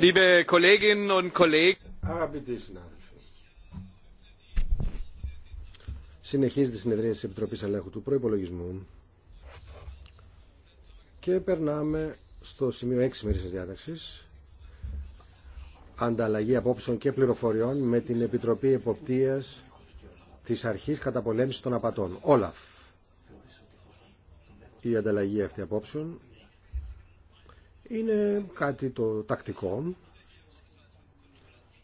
Liebe Kolleginnen und Kollegen. συνεχίζεται η συνεδρία της Επιτροπής Ελέγχου του Προϋπολογισμού και περνάμε στο σημείο 6 της διάταξης ανταλλαγή απόψεων και πληροφοριών με την Επιτροπή Εποπτείας της Αρχής Καταπολέμησης των Απατών, Όλαφ. Η ανταλλαγή αυτή απόψεων είναι κάτι το τακτικό.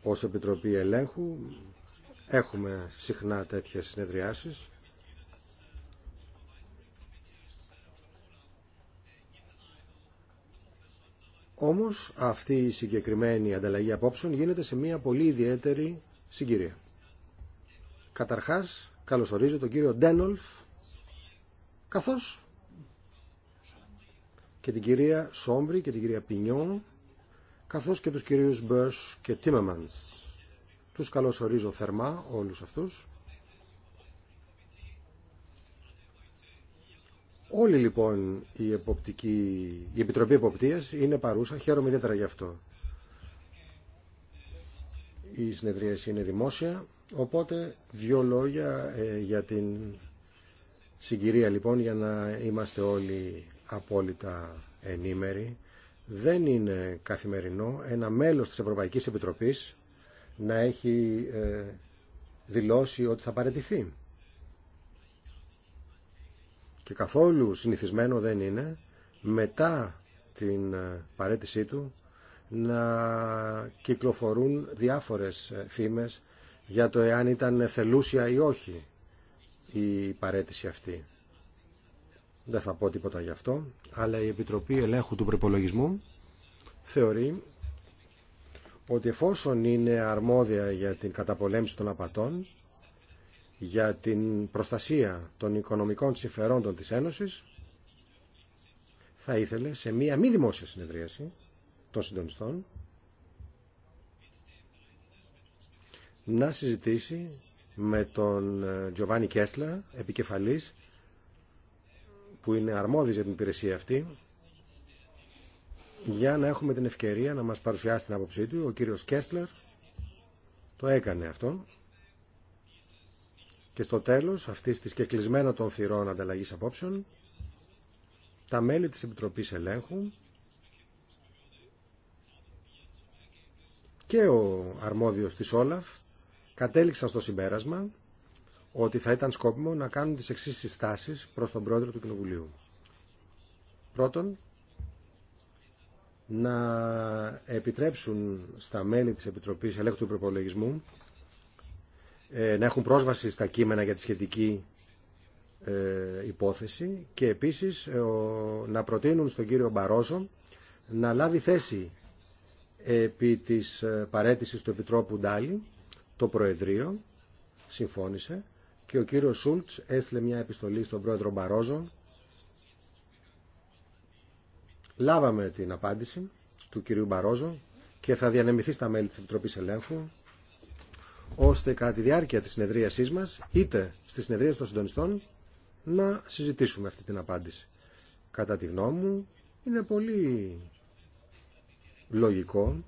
Ως Επιτροπή Ελέγχου έχουμε συχνά τέτοιες συνεδριάσεις. Όμως αυτή η συγκεκριμένη ανταλλαγή απόψεων γίνεται σε μια πολύ ιδιαίτερη συγκυρία. Καταρχάς καλωσορίζω τον κύριο Ντένολφ καθώς και την κυρία Σόμπρη και την κυρία Πινιόν, καθώς και τους κυρίους Μπέρς και Τίμεμανς. Τους καλωσορίζω θερμά όλους αυτούς. Όλη λοιπόν η, εποπτική, η Επιτροπή Εποπτείας είναι παρούσα, χαίρομαι ιδιαίτερα γι' αυτό. Η συνεδρίες είναι δημόσια, οπότε δύο λόγια ε, για την συγκυρία λοιπόν για να είμαστε όλοι απόλυτα ενήμερη Δεν είναι καθημερινό ένα μέλος της Ευρωπαϊκής Επιτροπής να έχει ε, δηλώσει ότι θα παραιτηθεί. Και καθόλου συνηθισμένο δεν είναι μετά την ε, παρέτησή του να κυκλοφορούν διάφορες ε, φήμες για το εάν ήταν θελούσια ή όχι η παρέτηση αυτή δεν θα πω τίποτα γι' αυτό, αλλά η Επιτροπή Ελέγχου του Προπολογισμού θεωρεί ότι εφόσον είναι αρμόδια για την καταπολέμηση των απατών, για την προστασία των οικονομικών συμφερόντων της Ένωσης, θα ήθελε σε μία μη δημόσια συνεδρίαση των συντονιστών να συζητήσει με τον Τζοβάνι ε, Κέσλα, επικεφαλής που είναι αρμόδιος για την υπηρεσία αυτή για να έχουμε την ευκαιρία να μας παρουσιάσει την άποψή του. Ο κύριος Κέσλερ το έκανε αυτό. Και στο τέλος αυτής της κεκλεισμένα των θυρών ανταλλαγής απόψεων τα μέλη της Επιτροπής Ελέγχου και ο αρμόδιος της Όλαφ κατέληξαν στο συμπέρασμα ότι θα ήταν σκόπιμο να κάνουν τις εξής συστάσεις προς τον πρόεδρο του Κοινοβουλίου. Πρώτον, να επιτρέψουν στα μέλη της Επιτροπής Ελέγχου του Προπολογισμού ε, να έχουν πρόσβαση στα κείμενα για τη σχετική ε, υπόθεση και επίσης ε, να προτείνουν στον κύριο Μπαρόσο να λάβει θέση επί της παρέτησης του Επιτρόπου Ντάλι το Προεδρείο συμφώνησε και ο κύριος Σούλτς έστειλε μια επιστολή στον πρόεδρο Μπαρόζο. Λάβαμε την απάντηση του κυρίου Μπαρόζο και θα διανεμηθεί στα μέλη της Επιτροπής Ελέγχου ώστε κατά τη διάρκεια της συνεδρίασής μας είτε στη συνεδρία των συντονιστών να συζητήσουμε αυτή την απάντηση. Κατά τη γνώμη μου είναι πολύ λογικό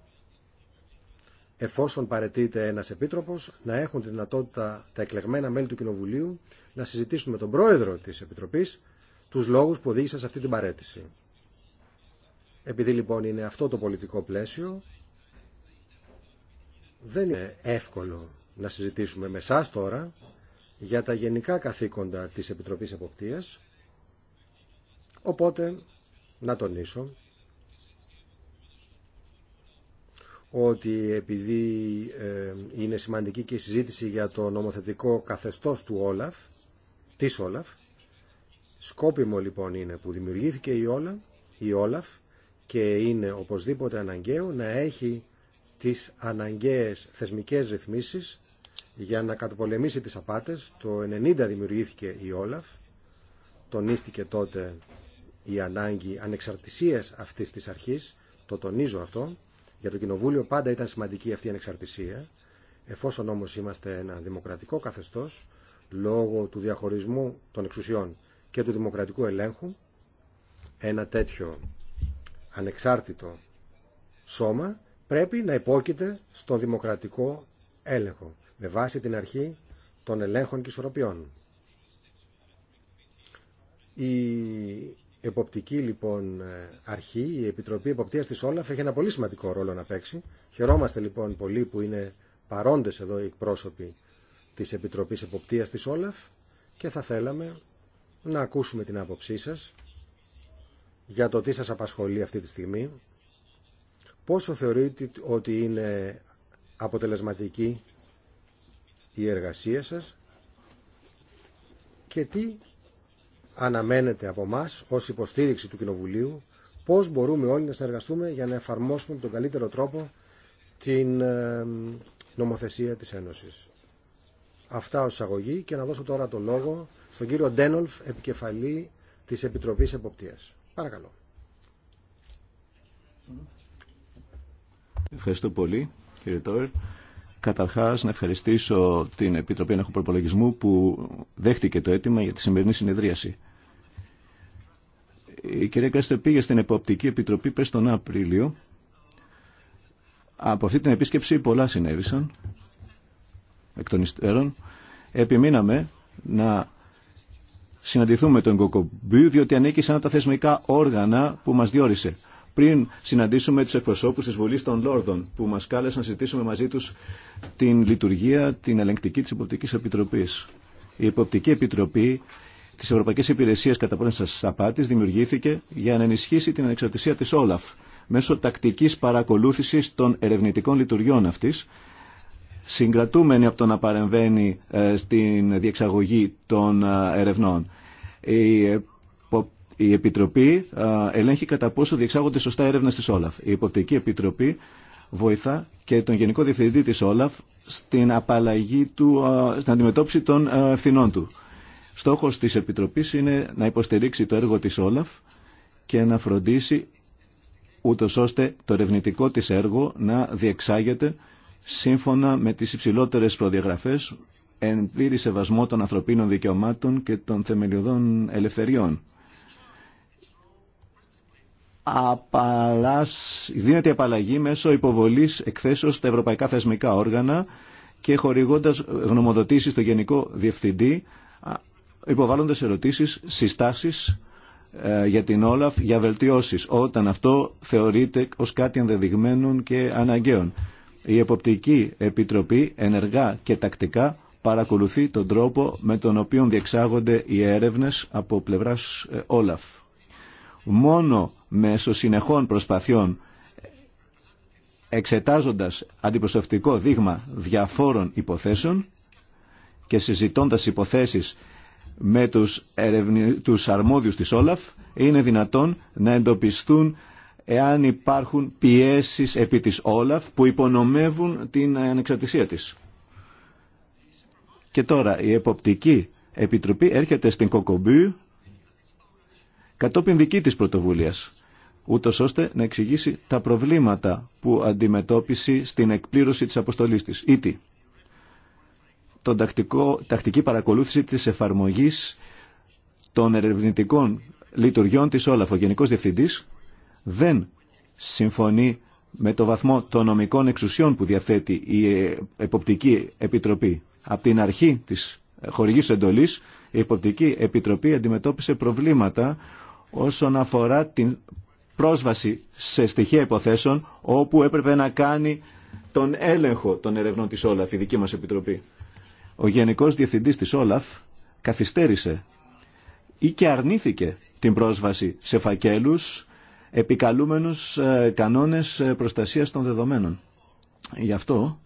εφόσον παρετείται ένας επίτροπος, να έχουν τη δυνατότητα τα εκλεγμένα μέλη του Κοινοβουλίου να συζητήσουν με τον πρόεδρο τη Επιτροπής τους λόγους που οδήγησαν σε αυτή την παρέτηση. Επειδή λοιπόν είναι αυτό το πολιτικό πλαίσιο, δεν είναι εύκολο να συζητήσουμε με εσά τώρα για τα γενικά καθήκοντα της Επιτροπής Εποπτείας, οπότε να τονίσω ότι επειδή ε, είναι σημαντική και η συζήτηση για το νομοθετικό καθεστώς του Όλαφ, της Όλαφ, σκόπιμο λοιπόν είναι που δημιουργήθηκε η, Όλα, η Όλαφ και είναι οπωσδήποτε αναγκαίο να έχει τις αναγκαίες θεσμικές ρυθμίσεις για να καταπολεμήσει τις απάτες. Το 1990 δημιουργήθηκε η Όλαφ, τονίστηκε τότε η ανάγκη ανεξαρτησίας αυτής της αρχής, το τονίζω αυτό, για το Κοινοβούλιο πάντα ήταν σημαντική αυτή η ανεξαρτησία. Εφόσον όμως είμαστε ένα δημοκρατικό καθεστώς, λόγω του διαχωρισμού των εξουσιών και του δημοκρατικού ελέγχου, ένα τέτοιο ανεξάρτητο σώμα πρέπει να υπόκειται στο δημοκρατικό έλεγχο με βάση την αρχή των ελέγχων και ισορροπιών. Η εποπτική λοιπόν ε, αρχή, η Επιτροπή Εποπτείας της Όλαφ έχει ένα πολύ σημαντικό ρόλο να παίξει. Χαιρόμαστε λοιπόν πολύ που είναι παρόντες εδώ οι εκπρόσωποι της Επιτροπής Εποπτείας της Όλαφ και θα θέλαμε να ακούσουμε την άποψή σας για το τι σας απασχολεί αυτή τη στιγμή, πόσο θεωρείτε ότι είναι αποτελεσματική η εργασία σας και τι αναμένεται από εμά ω υποστήριξη του Κοινοβουλίου πώς μπορούμε όλοι να συνεργαστούμε για να εφαρμόσουμε τον καλύτερο τρόπο την ε, νομοθεσία της Ένωσης. Αυτά ω εισαγωγή και να δώσω τώρα το λόγο στον κύριο Ντένολφ, επικεφαλή της Επιτροπής Εποπτεία. Παρακαλώ. Ευχαριστώ πολύ κύριε Τόερ. Καταρχά να ευχαριστήσω την Επιτροπή Ενέχου Προπολογισμού που δέχτηκε το αίτημα για τη σημερινή συνεδρίαση. Η κυρία Κάστερ πήγε στην Εποπτική Επιτροπή πριν τον Απρίλιο. Από αυτή την επίσκεψη πολλά συνέβησαν εκ των υστέρων. Επιμείναμε να συναντηθούμε τον Κοκομπίου διότι ανήκει σε τα θεσμικά όργανα που μας διόρισε. Πριν συναντήσουμε τους εκπροσώπους της Βουλής των Λόρδων που μας κάλεσαν να συζητήσουμε μαζί τους την λειτουργία, την ελεγκτική της Υποπτικής Επιτροπής. Η Εποπτική Επιτροπή Τη Ευρωπαϊκή Υπηρεσία Καταπολέμησης απάτη, δημιουργήθηκε για να ενισχύσει την ανεξαρτησία τη Όλαφ μέσω τακτικής παρακολούθησης των ερευνητικών λειτουργιών αυτής συγκρατούμενη από το να παρεμβαίνει ε, στην διεξαγωγή των ε, ερευνών. Η Επιτροπή ε, ελέγχει κατά πόσο διεξάγονται σωστά έρευνε τη Όλαφ. Η Υποπτική Επιτροπή βοηθά και τον Γενικό Διευθυντή τη Όλαφ στην απαλλαγή του, στην αντιμετώπιση των ευθυνών του. Στόχος της Επιτροπής είναι να υποστηρίξει το έργο της Όλαφ και να φροντίσει ούτως ώστε το ερευνητικό της έργο να διεξάγεται σύμφωνα με τις υψηλότερες προδιαγραφές εν πλήρη σεβασμό των ανθρωπίνων δικαιωμάτων και των θεμελιωδών ελευθεριών. Απαλλάς, δίνεται απαλλαγή μέσω υποβολής εκθέσεως στα ευρωπαϊκά θεσμικά όργανα και χορηγώντας γνωμοδοτήσεις στο Γενικό Διευθυντή υποβάλλοντας ερωτήσεις, συστάσεις ε, για την Όλαφ για βελτιώσεις όταν αυτό θεωρείται ως κάτι ενδεδειγμένο και αναγκαίων. Η Εποπτική Επιτροπή ενεργά και τακτικά παρακολουθεί τον τρόπο με τον οποίο διεξάγονται οι έρευνες από πλευράς ε, Όλαφ. Μόνο μέσω συνεχών προσπαθειών εξετάζοντας αντιπροσωπικό δείγμα διαφόρων υποθέσεων και συζητώντας υποθέσεις με τους, ερευνη... τους αρμόδιους της Όλαφ είναι δυνατόν να εντοπιστούν εάν υπάρχουν πιέσεις επί της Όλαφ που υπονομεύουν την ανεξαρτησία της. Και τώρα η Εποπτική Επιτροπή έρχεται στην Κοκομπύ κατόπιν δική της πρωτοβουλίας, ούτω ώστε να εξηγήσει τα προβλήματα που αντιμετώπισε στην εκπλήρωση της αποστολής της. Ήτι τον τακτικό, τακτική παρακολούθηση της εφαρμογής των ερευνητικών λειτουργιών της Όλαφ. Ο Γενικός Διευθυντής δεν συμφωνεί με το βαθμό των νομικών εξουσιών που διαθέτει η Εποπτική Επιτροπή. Από την αρχή της χορηγής εντολής, η Εποπτική Επιτροπή αντιμετώπισε προβλήματα όσον αφορά την πρόσβαση σε στοιχεία υποθέσεων όπου έπρεπε να κάνει τον έλεγχο των ερευνών της Όλαφ, η δική μας Επιτροπή. Ο Γενικός Διευθυντής της Όλαφ καθυστέρησε ή και αρνήθηκε την πρόσβαση σε φακέλους επικαλούμενους ε, κανόνες ε, προστασίας των δεδομένων. Γι' αυτό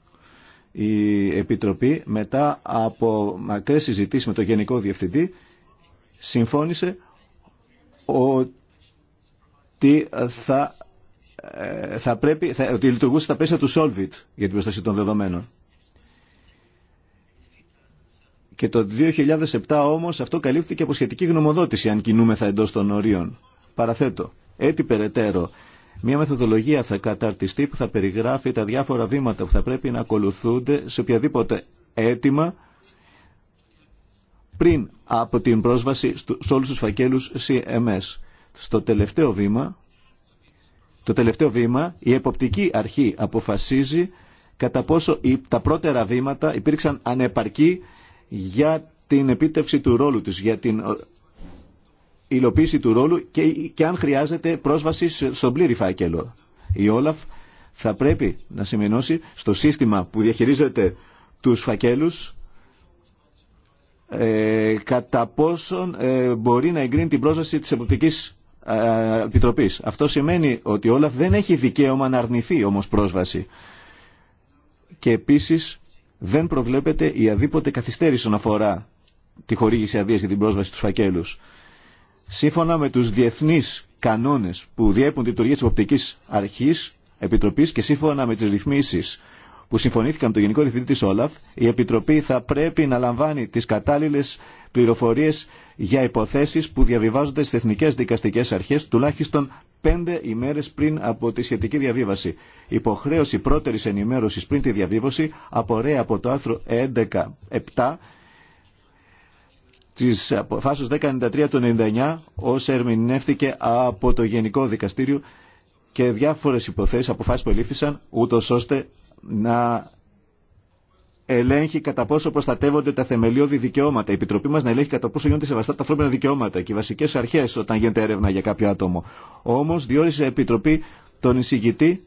η Επιτροπή μετά από μακρές συζητήσεις με τον Γενικό Διευθυντή συμφώνησε ότι θα, ε, θα πρέπει, θα, λειτουργούσε τα πέσα του Solvit για την προστασία των δεδομένων. Και το 2007 όμως αυτό καλύφθηκε από σχετική γνωμοδότηση αν κινούμεθα εντός των ορίων. Παραθέτω, έτσι περαιτέρω, μια μεθοδολογία θα καταρτιστεί που θα περιγράφει τα διάφορα βήματα που θα πρέπει να ακολουθούνται σε οποιαδήποτε αίτημα πριν από την πρόσβαση σε όλους τους φακέλους CMS. Στο τελευταίο βήμα, το τελευταίο βήμα, η εποπτική αρχή αποφασίζει κατά πόσο τα πρώτερα βήματα υπήρξαν ανεπαρκή για την επίτευξη του ρόλου τους, για την ε, υλοποίηση του ρόλου και, και αν χρειάζεται πρόσβαση στον πλήρη φάκελο. Η Όλαφ θα πρέπει να σημειώσει στο σύστημα που διαχειρίζεται τους φακέλους ε, κατά πόσον ε, μπορεί να εγκρίνει την πρόσβαση της Εποπτικής ε, Επιτροπής. Αυτό σημαίνει ότι η Όλαφ δεν έχει δικαίωμα να αρνηθεί όμως πρόσβαση. Και επίσης δεν προβλέπεται η αδίποτε καθυστέρηση όσον αφορά τη χορήγηση αδείας για την πρόσβαση στους φακέλους. Σύμφωνα με τους διεθνείς κανόνες που διέπουν τη λειτουργία τη Οπτική Αρχή Επιτροπής και σύμφωνα με τις ρυθμίσει που συμφωνήθηκαν με τον Γενικό Διευθυντή της Όλαφ, η Επιτροπή θα πρέπει να λαμβάνει τις κατάλληλε πληροφορίε για υποθέσει που διαβιβάζονται στι εθνικέ δικαστικέ αρχέ τουλάχιστον πέντε ημέρες πριν από τη σχετική διαβίβαση. Υποχρέωση πρώτερης ενημέρωσης πριν τη διαβίβαση απορρέει από το άρθρο 11.7 της αποφάσεως 1093 του 99 ως ερμηνεύτηκε από το Γενικό Δικαστήριο και διάφορες υποθέσεις, αποφάσεις που ελήφθησαν ούτω ώστε να ελέγχει κατά πόσο προστατεύονται τα θεμελιώδη δικαιώματα. Η Επιτροπή μα να ελέγχει κατά πόσο γίνονται σεβαστά τα ανθρώπινα δικαιώματα και οι βασικέ αρχέ όταν γίνεται έρευνα για κάποιο άτομο. Όμω διόρισε η Επιτροπή τον εισηγητή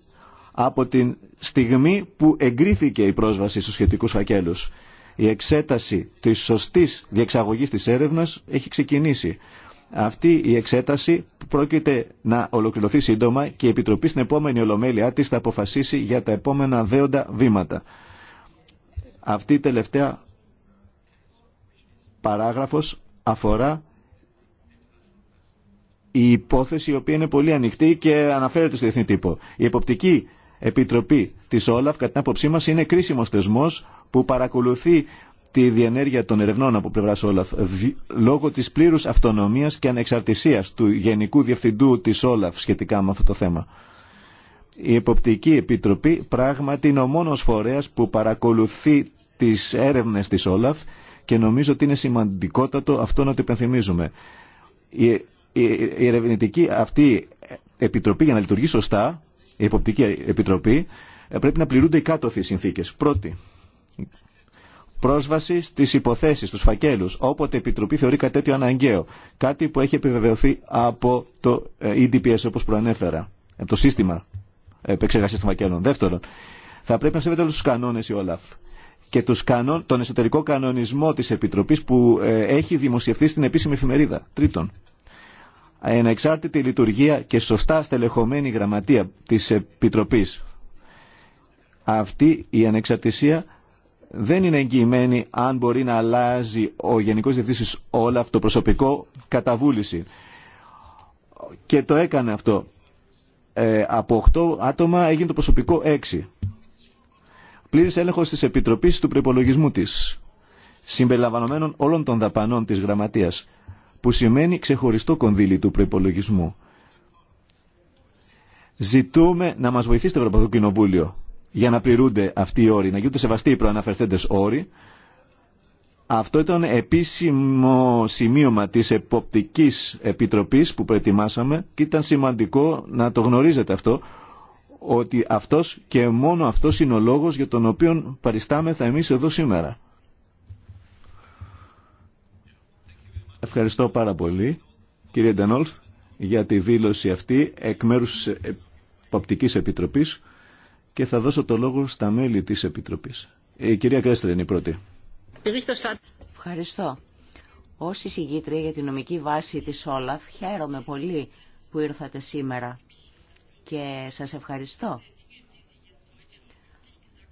από την στιγμή που εγκρίθηκε η πρόσβαση στου σχετικού φακέλους. Η εξέταση τη σωστή διεξαγωγή τη έρευνα έχει ξεκινήσει. Αυτή η εξέταση πρόκειται να ολοκληρωθεί σύντομα και η Επιτροπή στην επόμενη ολομέλειά της θα αποφασίσει για τα επόμενα δέοντα βήματα. Αυτή η τελευταία παράγραφος αφορά η υπόθεση η οποία είναι πολύ ανοιχτή και αναφέρεται στο διεθνή τύπο. Η Εποπτική Επιτροπή της Όλαφ, κατά την άποψή μας, είναι κρίσιμος θεσμός που παρακολουθεί τη διενέργεια των ερευνών από πλευράς Όλαφ λόγω της πλήρους αυτονομίας και ανεξαρτησίας του Γενικού Διευθυντού της Όλαφ σχετικά με αυτό το θέμα. Η Εποπτική Επιτροπή πράγματι είναι ο μόνος φορέας που παρακολουθεί τις έρευνες της Όλαφ και νομίζω ότι είναι σημαντικότατο αυτό να το υπενθυμίζουμε. Η, ερευνητική αυτή επιτροπή για να λειτουργεί σωστά, η Εποπτική Επιτροπή, ε, πρέπει να πληρούνται οι κάτωθοι συνθήκες. Πρώτη, πρόσβαση στις υποθέσεις, στους φακέλους, όποτε η Επιτροπή θεωρεί κάτι τέτοιο αναγκαίο. Κάτι που έχει επιβεβαιωθεί από το ε, EDPS όπως προανέφερα, από το σύστημα επεξεργασία των φακέλων. Δεύτερον, θα πρέπει να σέβεται όλου του κανόνε η Όλαφ και τους κανον, τον εσωτερικό κανονισμό τη Επιτροπής που ε, έχει δημοσιευθεί στην επίσημη εφημερίδα. Τρίτον, ανεξάρτητη λειτουργία και σωστά στελεχωμένη γραμματεία τη Επιτροπή. Αυτή η ανεξαρτησία δεν είναι εγγυημένη αν μπορεί να αλλάζει ο Γενικό Διευθύνσης όλα το προσωπικό καταβούληση. Και το έκανε αυτό ε, από 8 άτομα έγινε το προσωπικό 6. Πλήρης έλεγχος της Επιτροπής του προπολογισμού της, συμπεριλαμβανομένων όλων των δαπανών της Γραμματείας, που σημαίνει ξεχωριστό κονδύλι του προπολογισμού. Ζητούμε να μας βοηθήσει το Ευρωπαϊκό Κοινοβούλιο για να πληρούνται αυτοί οι όροι, να γίνονται σεβαστοί οι προαναφερθέντες όροι, αυτό ήταν επίσημο σημείωμα της Εποπτικής Επιτροπής που προετοιμάσαμε και ήταν σημαντικό να το γνωρίζετε αυτό ότι αυτός και μόνο αυτός είναι ο λόγος για τον οποίο παριστάμεθα εμείς εδώ σήμερα. Ευχαριστώ πάρα πολύ κύριε Ντενόλθ, για τη δήλωση αυτή εκ μέρους της Εποπτικής Επιτροπής και θα δώσω το λόγο στα μέλη της Επιτροπής. Η ε, κυρία Κρέστρε είναι η πρώτη. Ευχαριστώ. Ω εισηγήτρια για την νομική βάση της Όλαφ, χαίρομαι πολύ που ήρθατε σήμερα και σας ευχαριστώ.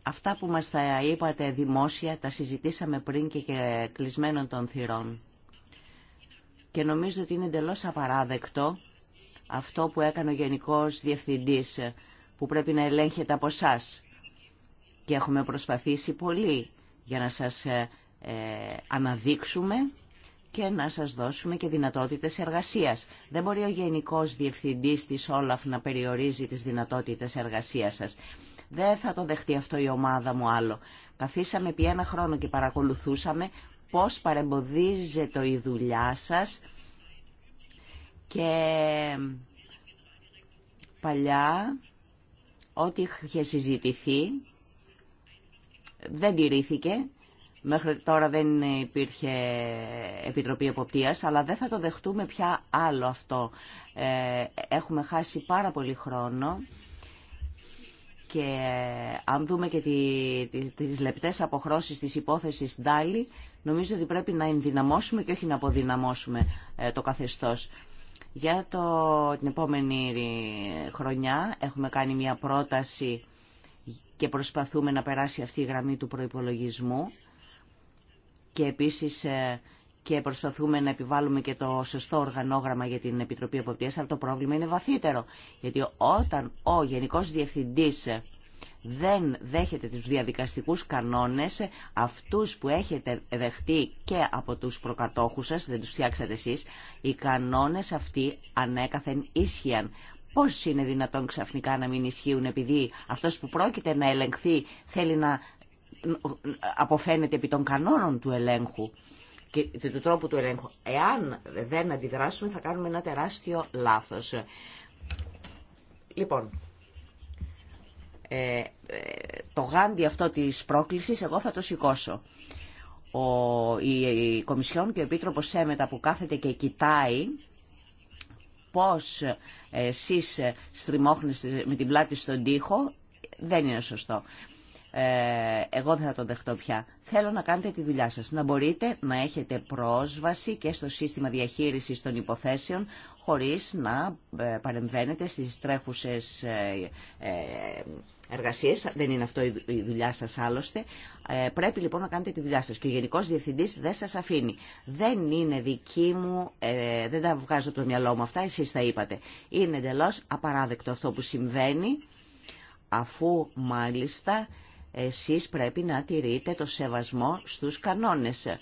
Αυτά που μας τα είπατε δημόσια τα συζητήσαμε πριν και, και κλεισμένων των θυρών. Και νομίζω ότι είναι εντελώ απαράδεκτο αυτό που έκανε ο Γενικός Διευθυντής που πρέπει να ελέγχεται από εσά. Και έχουμε προσπαθήσει πολύ για να σας ε, ε, αναδείξουμε και να σας δώσουμε και δυνατότητες εργασίας. Δεν μπορεί ο Γενικός Διευθυντής της Όλαφ να περιορίζει τις δυνατότητες εργασίας σας. Δεν θα το δεχτεί αυτό η ομάδα μου άλλο. Καθίσαμε επί ένα χρόνο και παρακολουθούσαμε πώς παρεμποδίζεται η δουλειά σας και παλιά ό,τι είχε συζητηθεί δεν τηρήθηκε Μέχρι τώρα δεν υπήρχε Επιτροπή Εποπτείας, αλλά δεν θα το δεχτούμε πια άλλο αυτό. Ε, έχουμε χάσει πάρα πολύ χρόνο και ε, αν δούμε και τις λεπτές αποχρώσεις της υπόθεσης Ντάλι, νομίζω ότι πρέπει να ενδυναμώσουμε και όχι να αποδυναμώσουμε ε, το καθεστώς. Για το, την επόμενη χρονιά έχουμε κάνει μια πρόταση και προσπαθούμε να περάσει αυτή η γραμμή του προϋπολογισμού και επίσης ε, και προσπαθούμε να επιβάλλουμε και το σωστό οργανόγραμμα για την Επιτροπή Εποπτείας, αλλά το πρόβλημα είναι βαθύτερο. Γιατί όταν ο Γενικός Διευθυντής ε, δεν δέχεται τους διαδικαστικούς κανόνες, ε, αυτούς που έχετε δεχτεί και από τους προκατόχους σας, δεν τους φτιάξατε εσείς, οι κανόνες αυτοί ανέκαθεν ίσχυαν. Πώς είναι δυνατόν ξαφνικά να μην ισχύουν επειδή αυτός που πρόκειται να ελεγχθεί θέλει να αποφαίνεται επί των κανόνων του ελέγχου και του τρόπου του ελέγχου. Εάν δεν αντιδράσουμε θα κάνουμε ένα τεράστιο λάθος. Λοιπόν, ε, ε, το γάντι αυτό της πρόκλησης εγώ θα το σηκώσω. Ο, η, η Κομισιόν και ο Επίτροπος Σέμετα που κάθεται και κοιτάει πώς ε, εσείς στριμώχνεστε με την πλάτη στον τοίχο δεν είναι σωστό. Ε, εγώ δεν θα τον δεχτώ πια. Θέλω να κάνετε τη δουλειά σας, να μπορείτε να έχετε πρόσβαση και στο σύστημα διαχείρισης των υποθέσεων χωρίς να ε, παρεμβαίνετε στις τρέχουσες ε, εργασίες, δεν είναι αυτό η δουλειά σας άλλωστε. Πρέπει λοιπόν να κάνετε τη δουλειά σας και ο Γενικός Διευθυντής δεν σας αφήνει. Δεν είναι δική μου, δεν τα βγάζω από το μυαλό μου αυτά, εσείς τα είπατε. Είναι εντελώ απαράδεκτο αυτό που συμβαίνει αφού μάλιστα εσείς πρέπει να τηρείτε το σεβασμό στους κανόνες.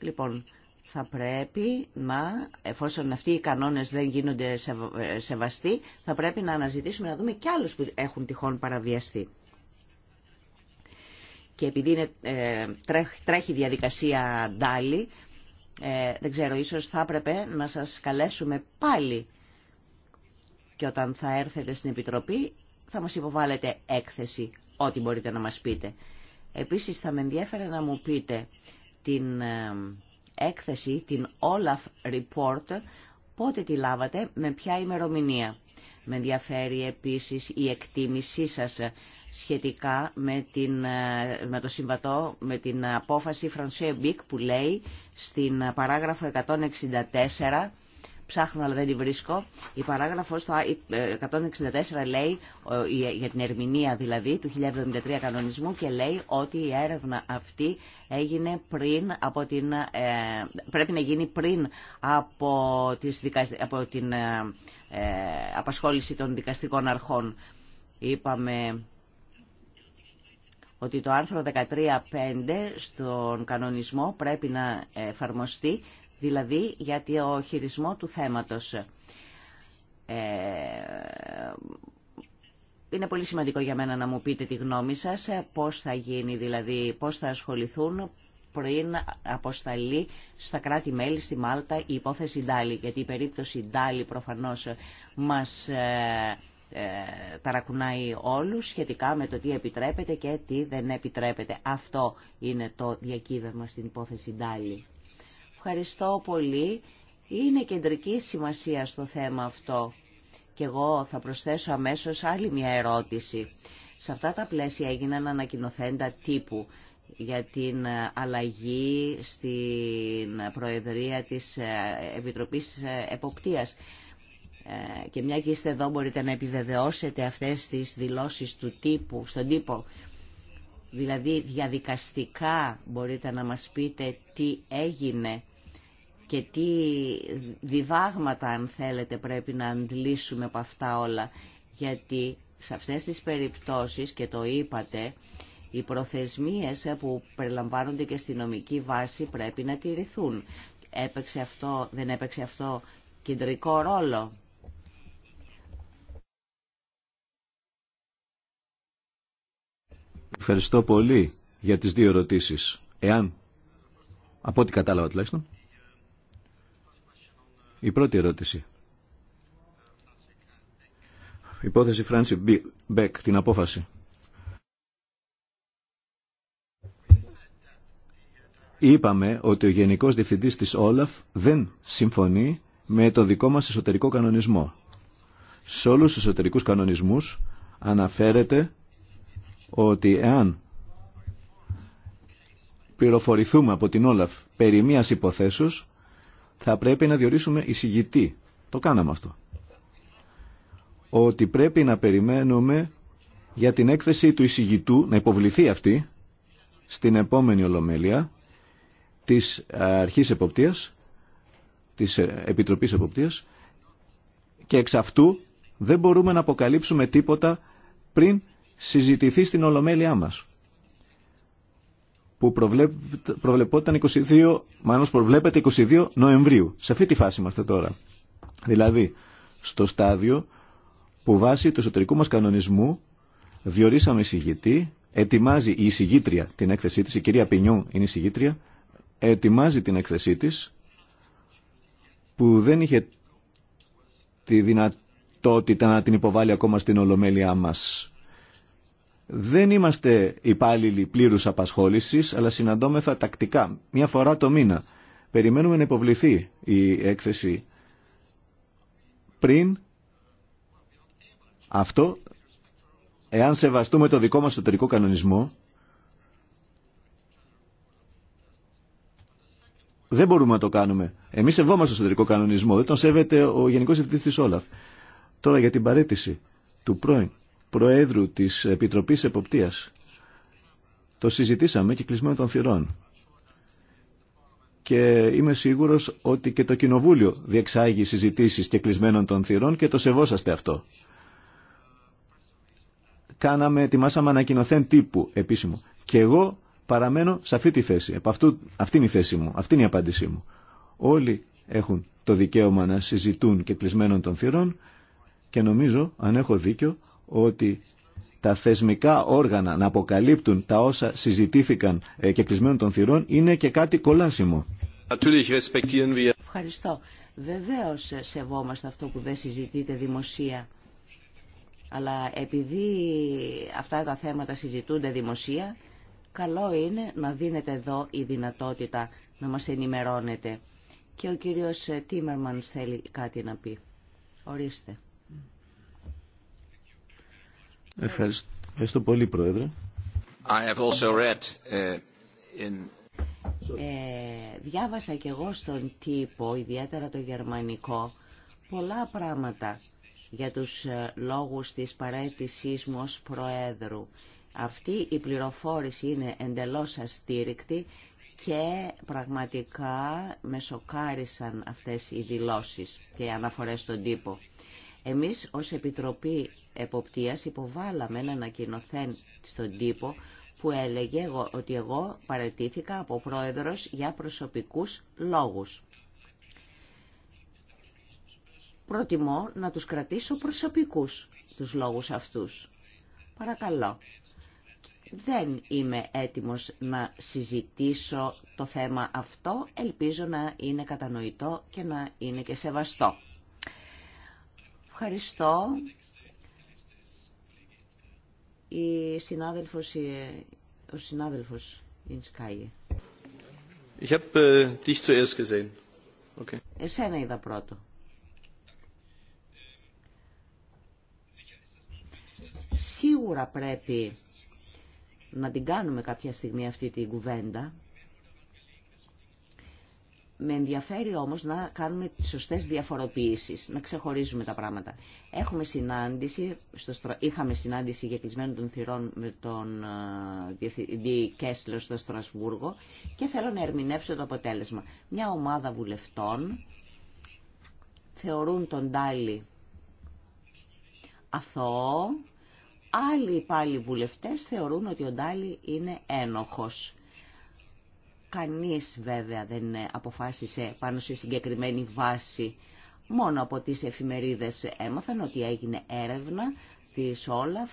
Λοιπόν, θα πρέπει να, εφόσον αυτοί οι κανόνες δεν γίνονται σεβαστοί, θα πρέπει να αναζητήσουμε να δούμε και άλλους που έχουν τυχόν παραβιαστεί. Και επειδή είναι, ε, τρέχει διαδικασία ντάλι, ε, δεν ξέρω, ίσως θα έπρεπε να σας καλέσουμε πάλι και όταν θα έρθετε στην Επιτροπή θα μας υποβάλλετε έκθεση ό,τι μπορείτε να μας πείτε. Επίσης θα με ενδιέφερε να μου πείτε την ε, έκθεση, την Olaf Report, πότε τη λάβατε, με ποια ημερομηνία. Με ενδιαφέρει επίσης η εκτίμησή σας σχετικά με, την, ε, το συμβατό, με την απόφαση Φρανσέ Μπικ που λέει στην παράγραφο 164 ψάχνω αλλά δεν τη βρίσκω. Η παράγραφος ε, το 164 λέει, για την ερμηνεία δηλαδή του 1073 κανονισμού και λέει ότι η έρευνα αυτή έγινε πριν από την, ε, πρέπει να γίνει πριν από, τις από την ε, απασχόληση των δικαστικών αρχών. Είπαμε ότι το άρθρο 13.5 στον κανονισμό πρέπει να εφαρμοστεί δηλαδή γιατί ο χειρισμό του θέματος. Ε, είναι πολύ σημαντικό για μένα να μου πείτε τη γνώμη σας, ε, πώς θα γίνει δηλαδή, πώς θα ασχοληθούν πριν αποσταλεί στα κράτη-μέλη στη Μάλτα η υπόθεση Ντάλι, γιατί η περίπτωση Ντάλι προφανώς ε, μας ταρακουνάει όλους σχετικά με το τι επιτρέπεται και τι δεν επιτρέπεται. Αυτό είναι το διακύβευμα στην υπόθεση Ντάλι ευχαριστώ πολύ. Είναι κεντρική σημασία στο θέμα αυτό. Και εγώ θα προσθέσω αμέσως άλλη μια ερώτηση. Σε αυτά τα πλαίσια έγιναν ανακοινοθέντα τύπου για την αλλαγή στην Προεδρία της ε, Επιτροπής ε, Εποπτείας. Ε, και μια και είστε εδώ μπορείτε να επιβεβαιώσετε αυτές τις δηλώσεις του τύπου, στον τύπο. Δηλαδή διαδικαστικά μπορείτε να μας πείτε τι έγινε και τι διδάγματα, αν θέλετε, πρέπει να αντλήσουμε από αυτά όλα. Γιατί σε αυτές τις περιπτώσεις, και το είπατε, οι προθεσμίες που περιλαμβάνονται και στη νομική βάση πρέπει να τηρηθούν. Έπαιξε αυτό, δεν έπαιξε αυτό κεντρικό ρόλο. Ευχαριστώ πολύ για τις δύο ερωτήσεις. Εάν, από ό,τι κατάλαβα τουλάχιστον, η πρώτη ερώτηση. Υπόθεση Φράνσι Μπέκ, την απόφαση. Είπαμε ότι ο Γενικός Διευθυντής της Όλαφ δεν συμφωνεί με το δικό μας εσωτερικό κανονισμό. Σε όλους τους εσωτερικούς κανονισμούς αναφέρεται ότι εάν πληροφορηθούμε από την Όλαφ περί μίας υποθέσεως θα πρέπει να διορίσουμε εισηγητή. Το κάναμε αυτό. Ότι πρέπει να περιμένουμε για την έκθεση του εισηγητού να υποβληθεί αυτή στην επόμενη ολομέλεια της αρχής εποπτείας, της Επιτροπής Εποπτείας και εξ αυτού δεν μπορούμε να αποκαλύψουμε τίποτα πριν συζητηθεί στην ολομέλειά μας που προβλεπόταν 22, μάλλον προβλέπεται 22 Νοεμβρίου. Σε αυτή τη φάση είμαστε τώρα. Δηλαδή, στο στάδιο που βάσει του εσωτερικού μας κανονισμού διορίσαμε εισηγητή, ετοιμάζει η εισηγήτρια την έκθεσή της, η κυρία Πινιού είναι η εισηγήτρια, ετοιμάζει την έκθεσή της που δεν είχε τη δυνατότητα να την υποβάλει ακόμα στην ολομέλειά μας. Δεν είμαστε υπάλληλοι πλήρους απασχόλησης, αλλά συναντώμεθα τακτικά, μια φορά το μήνα. Περιμένουμε να υποβληθεί η έκθεση πριν αυτό, εάν σεβαστούμε το δικό μας εσωτερικό κανονισμό, δεν μπορούμε να το κάνουμε. Εμείς σεβόμαστε τον εσωτερικό κανονισμό, δεν τον σέβεται ο Γενικός Διευθυντής τη Όλαφ. Τώρα για την παρέτηση του πρώην Προέδρου της Επιτροπής Εποπτείας. Το συζητήσαμε και κλεισμένο των θυρών. Και είμαι σίγουρος ότι και το Κοινοβούλιο διεξάγει συζητήσεις και κλεισμένων των θυρών και το σεβόσαστε αυτό. Κάναμε, ετοιμάσαμε ανακοινωθέν τύπου επίσημο. Και εγώ παραμένω σε αυτή τη θέση. αυτού, αυτή είναι η θέση μου, αυτή είναι η απάντησή μου. Όλοι έχουν το δικαίωμα να συζητούν και κλεισμένων των θυρών και νομίζω, αν έχω δίκιο, ότι τα θεσμικά όργανα να αποκαλύπτουν τα όσα συζητήθηκαν ε, και κλεισμένων των θυρών είναι και κάτι κολάσιμο. Ευχαριστώ. Βεβαίως ε, σεβόμαστε αυτό που δεν συζητείτε δημοσία. Αλλά επειδή αυτά τα θέματα συζητούνται δημοσία, καλό είναι να δίνετε εδώ η δυνατότητα να μας ενημερώνετε. Και ο κύριος ε, Τίμερμανς θέλει κάτι να πει. Ορίστε. Ευχαριστώ, πολύ, Πρόεδρε. Uh, ε, διάβασα και εγώ στον τύπο, ιδιαίτερα το γερμανικό, πολλά πράγματα για τους ε, λόγους της παρέτησής μου ως Προέδρου. Αυτή η πληροφόρηση είναι εντελώς αστήρικτη και πραγματικά με σοκάρισαν αυτές οι δηλώσεις και οι αναφορές στον τύπο. Εμείς ως Επιτροπή Εποπτείας υποβάλαμε ένα ανακοινοθέν στον τύπο που έλεγε εγώ, ότι εγώ παρατήθηκα από πρόεδρος για προσωπικούς λόγους. Προτιμώ να τους κρατήσω προσωπικούς τους λόγους αυτούς. Παρακαλώ. Δεν είμαι έτοιμος να συζητήσω το θέμα αυτό. Ελπίζω να είναι κατανοητό και να είναι και σεβαστό. Ευχαριστώ. Η συνάδελφος, ο συνάδελφος Ινσκάγε. Ich habe äh, dich zuerst Εσένα είδα πρώτο. Σίγουρα πρέπει να την κάνουμε κάποια στιγμή αυτή την κουβέντα με ενδιαφέρει όμως να κάνουμε σωστές διαφοροποιήσεις, να ξεχωρίζουμε τα πράγματα. Έχουμε συνάντηση, είχαμε συνάντηση για κλεισμένο των θυρών με τον ε, Διευθυντή Κέσλερ στο Στρασβούργο και θέλω να ερμηνεύσω το αποτέλεσμα. Μια ομάδα βουλευτών θεωρούν τον Ντάλι αθώο, άλλοι πάλι βουλευτές θεωρούν ότι ο Ντάλι είναι ένοχος. Κανείς βέβαια δεν αποφάσισε πάνω σε συγκεκριμένη βάση. Μόνο από τις εφημερίδες έμαθαν ότι έγινε έρευνα της Όλαφ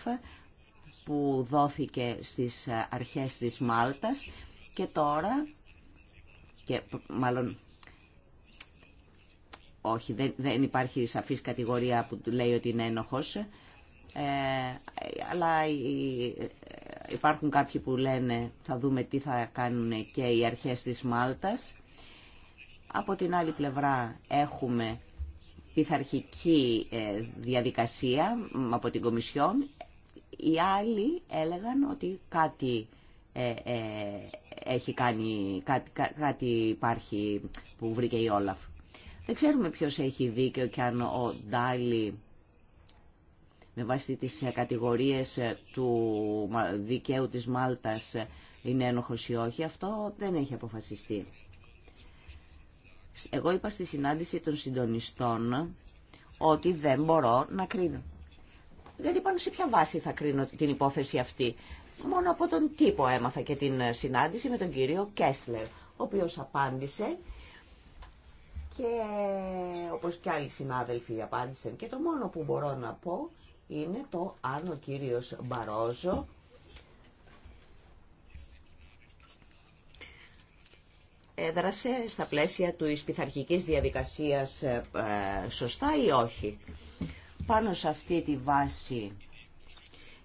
που δόθηκε στις αρχές της Μάλτας και τώρα, και μάλλον όχι, δεν, δεν υπάρχει σαφής κατηγορία που λέει ότι είναι ένοχος, ε, αλλά η υπάρχουν κάποιοι που λένε θα δούμε τι θα κάνουν και οι αρχές της Μάλτας. Από την άλλη πλευρά έχουμε πειθαρχική ε, διαδικασία από την Κομισιόν. Οι άλλοι έλεγαν ότι κάτι ε, ε έχει κάνει, κάτι, υπάρχει που βρήκε η Όλαφ. Δεν ξέρουμε ποιος έχει δίκιο και αν ο Ντάλι με βάση τις ε, κατηγορίες ε, του δικαίου της Μάλτας ε, είναι ένοχος ή όχι, αυτό δεν έχει αποφασιστεί. Εγώ είπα στη συνάντηση των συντονιστών ότι δεν μπορώ να κρίνω. Γιατί πάνω σε ποια βάση θα κρίνω την υπόθεση αυτή. Μόνο από τον τύπο έμαθα και την συνάντηση με τον κύριο Κέσλερ, ο οποίος απάντησε και όπως και άλλοι συνάδελφοι απάντησαν και το μόνο που μπορώ να πω είναι το αν ο κύριος Μπαρόζο έδρασε στα πλαίσια του πειθαρχικής διαδικασίας ε, σωστά ή όχι. Πάνω σε αυτή τη βάση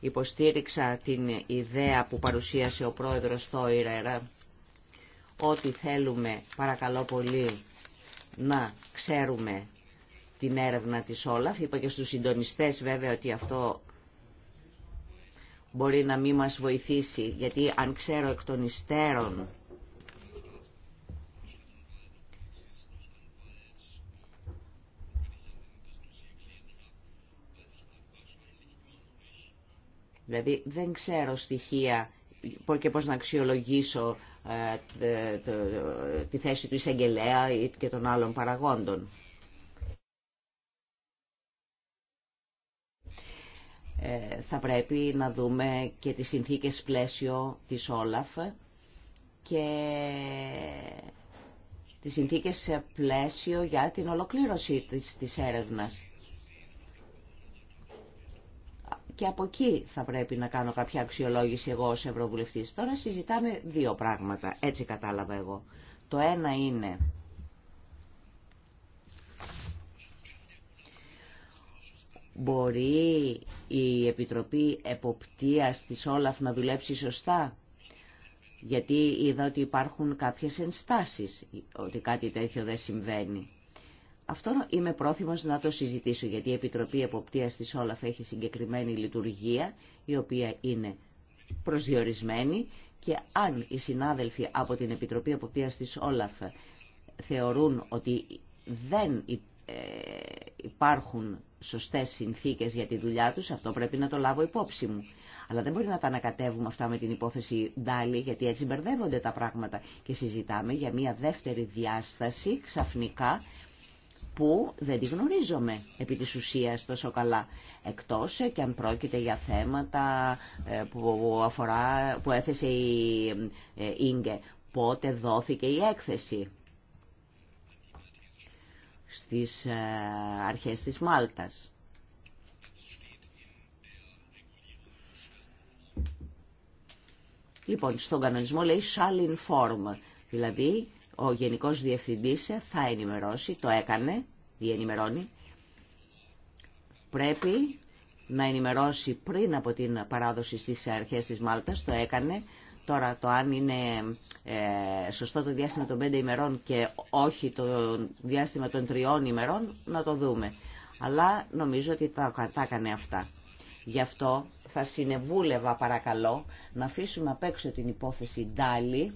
υποστήριξα την ιδέα που παρουσίασε ο πρόεδρος Θόιρερα ότι θέλουμε παρακαλώ πολύ να ξέρουμε την έρευνα της Όλαφ. Είπα και στους συντονιστές βέβαια ότι αυτό μπορεί να μην μας βοηθήσει, γιατί αν ξέρω εκ των υστέρων Δηλαδή δεν ξέρω στοιχεία και πώς να αξιολογήσω ε, τη θέση του εισαγγελέα ή και των άλλων παραγόντων. Ε, θα πρέπει να δούμε και τις συνθήκες πλαίσιο της Όλαφ και τις συνθήκες πλαίσιο για την ολοκλήρωση της, της έρευνας. και από εκεί θα πρέπει να κάνω κάποια αξιολόγηση εγώ ως Ευρωβουλευτής. Τώρα συζητάμε δύο πράγματα, έτσι κατάλαβα εγώ. Το ένα είναι μπορεί η Επιτροπή Εποπτείας της Όλαφ να δουλέψει σωστά. Γιατί είδα ότι υπάρχουν κάποιες ενστάσεις, ότι κάτι τέτοιο δεν συμβαίνει. Αυτό είμαι πρόθυμος να το συζητήσω, γιατί η Επιτροπή Εποπτείας της Όλαφ έχει συγκεκριμένη λειτουργία, η οποία είναι προσδιορισμένη και αν οι συνάδελφοι από την Επιτροπή Εποπτείας της Όλαφ θεωρούν ότι δεν ε, υπάρχουν σωστές συνθήκες για τη δουλειά τους, αυτό πρέπει να το λάβω υπόψη μου. Αλλά δεν μπορεί να τα ανακατεύουμε αυτά με την υπόθεση Ντάλι, γιατί έτσι μπερδεύονται τα πράγματα και συζητάμε για μια δεύτερη διάσταση ξαφνικά που δεν τη γνωρίζομαι επί της ουσίας τόσο καλά. Εκτός ε, και αν πρόκειται για θέματα ε, που, αφορά, που έθεσε η ε, Ίγκε. Πότε δόθηκε η έκθεση στις αρχές της Μάλτας. Λοιπόν, στον κανονισμό λέει shall inform, δηλαδή ο Γενικός Διευθυντής θα ενημερώσει, το έκανε, διενημερώνει. Πρέπει να ενημερώσει πριν από την παράδοση στις αρχές της Μάλτας, το έκανε. Τώρα το αν είναι ε, σωστό το διάστημα των πέντε ημερών και όχι το διάστημα των τριών ημερών, να το δούμε. Αλλά νομίζω ότι τα, κατάκανε αυτά. Γι' αυτό θα συνεβούλευα παρακαλώ να αφήσουμε απ' έξω την υπόθεση Ντάλι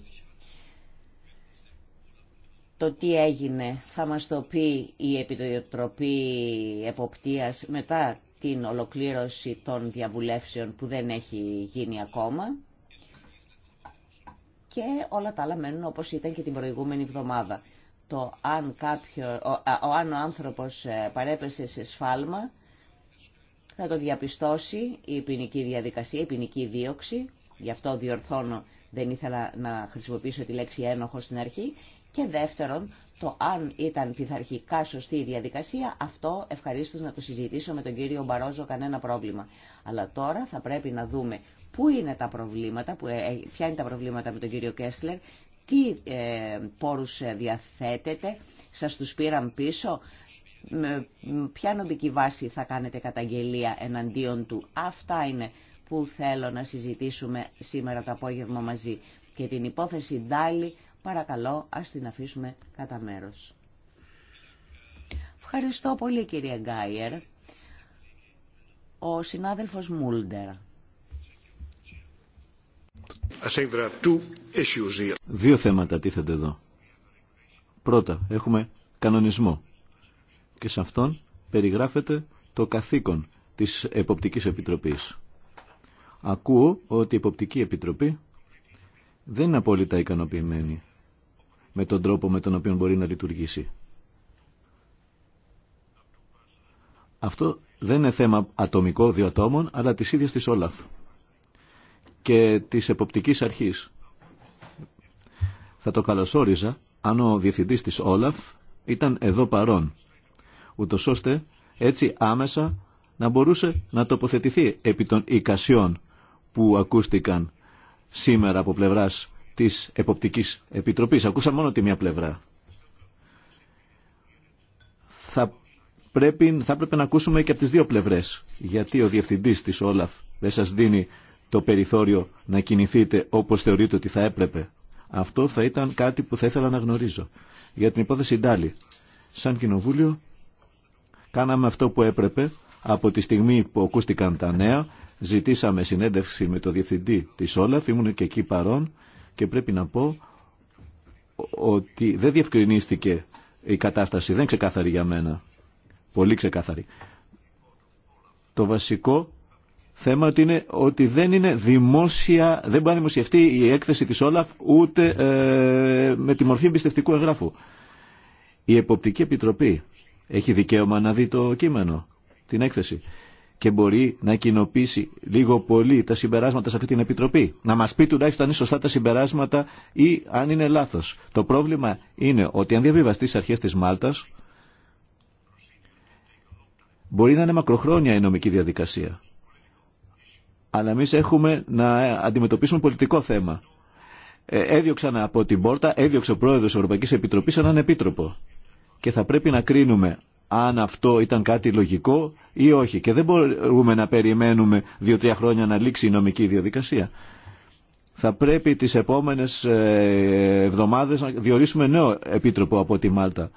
το τι έγινε θα μας το πει η Επιτροπή Εποπτείας μετά την ολοκλήρωση των διαβουλεύσεων που δεν έχει γίνει ακόμα και όλα τα άλλα μένουν όπως ήταν και την προηγούμενη εβδομάδα. Το αν, κάποιο, ο, άνθρωπος ε, παρέπεσε σε σφάλμα θα το διαπιστώσει η ποινική διαδικασία, η ποινική δίωξη, γι' αυτό διορθώνω δεν ήθελα να χρησιμοποιήσω τη λέξη ένοχος στην αρχή και δεύτερον, το αν ήταν πειθαρχικά σωστή η διαδικασία, αυτό ευχαρίστως να το συζητήσω με τον κύριο Μπαρόζο, κανένα πρόβλημα. Αλλά τώρα θα πρέπει να δούμε πού είναι τα προβλήματα, ε, ε, ποια είναι τα προβλήματα με τον κύριο Κέσλερ, τι ε, πόρους διαθέτεται, σας τους πήραν πίσω, με ποια νομική βάση θα κάνετε καταγγελία εναντίον του. Αυτά είναι που θέλω να συζητήσουμε σήμερα το απόγευμα μαζί. Και την υπόθεση Ντάλι παρακαλώ ας την αφήσουμε κατά μέρος. Ευχαριστώ πολύ κύριε Γκάιερ. Ο συνάδελφος Μούλντερ. Δύο θέματα τίθενται εδώ. Πρώτα, έχουμε κανονισμό. Και σε αυτόν περιγράφεται το καθήκον της Εποπτικής Επιτροπής. Ακούω ότι η Εποπτική Επιτροπή δεν είναι απόλυτα ικανοποιημένη με τον τρόπο με τον οποίο μπορεί να λειτουργήσει. Αυτό δεν είναι θέμα ατομικό δύο ατόμων, αλλά της ίδιας της Όλαφ και της εποπτικής αρχής. Θα το καλωσόριζα αν ο διευθυντής της Όλαφ ήταν εδώ παρόν, ούτω ώστε έτσι άμεσα να μπορούσε να τοποθετηθεί επί των οικασιών που ακούστηκαν σήμερα από πλευράς της Εποπτικής Επιτροπής. Ακούσα μόνο τη μία πλευρά. Θα πρέπει, θα πρέπει να ακούσουμε και από τις δύο πλευρές. Γιατί ο διευθυντής της Όλαφ δεν σας δίνει το περιθώριο να κινηθείτε όπως θεωρείτε ότι θα έπρεπε. Αυτό θα ήταν κάτι που θα ήθελα να γνωρίζω. Για την υπόθεση Ντάλι. Σαν κοινοβούλιο κάναμε αυτό που έπρεπε από τη στιγμή που ακούστηκαν τα νέα. Ζητήσαμε συνέντευξη με το διευθυντή της Όλαφ, ήμουν και εκεί παρόν και πρέπει να πω ότι δεν διευκρινίστηκε η κατάσταση, δεν ξεκάθαρη για μένα, πολύ ξεκάθαρη. Το βασικό θέμα ότι είναι ότι δεν είναι δημόσια, δεν μπορεί να δημοσιευτεί η έκθεση της Όλαφ ούτε ε, με τη μορφή εμπιστευτικού εγγράφου. Η Εποπτική Επιτροπή έχει δικαίωμα να δει το κείμενο, την έκθεση και μπορεί να κοινοποιήσει λίγο πολύ τα συμπεράσματα σε αυτή την Επιτροπή. Να μας πει τουλάχιστον αν είναι σωστά τα συμπεράσματα ή αν είναι λάθος. Το πρόβλημα είναι ότι αν διαβιβαστεί στις αρχές της Μάλτας, μπορεί να είναι μακροχρόνια η νομική διαδικασία. Αλλά εμεί έχουμε να αντιμετωπίσουμε πολιτικό θέμα. Ε, έδιωξαν από την πόρτα, έδιωξε ο πρόεδρος της Ευρωπαϊκής Επιτροπής έναν επίτροπο. Και θα πρέπει να κρίνουμε αν αυτό ήταν κάτι λογικό ή όχι. Και δεν μπορούμε να περιμένουμε δύο-τρία χρόνια να λήξει η νομική διαδικασία. Θα πρέπει τις επόμενες ε, εβδομάδες να διορίσουμε νέο επίτροπο από τη Μάλτα.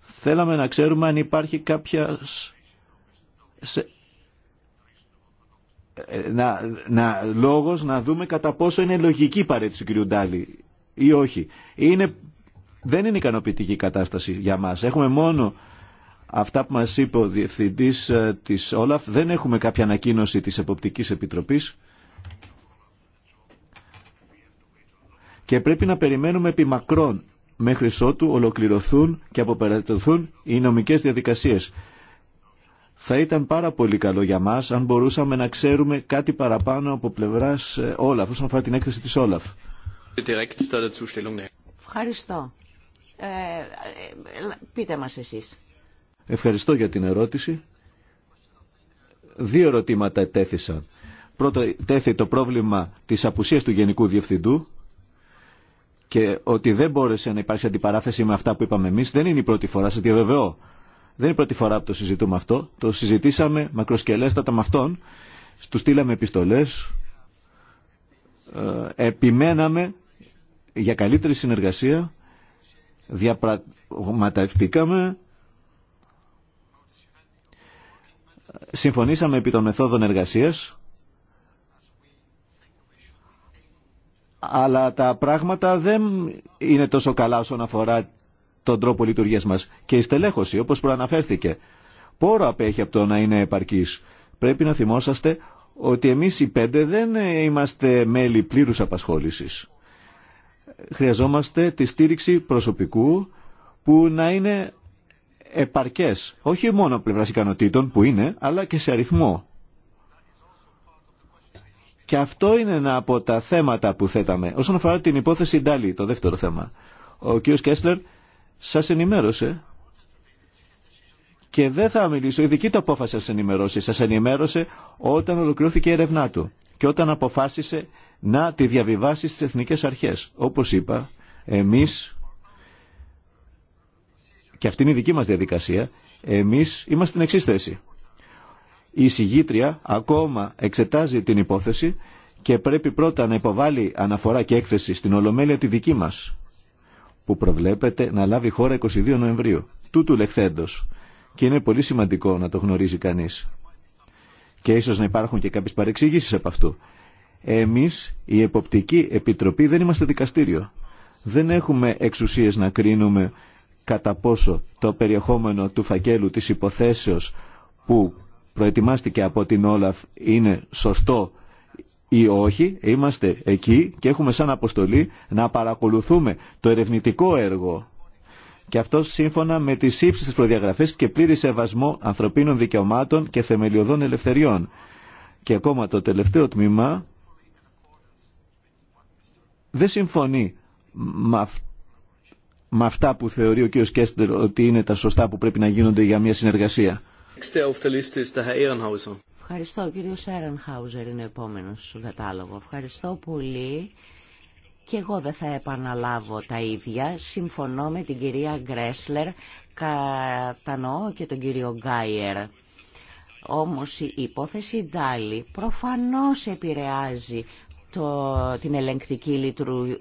Θέλαμε να ξέρουμε αν υπάρχει κάποια... Σε... Ε, να, λόγος να δούμε κατά πόσο είναι λογική η παρέτηση του κ. Ντάλη ή όχι. Είναι δεν είναι ικανοποιητική κατάσταση για μας. Έχουμε μόνο αυτά που μας είπε ο Διευθυντής ε, της Όλαφ. Δεν έχουμε κάποια ανακοίνωση της Εποπτικής Επιτροπής. Και πρέπει να περιμένουμε επί μακρόν μέχρι ότου ολοκληρωθούν και αποπερατωθούν οι νομικές διαδικασίες. Θα ήταν πάρα πολύ καλό για μας αν μπορούσαμε να ξέρουμε κάτι παραπάνω από πλευράς ε, Όλαφ, όσον αφορά την έκθεση της Όλαφ. Ευχαριστώ. Ε, πείτε μας εσείς. Ευχαριστώ για την ερώτηση. Δύο ερωτήματα τέθησαν. Πρώτο, τέθη το πρόβλημα της απουσίας του Γενικού Διευθυντού και ότι δεν μπόρεσε να υπάρξει αντιπαράθεση με αυτά που είπαμε εμείς. Δεν είναι η πρώτη φορά, σας διαβεβαιώ. Δεν είναι η πρώτη φορά που το συζητούμε αυτό. Το συζητήσαμε μακροσκελέστατα με αυτόν. Του στείλαμε επιστολές. Ε, επιμέναμε για καλύτερη συνεργασία διαπραγματευτήκαμε συμφωνήσαμε επί των μεθόδων εργασίας αλλά τα πράγματα δεν είναι τόσο καλά όσον αφορά τον τρόπο λειτουργίας μας και η στελέχωση όπως προαναφέρθηκε πόρο απέχει από το να είναι επαρκής πρέπει να θυμόσαστε ότι εμείς οι πέντε δεν είμαστε μέλη πλήρους απασχόλησης χρειαζόμαστε τη στήριξη προσωπικού που να είναι επαρκές, όχι μόνο από πλευράς ικανοτήτων που είναι, αλλά και σε αριθμό. Και αυτό είναι ένα από τα θέματα που θέταμε. Όσον αφορά την υπόθεση Ντάλι, το δεύτερο θέμα, ο κ. Κέσλερ σας ενημέρωσε και δεν θα μιλήσω, η δική του απόφαση σας ενημερώσει. Σας ενημέρωσε όταν ολοκληρώθηκε η έρευνά του και όταν αποφάσισε να τη διαβιβάσει στις εθνικές αρχές. Όπως είπα, εμείς, και αυτή είναι η δική μας διαδικασία, εμείς είμαστε στην εξή θέση. Η συγγήτρια ακόμα εξετάζει την υπόθεση και πρέπει πρώτα να υποβάλει αναφορά και έκθεση στην Ολομέλεια τη δική μας, που προβλέπεται να λάβει χώρα 22 Νοεμβρίου, τούτου λεχθέντος. Και είναι πολύ σημαντικό να το γνωρίζει κανείς και ίσως να υπάρχουν και κάποιες παρεξηγήσεις από αυτού. Εμείς, η Εποπτική Επιτροπή, δεν είμαστε δικαστήριο. Δεν έχουμε εξουσίες να κρίνουμε κατά πόσο το περιεχόμενο του φακέλου της υποθέσεως που προετοιμάστηκε από την Όλαφ είναι σωστό ή όχι. Είμαστε εκεί και έχουμε σαν αποστολή να παρακολουθούμε το ερευνητικό έργο και αυτό σύμφωνα με τις τη προδιαγραφή και πλήρη σεβασμό ανθρωπίνων δικαιωμάτων και θεμελιωδών ελευθεριών. Και ακόμα το τελευταίο τμήμα δεν συμφωνεί με αυτά που θεωρεί ο κ. Κέστερ ότι είναι τα σωστά που πρέπει να γίνονται για μια συνεργασία. Ευχαριστώ. Ο κ. Σέρενχάουζερ είναι επόμενο στο κατάλογο. Ευχαριστώ πολύ. Και εγώ δεν θα επαναλάβω τα ίδια. Συμφωνώ με την κυρία Γκρέσλερ, κατανοώ και τον κύριο Γκάιερ. Όμως η υπόθεση Ντάλι προφανώς επηρεάζει το, την ελεγκτική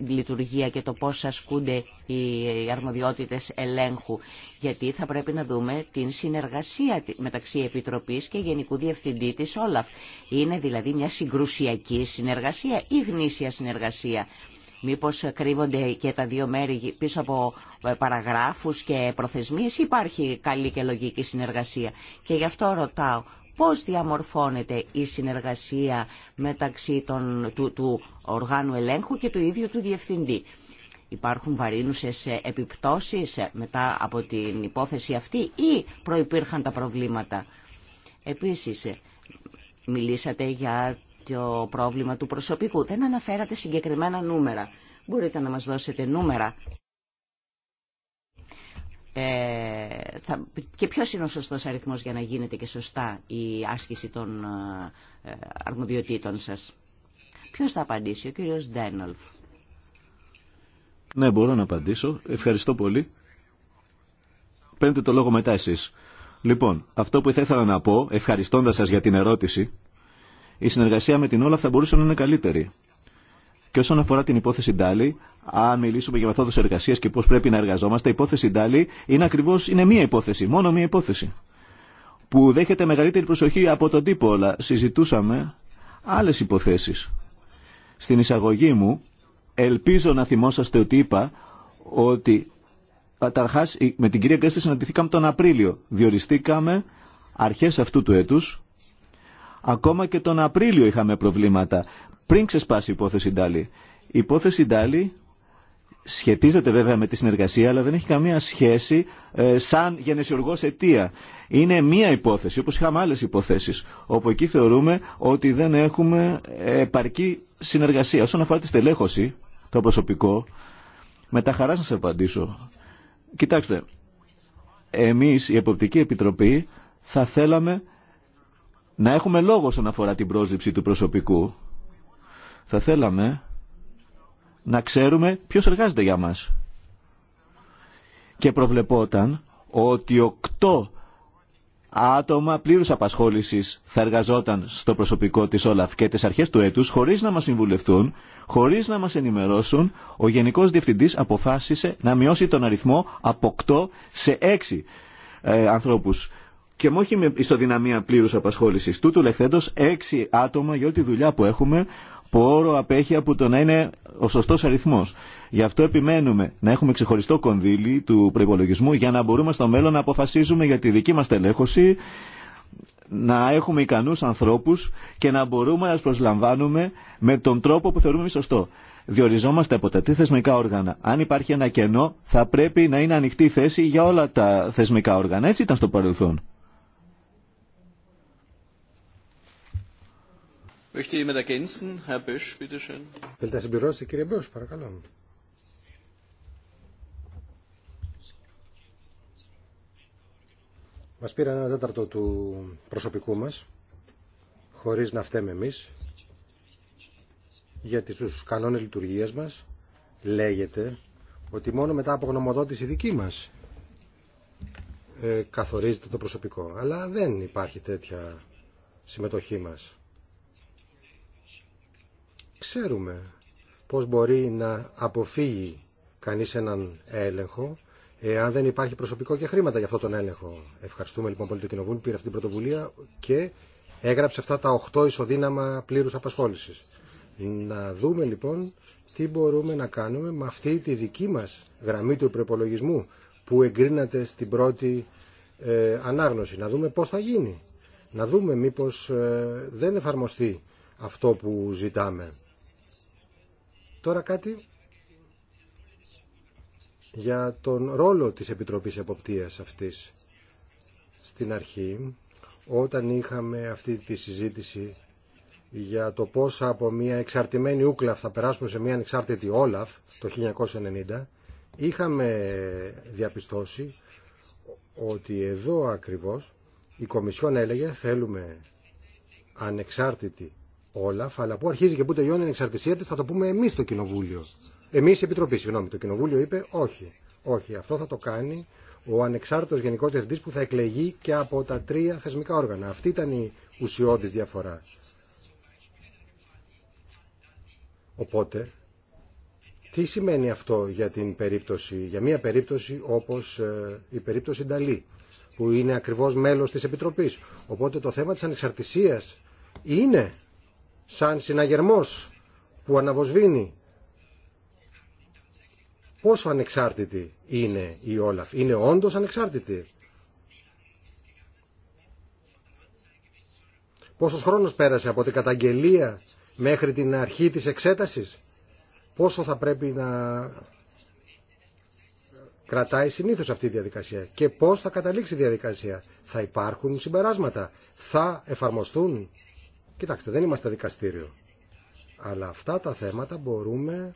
λειτουργία και το πώς ασκούνται οι αρμοδιότητες ελέγχου. Γιατί θα πρέπει να δούμε την συνεργασία μεταξύ Επιτροπής και Γενικού Διευθυντή της Όλαφ. Είναι δηλαδή μια συγκρουσιακή συνεργασία ή γνήσια συνεργασία. Μήπως κρύβονται και τα δύο μέρη πίσω από ε, παραγράφους και προθεσμίες υπάρχει καλή και λογική συνεργασία. Και γι' αυτό ρωτάω πώς διαμορφώνεται η συνεργασία μεταξύ των, του, του οργάνου ελέγχου και του ίδιου του διευθυντή. Υπάρχουν βαρύνουσες ε, επιπτώσεις ε, μετά από την υπόθεση αυτή ή προϋπήρχαν τα προβλήματα. Επίσης, μιλήσατε για το πρόβλημα του προσωπικού. Δεν αναφέρατε συγκεκριμένα νούμερα. Μπορείτε να μας δώσετε νούμερα. Ε, θα, και ποιος είναι ο σωστός αριθμός για να γίνεται και σωστά η άσκηση των ε, αρμοδιοτήτων σας. Ποιος θα απαντήσει, ο κύριος Ντένολφ. Ναι, μπορώ να απαντήσω. Ευχαριστώ πολύ. Παίρνετε το λόγο μετά εσείς. Λοιπόν, αυτό που θα ήθελα να πω, ευχαριστώντας σας για την ερώτηση, η συνεργασία με την Όλα θα μπορούσε να είναι καλύτερη. Και όσον αφορά την υπόθεση Ντάλι, αν μιλήσουμε για μεθόδου εργασία και πώ πρέπει να εργαζόμαστε, η υπόθεση Ντάλι είναι ακριβώ είναι μία υπόθεση, μόνο μία υπόθεση. Που δέχεται μεγαλύτερη προσοχή από τον τύπο όλα. Συζητούσαμε άλλε υποθέσει. Στην εισαγωγή μου, ελπίζω να θυμόσαστε ότι είπα ότι καταρχά με την κυρία Κρέστη συναντηθήκαμε τον Απρίλιο. Διοριστήκαμε αρχέ αυτού του έτου Ακόμα και τον Απρίλιο είχαμε προβλήματα, πριν ξεσπάσει η υπόθεση Ντάλι. Η υπόθεση Ντάλι σχετίζεται βέβαια με τη συνεργασία, αλλά δεν έχει καμία σχέση ε, σαν γενεσιουργό αιτία. Είναι μία υπόθεση, όπω είχαμε άλλε υποθέσει, όπου εκεί θεωρούμε ότι δεν έχουμε επαρκή συνεργασία. Όσον αφορά τη στελέχωση, το προσωπικό, με τα χαρά σα απαντήσω. Κοιτάξτε, εμεί η Εποπτική Επιτροπή θα θέλαμε να έχουμε λόγο όσον αφορά την πρόσληψη του προσωπικού. Θα θέλαμε να ξέρουμε ποιος εργάζεται για μας. Και προβλεπόταν ότι οκτώ άτομα πλήρους απασχόλησης θα εργαζόταν στο προσωπικό της Όλαφ και τις αρχές του έτους χωρίς να μας συμβουλευτούν, χωρίς να μας ενημερώσουν, ο Γενικός Διευθυντής αποφάσισε να μειώσει τον αριθμό από 8 σε έξι ε, ανθρώπους και όχι με ισοδυναμία πλήρου απασχόληση Τούτου λεχθέντο, έξι άτομα για όλη τη δουλειά που έχουμε που όρο απέχει από το να είναι ο σωστό αριθμό. Γι' αυτό επιμένουμε να έχουμε ξεχωριστό κονδύλι του προπολογισμού για να μπορούμε στο μέλλον να αποφασίζουμε για τη δική μα τελέχωση, να έχουμε ικανού ανθρώπου και να μπορούμε να του προσλαμβάνουμε με τον τρόπο που θεωρούμε σωστό. Διοριζόμαστε από τα τι θεσμικά όργανα. Αν υπάρχει ένα κενό, θα πρέπει να είναι ανοιχτή θέση για όλα τα θεσμικά όργανα. Έτσι ήταν στο παρελθόν. Θέλετε να συμπληρώσετε, κύριε Μπέος, παρακαλώ. Μας πήραν ένα τέταρτο του προσωπικού μας, χωρίς να φταίμε εμείς, γιατί στους κανόνες λειτουργίας μας λέγεται ότι μόνο μετά από γνωμοδότηση δική μας ε, καθορίζεται το προσωπικό. Αλλά δεν υπάρχει τέτοια συμμετοχή μας. Ξέρουμε πώς μπορεί να αποφύγει κανείς έναν έλεγχο αν δεν υπάρχει προσωπικό και χρήματα για αυτόν τον έλεγχο. Ευχαριστούμε λοιπόν πολύ το Κοινοβούλιο που πήρε αυτή την πρωτοβουλία και έγραψε αυτά τα 8 ισοδύναμα πλήρους απασχόλησης. Να δούμε λοιπόν τι μπορούμε να κάνουμε με αυτή τη δική μας γραμμή του προπολογισμού που εγκρίνεται στην πρώτη ε, ανάγνωση. Να δούμε πώς θα γίνει. Να δούμε μήπως ε, δεν εφαρμοστεί αυτό που ζητάμε. Τώρα κάτι για τον ρόλο της Επιτροπής Εποπτείας αυτής στην αρχή όταν είχαμε αυτή τη συζήτηση για το πώς από μια εξαρτημένη ούκλαφ θα περάσουμε σε μια ανεξάρτητη όλαφ το 1990 είχαμε διαπιστώσει ότι εδώ ακριβώς η Κομισιόν έλεγε θέλουμε ανεξάρτητη Όλα, αλλά που αρχίζει και που τελειώνει η ανεξαρτησία τη, θα το πούμε εμεί το Κοινοβούλιο. Εμεί η Επιτροπή, συγγνώμη. Το Κοινοβούλιο είπε όχι. Όχι, αυτό θα το κάνει ο ανεξάρτητο Γενικό Διευθυντή που θα εκλεγεί και από τα τρία θεσμικά όργανα. Αυτή ήταν η ουσιώδη διαφορά. Οπότε, τι σημαίνει αυτό για την περίπτωση, για μια περίπτωση όπως ε, η περίπτωση Νταλή, που είναι ακριβώς μέλος της Επιτροπής. Οπότε το θέμα της ανεξαρτησίας είναι σαν συναγερμός που αναβοσβήνει. Πόσο ανεξάρτητη είναι η Όλαφ. Είναι όντως ανεξάρτητη. Πόσος χρόνος πέρασε από την καταγγελία μέχρι την αρχή της εξέτασης. Πόσο θα πρέπει να κρατάει συνήθως αυτή η διαδικασία και πώς θα καταλήξει η διαδικασία. Θα υπάρχουν συμπεράσματα, θα εφαρμοστούν Κοιτάξτε, δεν είμαστε δικαστήριο. Αλλά αυτά τα θέματα μπορούμε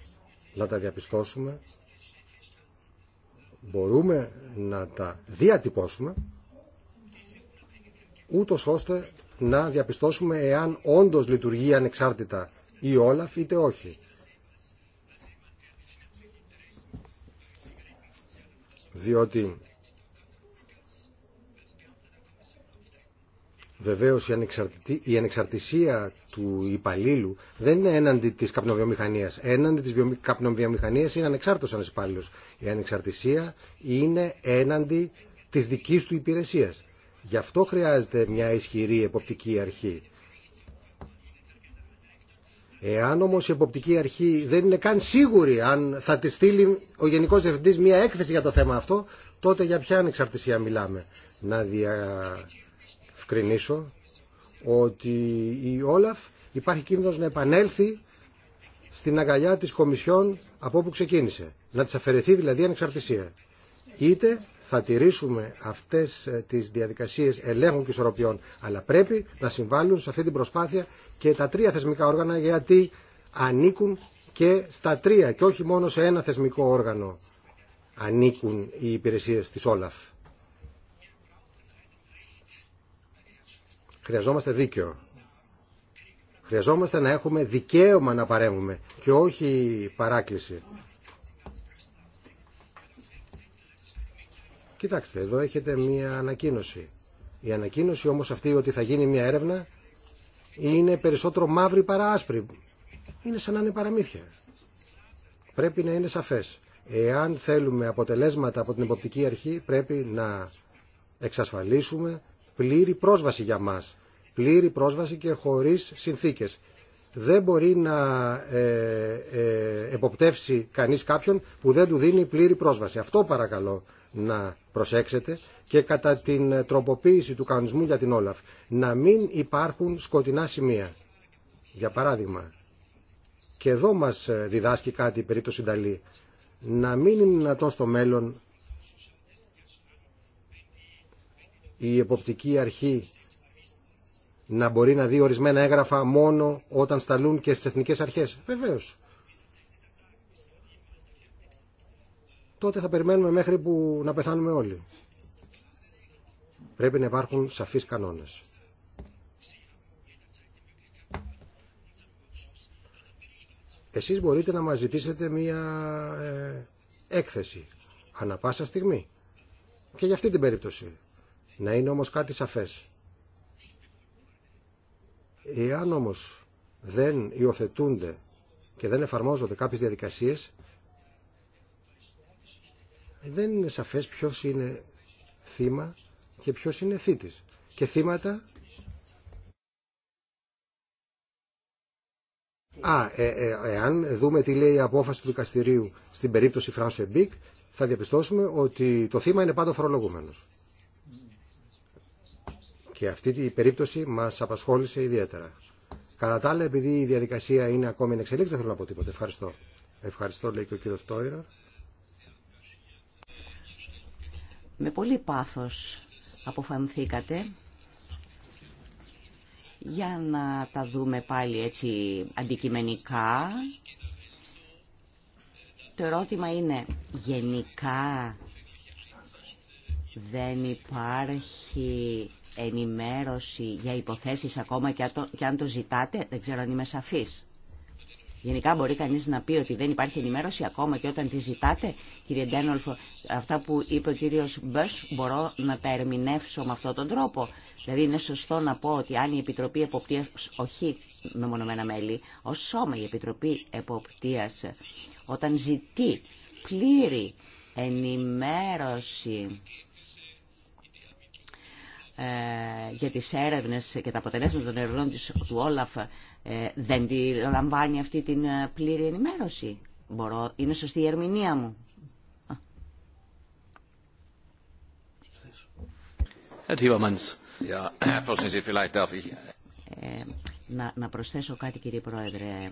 να τα διαπιστώσουμε, μπορούμε να τα διατυπώσουμε, ούτως ώστε να διαπιστώσουμε εάν όντως λειτουργεί ανεξάρτητα η Όλαφ είτε όχι. Διότι Βεβαίω η, ανεξαρτησία του υπαλλήλου δεν είναι έναντι τη καπνοβιομηχανία. Έναντι τη καπνοβιομηχανία καπνοβιομηχανίας είναι ανεξάρτητος ένα υπάλληλο. Η ανεξαρτησία είναι έναντι τη δική του υπηρεσία. Γι' αυτό χρειάζεται μια ισχυρή εποπτική αρχή. Εάν όμω η εποπτική αρχή δεν είναι καν σίγουρη αν θα τη στείλει ο Γενικό Διευθυντή μια έκθεση για το θέμα αυτό, τότε για ποια ανεξαρτησία μιλάμε. Να δια διευκρινίσω ότι η Όλαφ υπάρχει κίνδυνος να επανέλθει στην αγκαλιά της Κομισιόν από όπου ξεκίνησε. Να της αφαιρεθεί δηλαδή ανεξαρτησία. Είτε θα τηρήσουμε αυτές ε, τις διαδικασίες ελέγχων και ισορροπιών, αλλά πρέπει να συμβάλλουν σε αυτή την προσπάθεια και τα τρία θεσμικά όργανα γιατί ανήκουν και στα τρία και όχι μόνο σε ένα θεσμικό όργανο ανήκουν οι υπηρεσίες της Όλαφ. Χρειαζόμαστε δίκαιο. Χρειαζόμαστε να έχουμε δικαίωμα να παρέμβουμε και όχι παράκληση. Κοιτάξτε, εδώ έχετε μία ανακοίνωση. Η ανακοίνωση όμως αυτή ότι θα γίνει μία έρευνα είναι περισσότερο μαύρη παρά άσπρη. Είναι σαν να είναι παραμύθια. Πρέπει να είναι σαφές. Εάν θέλουμε αποτελέσματα από την εποπτική αρχή πρέπει να εξασφαλίσουμε πλήρη πρόσβαση για μας. Πλήρη πρόσβαση και χωρίς συνθήκες. Δεν μπορεί να ε, ε, εποπτεύσει κανείς κάποιον που δεν του δίνει πλήρη πρόσβαση. Αυτό παρακαλώ να προσέξετε και κατά την τροποποίηση του κανονισμού για την Όλαφ. Να μην υπάρχουν σκοτεινά σημεία. Για παράδειγμα, και εδώ μας διδάσκει κάτι περί περίπτωση Νταλή. Να μην είναι δυνατόν στο μέλλον η εποπτική αρχή να μπορεί να δει ορισμένα έγγραφα μόνο όταν σταλούν και στις εθνικές αρχές. Βεβαίως. Τότε θα περιμένουμε μέχρι που να πεθάνουμε όλοι. Πρέπει να υπάρχουν σαφείς κανόνες. Εσείς μπορείτε να μας ζητήσετε μία ε, έκθεση, ανα πάσα στιγμή. Και για αυτή την περίπτωση. Να είναι όμως κάτι σαφές. Εάν όμως δεν υιοθετούνται και δεν εφαρμόζονται κάποιες διαδικασίες, δεν είναι σαφές ποιος είναι θύμα και ποιος είναι θήτης. Και θύματα... Α, ε, ε, εάν δούμε τι λέει η απόφαση του δικαστηρίου στην περίπτωση Φράνσο Εμπίκ, θα διαπιστώσουμε ότι το θύμα είναι πάντα φορολογούμενος και αυτή η περίπτωση μας απασχόλησε ιδιαίτερα. Κατά τα άλλα, επειδή η διαδικασία είναι ακόμη εν εξελίξη, δεν θέλω να πω τίποτα. Ευχαριστώ. Ευχαριστώ, λέει και ο κύριο Τόιρα. Με πολύ πάθος αποφανθήκατε για να τα δούμε πάλι έτσι αντικειμενικά. Το ερώτημα είναι γενικά δεν υπάρχει ενημέρωση για υποθέσεις ακόμα και αν το ζητάτε, δεν ξέρω αν είμαι σαφής. Γενικά μπορεί κανείς να πει ότι δεν υπάρχει ενημέρωση ακόμα και όταν τη ζητάτε. Κύριε Ντένολφο, αυτά που είπε ο κύριος Μπες μπορώ να τα ερμηνεύσω με αυτόν τον τρόπο. Δηλαδή είναι σωστό να πω ότι αν η Επιτροπή Εποπτείας, όχι μονομένα μέλη, ως σώμα η Επιτροπή Εποπτείας, όταν ζητεί πλήρη ενημέρωση ε, για τις έρευνες και τα αποτελέσματα των ερευνών του Όλαφ ε, δεν τη λαμβάνει αυτή την ε, πλήρη ενημέρωση. Μπορώ, είναι σωστή η ερμηνεία μου. να, προσθέσω κάτι κύριε Πρόεδρε.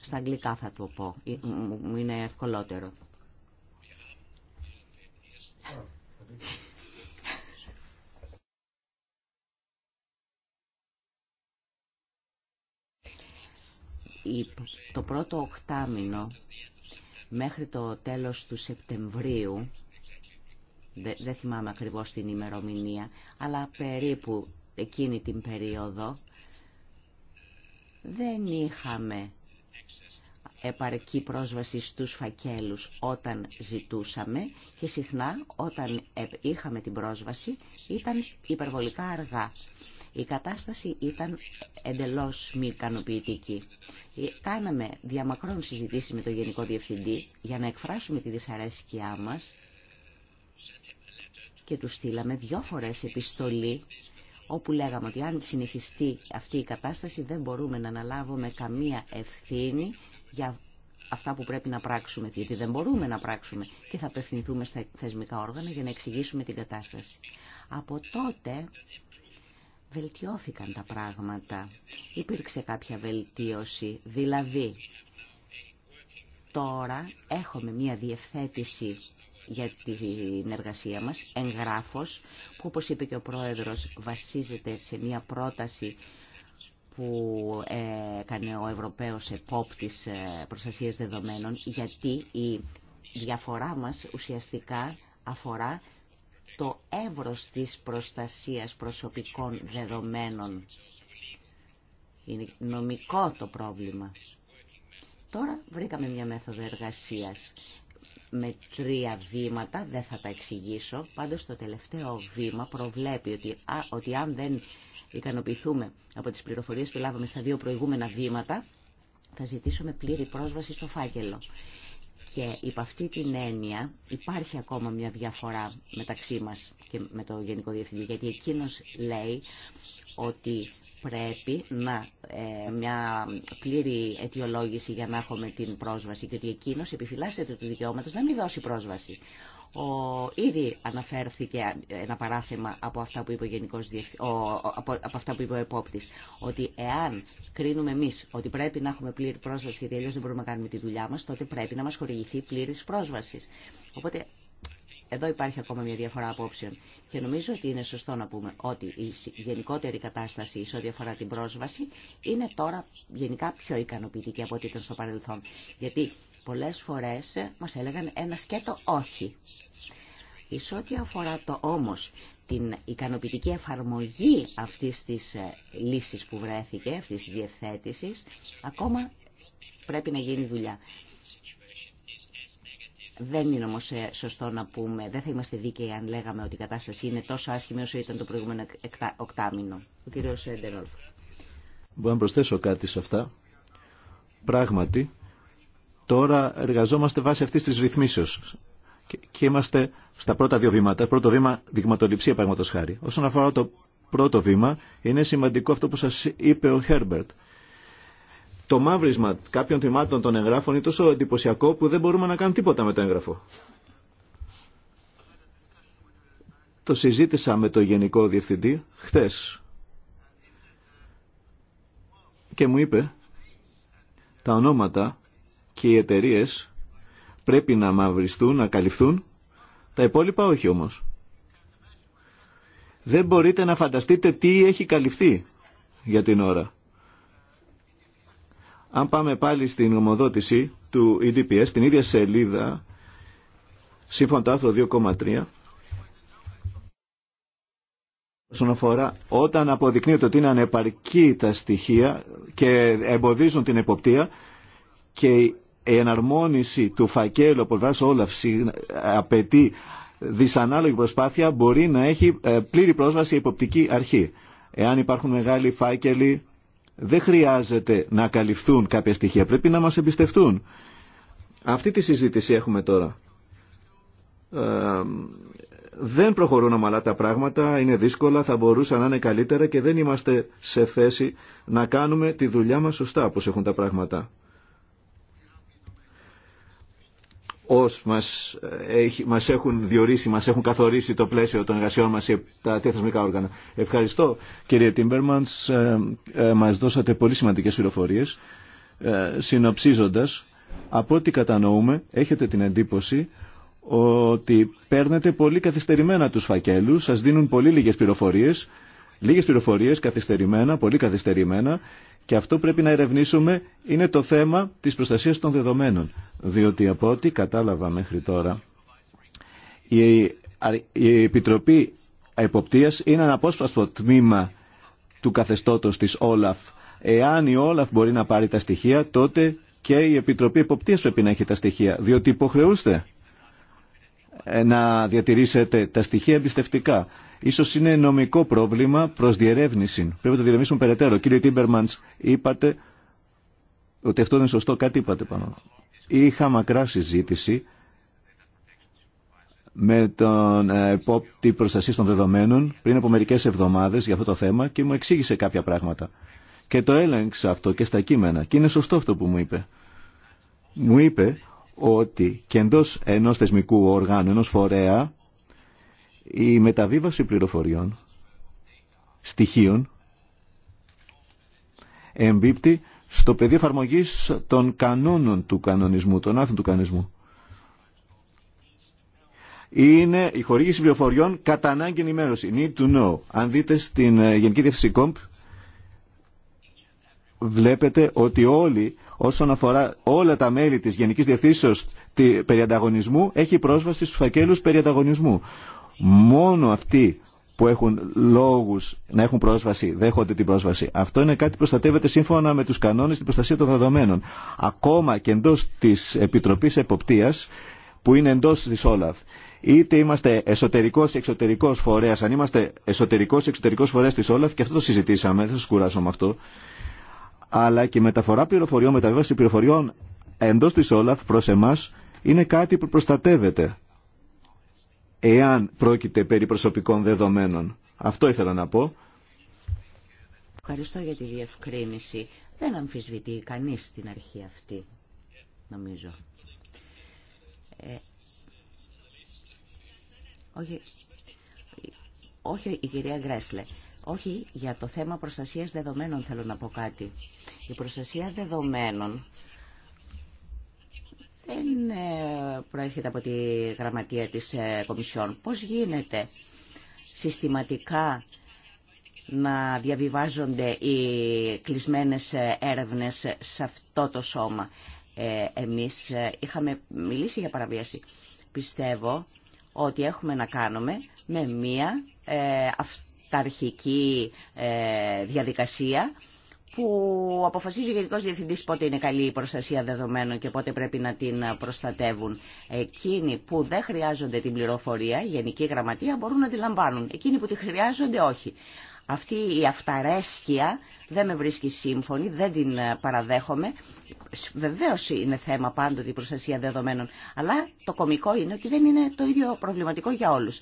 Στα αγγλικά θα το πω. Μου είναι ευκολότερο. το πρώτο οκτάμινο μέχρι το τέλος του Σεπτεμβρίου, δεν θυμάμαι ακριβώς την ημερομηνία, αλλά περίπου εκείνη την περίοδο, δεν είχαμε επαρκή πρόσβαση στους φακέλους όταν ζητούσαμε και συχνά όταν ε, είχαμε την πρόσβαση ήταν υπερβολικά αργά. Η κατάσταση ήταν εντελώς μη ικανοποιητική. Ε, κάναμε διαμακρών συζητήσεις με τον Γενικό Διευθυντή για να εκφράσουμε τη δυσαρέσκειά μας και του στείλαμε δυο φορές επιστολή όπου λέγαμε ότι αν συνεχιστεί αυτή η κατάσταση δεν μπορούμε να αναλάβουμε καμία ευθύνη για αυτά που πρέπει να πράξουμε, γιατί δεν μπορούμε να πράξουμε και θα απευθυνθούμε στα θεσμικά όργανα για να εξηγήσουμε την κατάσταση. Από τότε βελτιώθηκαν τα πράγματα. Υπήρξε κάποια βελτίωση, δηλαδή τώρα έχουμε μια διευθέτηση για την εργασία μας, εγγράφος, που όπως είπε και ο Πρόεδρος βασίζεται σε μια πρόταση που ε, έκανε ο Ευρωπαίος Επόπτης ε, Προστασίας Δεδομένων, γιατί η διαφορά μας ουσιαστικά αφορά το εύρος της προστασίας προσωπικών δεδομένων. Είναι νομικό το πρόβλημα. Τώρα βρήκαμε μια μέθοδο εργασίας με τρία βήματα, δεν θα τα εξηγήσω, πάντως το τελευταίο βήμα προβλέπει ότι, ότι αν δεν ικανοποιηθούμε από τις πληροφορίες που λάβαμε στα δύο προηγούμενα βήματα, θα ζητήσουμε πλήρη πρόσβαση στο φάκελο. Και υπ' αυτή την έννοια υπάρχει ακόμα μια διαφορά μεταξύ μας και με το Γενικό Διευθυντή, γιατί εκείνος λέει ότι πρέπει να ε, μια πλήρη αιτιολόγηση για να έχουμε την πρόσβαση και ότι εκείνος επιφυλάσσεται του δικαιώματος να μην δώσει πρόσβαση. Ο, ήδη αναφέρθηκε ένα παράθεμα από αυτά που είπε ο, Γενικός, από, αυτά που είπε ότι εάν κρίνουμε εμείς ότι πρέπει να έχουμε πλήρη πρόσβαση γιατί αλλιώς δεν μπορούμε να κάνουμε τη δουλειά μας, τότε πρέπει να μας χορηγηθεί πλήρης πρόσβασης. Οπότε εδώ υπάρχει ακόμα μια διαφορά απόψεων. Και νομίζω ότι είναι σωστό να πούμε ότι η γενικότερη κατάσταση σε ό,τι αφορά την πρόσβαση είναι τώρα γενικά πιο ικανοποιητική από ό,τι ήταν στο παρελθόν. Γιατί πολλές φορές μας έλεγαν ένα σκέτο όχι. Εις ό,τι αφορά το όμως την ικανοποιητική εφαρμογή αυτής της ε, λύσης που βρέθηκε, αυτής της διευθέτησης, ακόμα πρέπει να γίνει δουλειά. Δεν είναι όμως ε, σωστό να πούμε, δεν θα είμαστε δίκαιοι αν λέγαμε ότι η κατάσταση είναι τόσο άσχημη όσο ήταν το προηγούμενο οκτάμινο. Ο κύριος Εντερόλφ. Μπορώ να προσθέσω κάτι σε αυτά. Πράγματι, Τώρα εργαζόμαστε βάσει αυτή τη ρυθμίσεω. και είμαστε στα πρώτα δύο βήματα. Πρώτο βήμα, δειγματοληψία παραδείγματο Όσον αφορά το πρώτο βήμα, είναι σημαντικό αυτό που σας είπε ο Χέρμπερτ. Το μαύρισμα κάποιων τμήματων των εγγράφων είναι τόσο εντυπωσιακό που δεν μπορούμε να κάνουμε τίποτα με το έγγραφο. Το συζήτησα με το Γενικό Διευθυντή χθες και μου είπε τα ονόματα και οι εταιρείε πρέπει να μαυριστούν, να καλυφθούν. Τα υπόλοιπα όχι όμως. Δεν μπορείτε να φανταστείτε τι έχει καλυφθεί για την ώρα. Αν πάμε πάλι στην ομοδότηση του EDPS, την ίδια σελίδα, σύμφωνα το άρθρο 2,3, Όσον αφορά όταν αποδεικνύεται ότι είναι ανεπαρκή τα στοιχεία και εμποδίζουν την εποπτεία και η εναρμόνιση του φακέλου από πλευρά όλαυση απαιτεί δυσανάλογη προσπάθεια, μπορεί να έχει ε, πλήρη πρόσβαση η υποπτική αρχή. Εάν υπάρχουν μεγάλοι φάκελοι, δεν χρειάζεται να καλυφθούν κάποια στοιχεία, πρέπει να μας εμπιστευτούν. Αυτή τη συζήτηση έχουμε τώρα. Ε, δεν προχωρούν ομαλά τα πράγματα, είναι δύσκολα, θα μπορούσαν να είναι καλύτερα και δεν είμαστε σε θέση να κάνουμε τη δουλειά μας σωστά όπως έχουν τα πράγματα. ως μας, ε, έχει, μας έχουν διορίσει, μας έχουν καθορίσει το πλαίσιο των εργασιών μας τα θεσμικά όργανα. Ευχαριστώ κύριε Τίμπερμαντς, ε, ε, μας δώσατε πολύ σημαντικές πληροφορίες. Ε, συνοψίζοντας, από ό,τι κατανοούμε, έχετε την εντύπωση ότι παίρνετε πολύ καθυστερημένα τους φακέλους, σας δίνουν πολύ λίγες πληροφορίες Λίγες πληροφορίες, καθυστερημένα, πολύ καθυστερημένα και αυτό πρέπει να ερευνήσουμε είναι το θέμα της προστασίας των δεδομένων. Διότι από ό,τι κατάλαβα μέχρι τώρα, η Επιτροπή Εποπτείας είναι ένα απόσπαστο τμήμα του καθεστώτος της Όλαφ. Εάν η Όλαφ μπορεί να πάρει τα στοιχεία, τότε και η Επιτροπή Εποπτείας πρέπει να έχει τα στοιχεία, διότι υποχρεούστε ε, να διατηρήσετε τα στοιχεία εμπιστευτικά. Ίσως είναι νομικό πρόβλημα προς διερεύνηση. Πρέπει να το διερευνήσουμε περαιτέρω. Κύριε Τίμπερμαντς, είπατε ότι αυτό δεν είναι σωστό. Κάτι είπατε πάνω. Είχα μακρά συζήτηση με τον ε, επόπτη προστασία των δεδομένων πριν από μερικές εβδομάδες για αυτό το θέμα και μου εξήγησε κάποια πράγματα. Και το έλεγξα αυτό και στα κείμενα. Και είναι σωστό αυτό που μου είπε. Μου είπε ότι και εντό ενός θεσμικού οργάνου, ενός φορέα, η μεταβίβαση πληροφοριών, στοιχείων, εμπίπτει στο πεδίο εφαρμογή των κανόνων του κανονισμού, των άρθρων του κανονισμού. Είναι η χορήγηση πληροφοριών κατά ανάγκη ενημέρωση. Need to know. Αν δείτε στην ε, Γενική Διεύθυνση Κόμπ, βλέπετε ότι όλοι όσον αφορά όλα τα μέλη της Γενικής Διευθύνσεως περί ανταγωνισμού, έχει πρόσβαση στους φακέλους περί Μόνο αυτοί που έχουν λόγους να έχουν πρόσβαση, δέχονται την πρόσβαση. Αυτό είναι κάτι που προστατεύεται σύμφωνα με τους κανόνες της προστασία των δεδομένων. Ακόμα και εντός της Επιτροπής Εποπτείας, που είναι εντός της Όλαφ, είτε είμαστε εσωτερικό ή εξωτερικό φορέα, αν είμαστε εσωτερικό ή εξωτερικό φορέα τη Όλαφ, και αυτό το συζητήσαμε, δεν σα κουράσω με αυτό, αλλά και μεταφορά πληροφοριών, μεταβίβαση πληροφοριών εντός της Όλαφ προ εμά είναι κάτι που προστατεύεται εάν πρόκειται περί προσωπικών δεδομένων. Αυτό ήθελα να πω. Ευχαριστώ για τη διευκρίνηση. Δεν αμφισβητεί κανείς την αρχή αυτή, νομίζω. Ε, όχι, όχι η κυρία Γκρέσλε. Όχι, για το θέμα προστασίας δεδομένων θέλω να πω κάτι. Η προστασία δεδομένων δεν ε, προέρχεται από τη γραμματεία της ε, Κομισιόν. Πώς γίνεται συστηματικά να διαβιβάζονται οι κλεισμένες ε, έρευνες σε αυτό το σώμα. Εμείς είχαμε μιλήσει για παραβίαση. Πιστεύω ότι έχουμε να κάνουμε με μία ε, ε, διαδικασία που αποφασίζει ο Γενικός Διευθυντής πότε είναι καλή η προστασία δεδομένων και πότε πρέπει να την προστατεύουν. Εκείνοι που δεν χρειάζονται την πληροφορία, η Γενική Γραμματεία, μπορούν να τη λαμβάνουν. Εκείνοι που τη χρειάζονται, όχι. Αυτή η αυταρέσκεια δεν με βρίσκει σύμφωνη, δεν την ε, παραδέχομαι. Βεβαίω είναι θέμα πάντοτε η προστασία δεδομένων. Αλλά το κομικό είναι ότι δεν είναι το ίδιο προβληματικό για όλου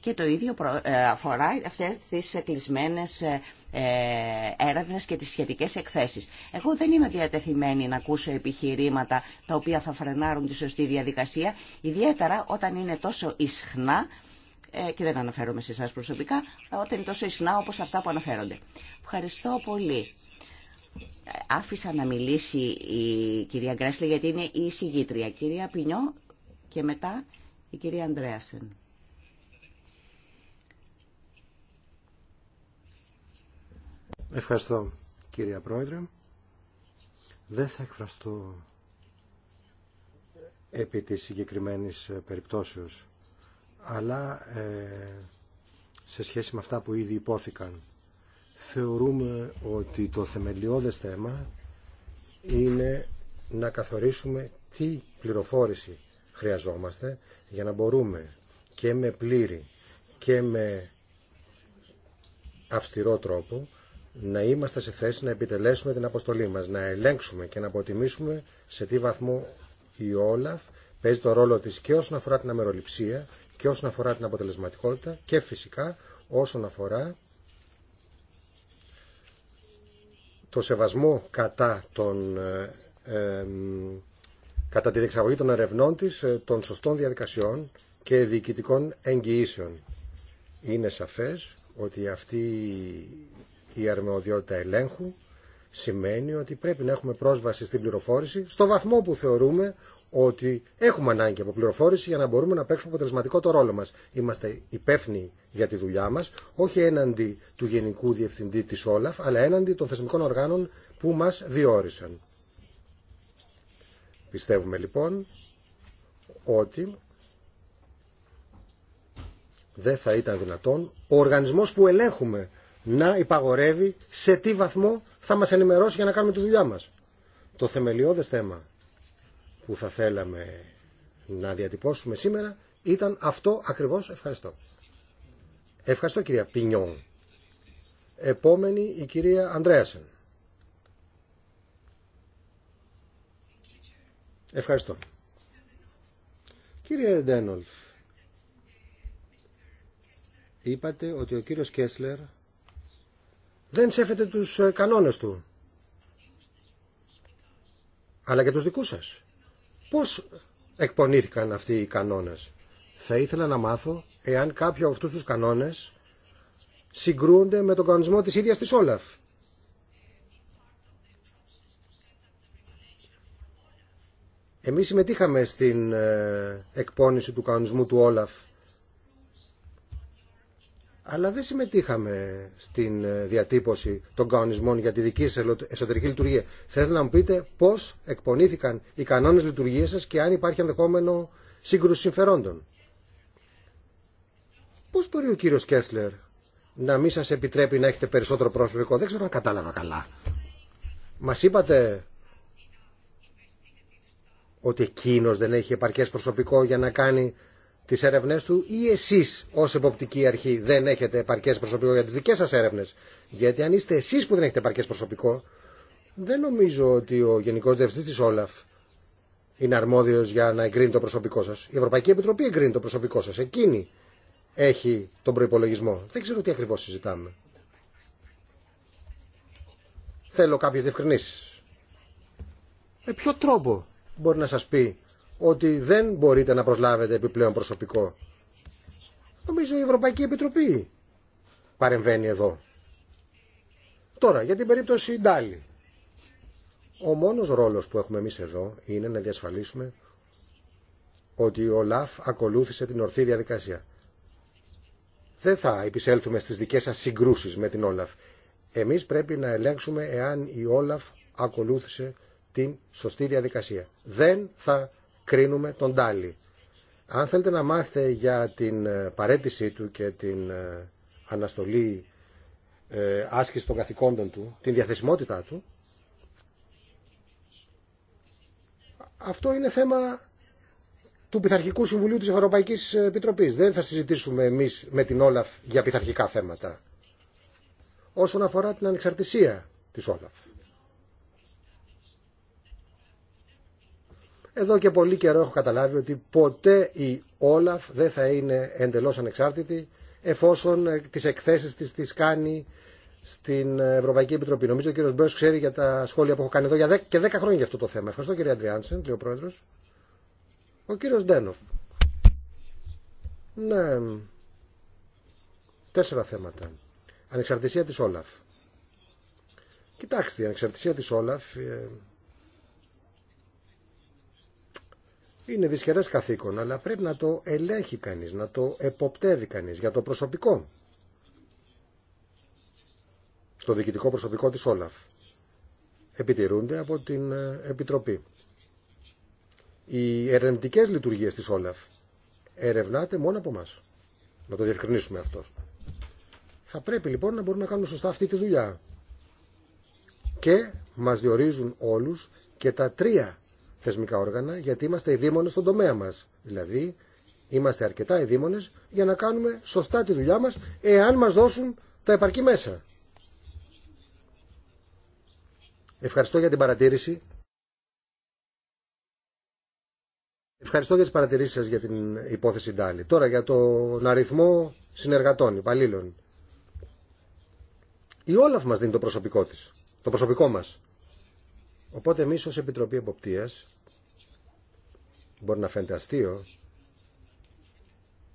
και το ίδιο ε, αφορά αυτές τις κλεισμένες ε, ε, έρευνες και τις σχετικές εκθέσεις. Εγώ δεν είμαι διατεθειμένη να ακούσω επιχειρήματα τα οποία θα φρενάρουν τη σωστή διαδικασία, ιδιαίτερα όταν είναι τόσο ισχνά και δεν αναφέρομαι σε εσά προσωπικά, όταν είναι τόσο ισχνά όπως αυτά που αναφέρονται. Ευχαριστώ πολύ. Άφησα να μιλήσει η κυρία Γκρέσλε γιατί είναι η συγγήτρια. Κυρία Πινιό και μετά η κυρία Αντρέασεν. Ευχαριστώ κύριε Πρόεδρε. Δεν θα εκφραστώ επί της συγκεκριμένης ε, περιπτώσεως, αλλά ε, σε σχέση με αυτά που ήδη υπόθηκαν. Θεωρούμε ότι το θεμελιώδες θέμα είναι να καθορίσουμε τι πληροφόρηση χρειαζόμαστε για να μπορούμε και με πλήρη και με αυστηρό τρόπο να είμαστε σε θέση να επιτελέσουμε την αποστολή μας, να ελέγξουμε και να αποτιμήσουμε σε τι βαθμό η Όλαφ παίζει το ρόλο της και όσον αφορά την αμεροληψία και όσον αφορά την αποτελεσματικότητα και φυσικά όσον αφορά το σεβασμό κατά, τον, ε, κατά τη διεξαγωγή των ερευνών της, ε, των σωστών διαδικασιών και διοικητικών εγγυήσεων. Είναι σαφές ότι αυτή η αρμοδιότητα ελέγχου σημαίνει ότι πρέπει να έχουμε πρόσβαση στην πληροφόρηση στο βαθμό που θεωρούμε ότι έχουμε ανάγκη από πληροφόρηση για να μπορούμε να παίξουμε αποτελεσματικό το ρόλο μας. Είμαστε υπεύθυνοι για τη δουλειά μας, όχι έναντι του Γενικού Διευθυντή της Όλαφ, αλλά έναντι των θεσμικών οργάνων που μας διόρισαν. Πιστεύουμε λοιπόν ότι δεν θα ήταν δυνατόν ο οργανισμός που ελέγχουμε να υπαγορεύει σε τι βαθμό θα μας ενημερώσει για να κάνουμε τη δουλειά μας. Το θεμελιώδες θέμα που θα θέλαμε να διατυπώσουμε σήμερα ήταν αυτό ακριβώς ευχαριστώ. Ευχαριστώ κυρία Πινιόν. Επόμενη η κυρία Ανδρέασεν. Ευχαριστώ. Κύριε Ντένολφ, είπατε ότι ο κύριος Κέσλερ δεν σέφεται τους ε, κανόνες του. Αλλά και τους δικούς σας. Πώς εκπονήθηκαν αυτοί οι κανόνες. Θα ήθελα να μάθω εάν κάποιοι από αυτούς τους κανόνες συγκρούονται με τον κανονισμό της ίδιας της Όλαφ. Εμείς συμμετείχαμε στην ε, εκπόνηση του κανονισμού του Όλαφ αλλά δεν συμμετείχαμε στην ε, διατύπωση των κανονισμών για τη δική σας εσωτερική λειτουργία. Θέλω να μου πείτε πώς εκπονήθηκαν οι κανόνες λειτουργίας σας και αν υπάρχει ενδεχόμενο σύγκρουση συμφερόντων. Πώς μπορεί ο κύριος Κέσλερ να μην σας επιτρέπει να έχετε περισσότερο προσωπικό. Δεν ξέρω αν κατάλαβα καλά. Μας είπατε ότι εκείνο δεν έχει επαρκές προσωπικό για να κάνει τι έρευνε του ή εσείς ως εποπτική αρχή δεν έχετε επαρκέ προσωπικό για τις δικές σας έρευνες. Γιατί αν είστε εσείς που δεν έχετε επαρκές προσωπικό, δεν νομίζω ότι ο Γενικός Διευθυντή τη Όλαφ είναι αρμόδιος για να εγκρίνει το προσωπικό σας. Η Ευρωπαϊκή Επιτροπή εγκρίνει το προσωπικό σας. Εκείνη έχει τον προπολογισμό. Δεν ξέρω τι ακριβώ συζητάμε. Θέλω κάποιε διευκρινήσει. Με ποιο τρόπο μπορεί να σα πει ότι δεν μπορείτε να προσλάβετε επιπλέον προσωπικό. Νομίζω η Ευρωπαϊκή Επιτροπή παρεμβαίνει εδώ. Τώρα, για την περίπτωση Ντάλι. Ο μόνος ρόλος που έχουμε εμείς εδώ είναι να διασφαλίσουμε ότι ο ΛΑΦ ακολούθησε την ορθή διαδικασία. Δεν θα επισέλθουμε στις δικές σας συγκρούσεις με την Όλαφ. Εμείς πρέπει να ελέγξουμε εάν η Όλαφ ακολούθησε την σωστή διαδικασία. Δεν θα κρίνουμε τον Τάλι. Αν θέλετε να μάθετε για την ε, παρέτησή του και την ε, αναστολή ε, άσκηση των καθηκόντων του, την διαθεσιμότητά του, αυτό είναι θέμα του Πειθαρχικού Συμβουλίου της Ευρωπαϊκής Επιτροπής. Δεν θα συζητήσουμε εμείς με την Όλαφ για πειθαρχικά θέματα. Όσον αφορά την ανεξαρτησία της Όλαφ. Εδώ και πολύ καιρό έχω καταλάβει ότι ποτέ η Όλαφ δεν θα είναι εντελώς ανεξάρτητη εφόσον ε, τις εκθέσεις της τις κάνει στην Ευρωπαϊκή Επιτροπή. Νομίζω ο κύριος Μπέος ξέρει για τα σχόλια που έχω κάνει εδώ για και 10 χρόνια για αυτό το θέμα. Ευχαριστώ κύριε Αντριάνσεν, λέει ο πρόεδρος. Ο κύριος Ντένοφ. Ναι, τέσσερα θέματα. Ανεξαρτησία της Όλαφ. Κοιτάξτε, η ανεξαρτησία της Όλαφ ε, Είναι δυσχερές καθήκον, αλλά πρέπει να το ελέγχει κανείς, να το εποπτεύει κανείς για το προσωπικό. Το διοικητικό προσωπικό της Όλαφ. Επιτηρούνται από την ε, Επιτροπή. Οι ερευνητικές λειτουργίες της Όλαφ ερευνάται μόνο από μας. Να το διευκρινίσουμε αυτό. Θα πρέπει λοιπόν να μπορούμε να κάνουμε σωστά αυτή τη δουλειά. Και μας διορίζουν όλους και τα τρία θεσμικά όργανα, γιατί είμαστε ειδήμονε στον τομέα μας. Δηλαδή, είμαστε αρκετά ειδήμονε για να κάνουμε σωστά τη δουλειά μας, εάν μας δώσουν τα επαρκή μέσα. Ευχαριστώ για την παρατήρηση. Ευχαριστώ για τις παρατηρήσεις σα για την υπόθεση Ντάλι. Τώρα για τον αριθμό συνεργατών, υπαλλήλων. Η Όλαφ μα δίνει το προσωπικό τη. το προσωπικό μα. Οπότε εμεί ως Επιτροπή Εποπτείας μπορεί να φαίνεται αστείο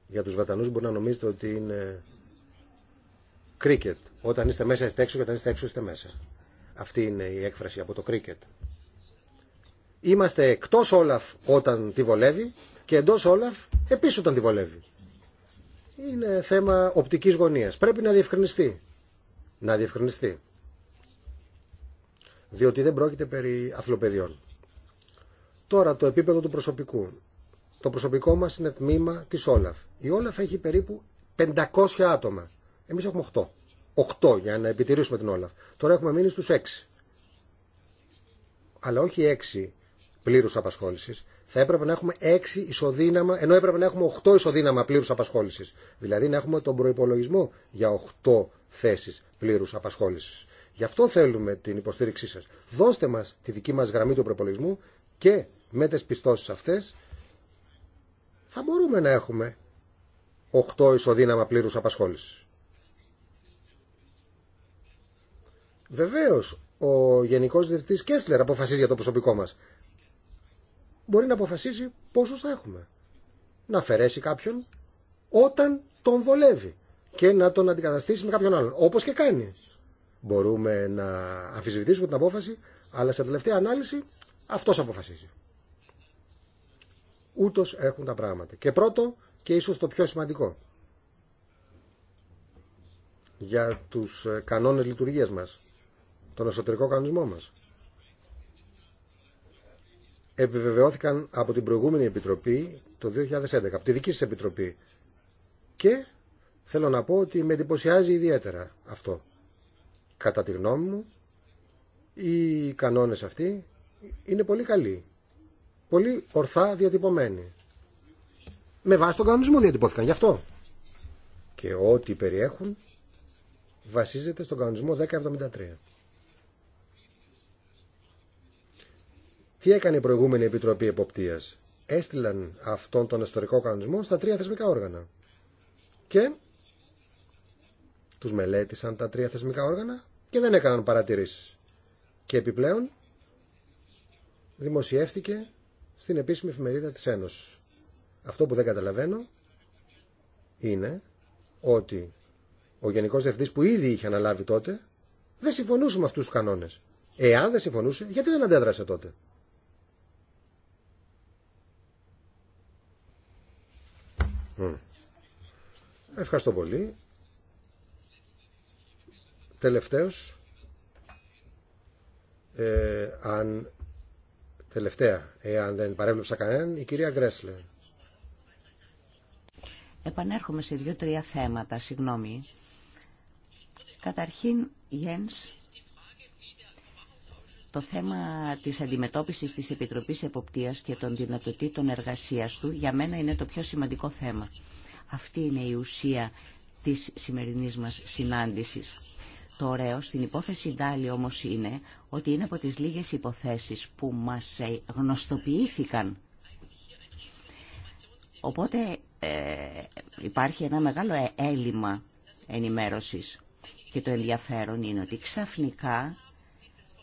για τους Βατανούς μπορεί να νομίζετε ότι είναι κρίκετ. Όταν είστε μέσα είστε έξω και όταν είστε έξω είστε μέσα. Αυτή είναι η έκφραση από το κρίκετ. Είμαστε εκτός Όλαφ όταν τη βολεύει και εντός Όλαφ επίσης όταν τη βολεύει. Είναι θέμα οπτικής γωνίας. Πρέπει να διευκρινιστεί. Να διευκρινιστεί διότι δεν πρόκειται περί αθλοπαιδιών. Τώρα το επίπεδο του προσωπικού. Το προσωπικό μας είναι τμήμα της Όλαφ. Η Όλαφ έχει περίπου 500 άτομα. Εμείς έχουμε 8. 8 για να επιτηρήσουμε την Όλαφ. Τώρα έχουμε μείνει στους 6. Αλλά όχι 6 πλήρους απασχόλησης. Θα έπρεπε να έχουμε 6 ισοδύναμα, ενώ έπρεπε να έχουμε 8 ισοδύναμα πλήρους απασχόλησης. Δηλαδή να έχουμε τον προϋπολογισμό για 8 θέσεις πλήρους απασχόλησης. Γι' αυτό θέλουμε την υποστήριξή σας. Δώστε μας τη δική μας γραμμή του προπολογισμού και με τις πιστώσεις αυτές θα μπορούμε να έχουμε 8 ισοδύναμα πλήρους απασχόλησης. Βεβαίως, ο Γενικός Διευθυντής Κέσλερ αποφασίζει για το προσωπικό μας. Μπορεί να αποφασίσει πόσους θα έχουμε. Να αφαιρέσει κάποιον όταν τον βολεύει και να τον αντικαταστήσει με κάποιον άλλον. Όπως και κάνει. Μπορούμε να αμφισβητήσουμε την απόφαση, αλλά σε τελευταία ανάλυση αυτός αποφασίζει. Ούτως έχουν τα πράγματα. Και πρώτο και ίσως το πιο σημαντικό για τους ε, κανόνες λειτουργίας μας, τον εσωτερικό κανονισμό μας. Επιβεβαιώθηκαν από την προηγούμενη Επιτροπή το 2011, από τη δική σας Επιτροπή. Και θέλω να πω ότι με εντυπωσιάζει ιδιαίτερα αυτό. Κατά τη γνώμη μου, οι κανόνες αυτοί είναι πολύ καλοί. Πολύ ορθά διατυπωμένοι. Με βάση τον κανονισμό διατυπώθηκαν γι' αυτό. Και ό,τι περιέχουν βασίζεται στον κανονισμό 1073. Τι έκανε η προηγούμενη Επιτροπή Εποπτείας. Έστειλαν αυτόν τον ιστορικό κανονισμό στα τρία θεσμικά όργανα. Και τους μελέτησαν τα τρία θεσμικά όργανα και δεν έκαναν παρατηρήσεις. Και επιπλέον δημοσιεύθηκε στην επίσημη εφημερίδα της Ένωσης. Αυτό που δεν καταλαβαίνω είναι ότι ο Γενικός Διευθυντής που ήδη είχε αναλάβει τότε δεν συμφωνούσε με αυτούς τους κανόνες. Εάν δεν συμφωνούσε, γιατί δεν αντέδρασε τότε. Ευχαριστώ πολύ. Τελευταίος, ε, αν, τελευταία, εάν δεν παρέμβλεψα κανέναν, η κυρία Γκρέσλε. Επανέρχομαι σε δύο-τρία θέματα, συγγνώμη. Καταρχήν, Γιένς, το θέμα της αντιμετώπισης της Επιτροπής Εποπτείας και των δυνατοτήτων εργασίας του για μένα είναι το πιο σημαντικό θέμα. Αυτή είναι η ουσία της σημερινής μας συνάντησης. Το ωραίο στην υπόθεση Ντάλι όμως είναι ότι είναι από τις λίγες υποθέσεις που μας ε, γνωστοποιήθηκαν. Οπότε ε, υπάρχει ένα μεγάλο ε, έλλειμμα ενημέρωσης και το ενδιαφέρον είναι ότι ξαφνικά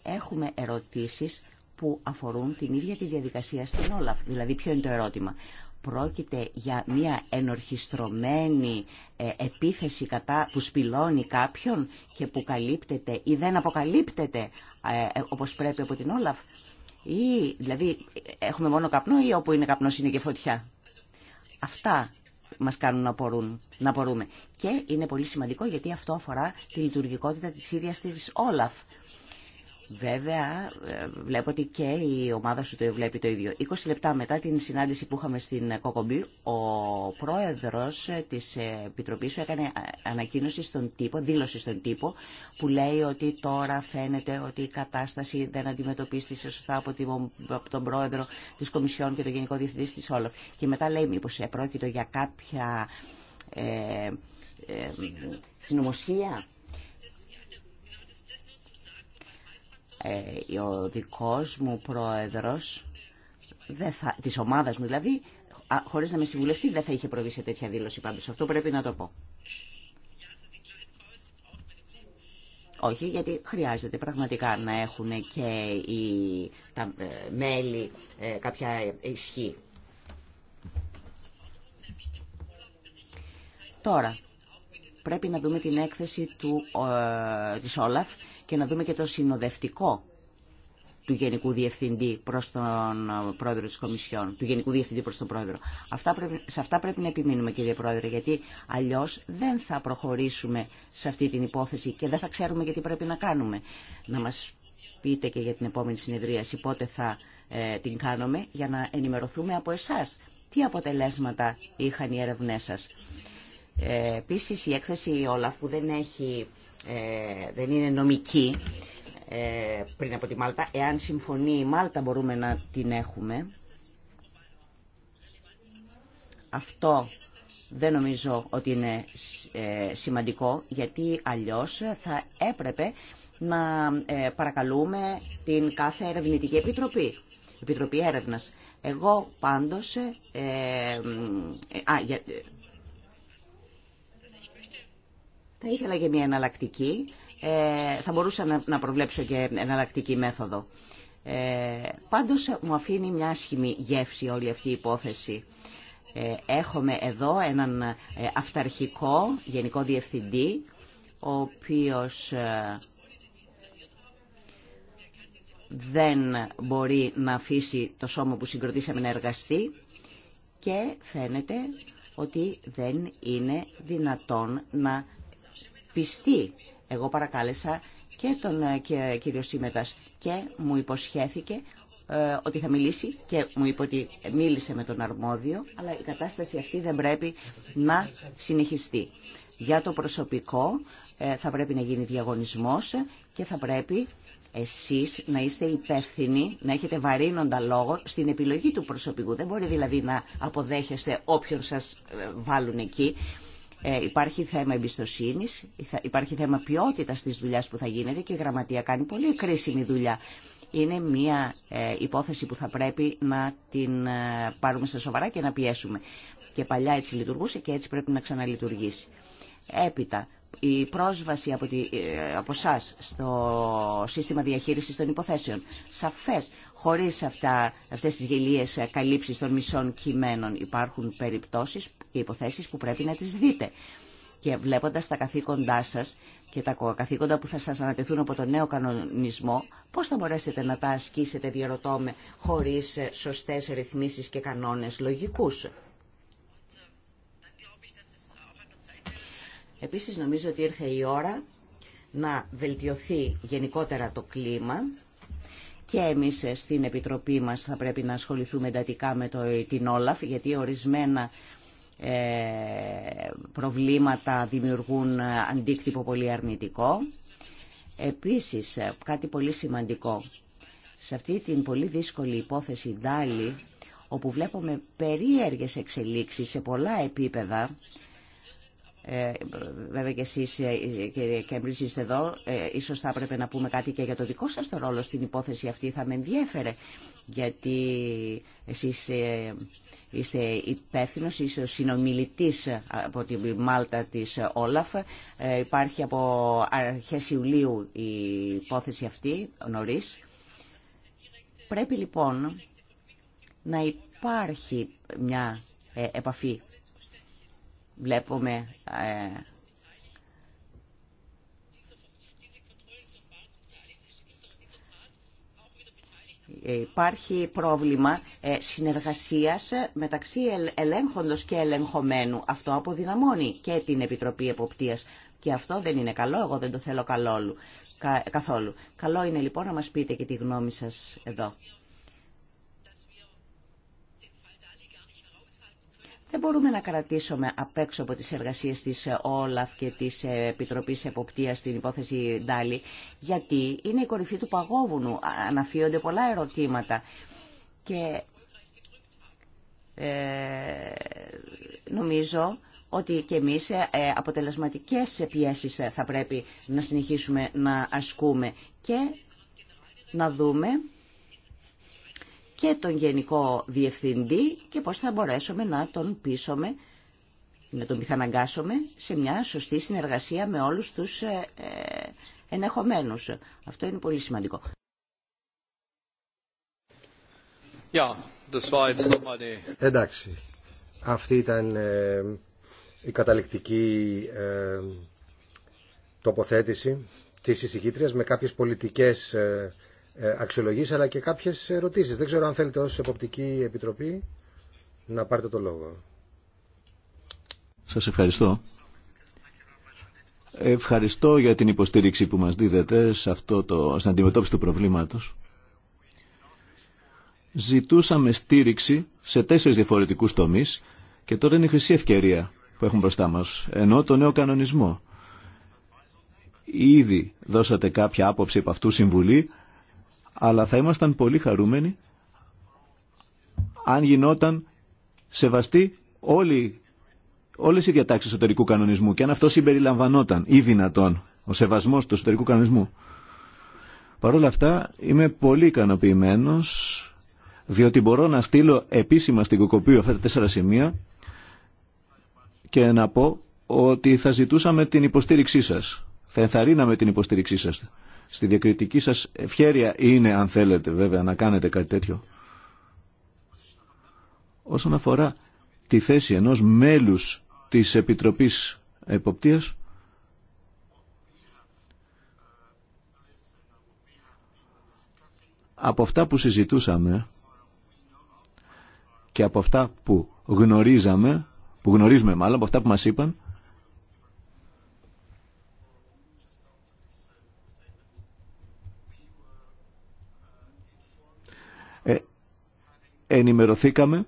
έχουμε ερωτήσεις που αφορούν την ίδια τη διαδικασία στην Όλαφ. Δηλαδή, ποιο είναι το ερώτημα. Πρόκειται για μια ενορχιστρωμένη ε, επίθεση κατά, που σπηλώνει κάποιον και που καλύπτεται ή δεν αποκαλύπτεται ε, ε, όπως πρέπει από την Όλαφ. Ή, δηλαδή, έχουμε μόνο καπνό ή όπου είναι καπνός είναι και φωτιά. Αυτά μας κάνουν να, μπορούμε. να Και είναι πολύ σημαντικό γιατί αυτό αφορά τη λειτουργικότητα της ίδιας της Όλαφ. Βέβαια, ε, βλέπω ότι και η ομάδα σου το βλέπει το ίδιο. 20 λεπτά μετά την συνάντηση που είχαμε στην Κοκομπή, ο πρόεδρος της Επιτροπής σου έκανε ανακοίνωση στον τύπο, δήλωση στον τύπο, που λέει ότι τώρα φαίνεται ότι η κατάσταση δεν αντιμετωπίστησε σωστά από τον πρόεδρο της Κομισιόν και τον Γενικό Διευθυντή της Όλοφ. Και μετά λέει μήπως επρόκειτο για κάποια ε, ε, συνωμοσία. Ε, ο δικός μου πρόεδρος δεν θα, της ομάδας μου δηλαδή χωρίς να με συμβουλευτεί δεν θα είχε προβεί σε τέτοια δήλωση πάντως αυτό πρέπει να το πω όχι γιατί χρειάζεται πραγματικά να έχουν και οι, τα ε, μέλη ε, κάποια ισχύ τώρα πρέπει να δούμε την έκθεση του, της Όλαφ και να δούμε και το συνοδευτικό του Γενικού Διευθυντή προς τον ε, Πρόεδρο της Κομισιόν, του Γενικού Διευθυντή προς τον Πρόεδρο. Αυτά πρέπει, σε αυτά πρέπει να επιμείνουμε κύριε Πρόεδρε, γιατί αλλιώς δεν θα προχωρήσουμε σε αυτή την υπόθεση και δεν θα ξέρουμε γιατί πρέπει να κάνουμε. Να μας πείτε και για την επόμενη συνεδρίαση πότε θα ε, την κάνουμε για να ενημερωθούμε από εσάς. Τι αποτελέσματα είχαν οι έρευνές σας. Ε, η έκθεση Όλαφ που δεν, έχει, ε, δεν είναι νομική ε, πριν από τη Μάλτα, εάν συμφωνεί η Μάλτα μπορούμε να την έχουμε. Αυτό δεν νομίζω ότι είναι ε, σημαντικό γιατί αλλιώς θα έπρεπε να παρακαλούμε την κάθε ερευνητική επιτροπή, επιτροπή έρευνας. Εγώ πάντως, α, θα ήθελα και μια εναλλακτική. Ε, θα μπορούσα να, προβλέψω και εναλλακτική μέθοδο. Ε, πάντως μου αφήνει μια άσχημη γεύση όλη αυτή η υπόθεση. Ε, έχουμε εδώ έναν ε, αυταρχικό γενικό διευθυντή, ο οποίος δεν μπορεί να αφήσει το σώμα που συγκροτήσαμε να εργαστεί και φαίνεται ότι δεν είναι δυνατόν να πιστή. Εγώ παρακάλεσα και τον ε, ε, κύριο Σίμετας και μου υποσχέθηκε ε, ότι θα μιλήσει και μου είπε ότι μίλησε με τον αρμόδιο, αλλά η κατάσταση αυτή δεν πρέπει να συνεχιστεί. Για το προσωπικό θα πρέπει να γίνει διαγωνισμός και θα πρέπει εσείς να είστε υπεύθυνοι, να έχετε βαρύνοντα λόγο στην επιλογή του προσωπικού. Δεν μπορεί δηλαδή να αποδέχεστε όποιον σας βάλουν εκεί. Ε, υπάρχει θέμα εμπιστοσύνη, υπάρχει θέμα ποιότητα τη δουλειά που θα γίνεται και η γραμματεία κάνει πολύ κρίσιμη δουλειά. Είναι μια ε, υπόθεση που θα πρέπει να την ε, πάρουμε στα σοβαρά και να πιέσουμε. Και παλιά έτσι λειτουργούσε και έτσι πρέπει να ξαναλειτουργήσει. Έπειτα, η πρόσβαση από, εσά σας στο σύστημα διαχείρισης των υποθέσεων. Σαφές, χωρίς αυτά, αυτές τις γελίες ε, καλύψεις των μισών κειμένων υπάρχουν περιπτώσεις και υποθέσεις που πρέπει να τις δείτε. Και βλέποντας τα καθήκοντά σας και τα καθήκοντα που θα σας ανατεθούν από τον νέο κανονισμό, πώς θα μπορέσετε να τα ασκήσετε, διαρωτώ με, χωρίς ε, σωστές ρυθμίσεις και κανόνες λογικούς. Επίσης νομίζω ότι ήρθε η ώρα να βελτιωθεί γενικότερα το κλίμα και εμείς στην Επιτροπή μας θα πρέπει να ασχοληθούμε εντατικά με το, την Όλαφ γιατί ορισμένα ε, προβλήματα δημιουργούν αντίκτυπο πολύ αρνητικό. Επίσης κάτι πολύ σημαντικό. Σε αυτή την πολύ δύσκολη υπόθεση Ντάλι όπου βλέπουμε περίεργες εξελίξεις σε πολλά επίπεδα ε, βέβαια και εσείς ε, κύριε Κέμπριτς είστε εδώ ε, ίσως θα έπρεπε να πούμε κάτι και για το δικό σας το ρόλο στην υπόθεση αυτή θα με ενδιέφερε γιατί εσείς ε, είστε υπεύθυνο, είστε ο συνομιλητής από τη Μάλτα της Όλαφ ε, υπάρχει από αρχές Ιουλίου η υπόθεση αυτή νωρίς πρέπει λοιπόν να υπάρχει μια επαφή βλέπουμε ε, υπάρχει πρόβλημα ε, συνεργασίας μεταξύ ελέγχοντος και ελεγχομένου. Αυτό αποδυναμώνει και την Επιτροπή Εποπτείας. Και αυτό δεν είναι καλό, εγώ δεν το θέλω καθόλου. Καλό είναι λοιπόν να μας πείτε και τη γνώμη σας εδώ. Δεν μπορούμε να κρατήσουμε απ' έξω από τις εργασίες της ε, Όλαφ και της ε, Επιτροπής Εποπτείας στην υπόθεση Ντάλι, γιατί είναι η κορυφή του παγόβουνου, αναφύονται πολλά ερωτήματα. Και ε, νομίζω ότι και εμείς αποτελεσματικές πιέσεις θα πρέπει να συνεχίσουμε να ασκούμε και να δούμε και τον Γενικό Διευθυντή και πώς θα μπορέσουμε να τον πείσουμε, να τον πιθαναγκάσουμε σε μια σωστή συνεργασία με όλους τους ε, ε, ενεχομένους. Αυτό είναι πολύ σημαντικό. Εντάξει, αυτή ήταν ε, η καταληκτική τοποθέτηση της εισηγήτριας με κάποιες πολιτικές ε, αξιολογήσει αλλά και κάποιες ερωτήσεις. Δεν ξέρω αν θέλετε ω Εποπτική Επιτροπή να πάρετε το λόγο. Σας ευχαριστώ. Ευχαριστώ για την υποστήριξη που μας δίδετε σε αυτό το, στην αντιμετώπιση του προβλήματος. Ζητούσαμε στήριξη σε τέσσερις διαφορετικούς τομείς και τώρα είναι η χρυσή ευκαιρία που έχουμε μπροστά μας, ενώ το νέο κανονισμό. Ήδη δώσατε κάποια άποψη από αυτού συμβουλή, αλλά θα ήμασταν πολύ χαρούμενοι αν γινόταν σεβαστή όλη, όλες οι διατάξεις του εσωτερικού κανονισμού και αν αυτό συμπεριλαμβανόταν ή δυνατόν ο σεβασμός του εσωτερικού κανονισμού. Παρ' όλα αυτά είμαι πολύ ικανοποιημένο διότι μπορώ να στείλω επίσημα στην Κοκοπίου αυτά τα τέσσερα σημεία και να πω ότι θα ζητούσαμε την υποστήριξή σας. Θα ενθαρρύναμε την υποστήριξή σας Στη διακριτική σας ευχέρεια είναι, αν θέλετε βέβαια, να κάνετε κάτι τέτοιο. Όσον αφορά τη θέση ενός μέλους της Επιτροπής Εποπτείας, από αυτά που συζητούσαμε και από αυτά που γνωρίζαμε, που γνωρίζουμε μάλλον, από αυτά που μας είπαν, ενημερωθήκαμε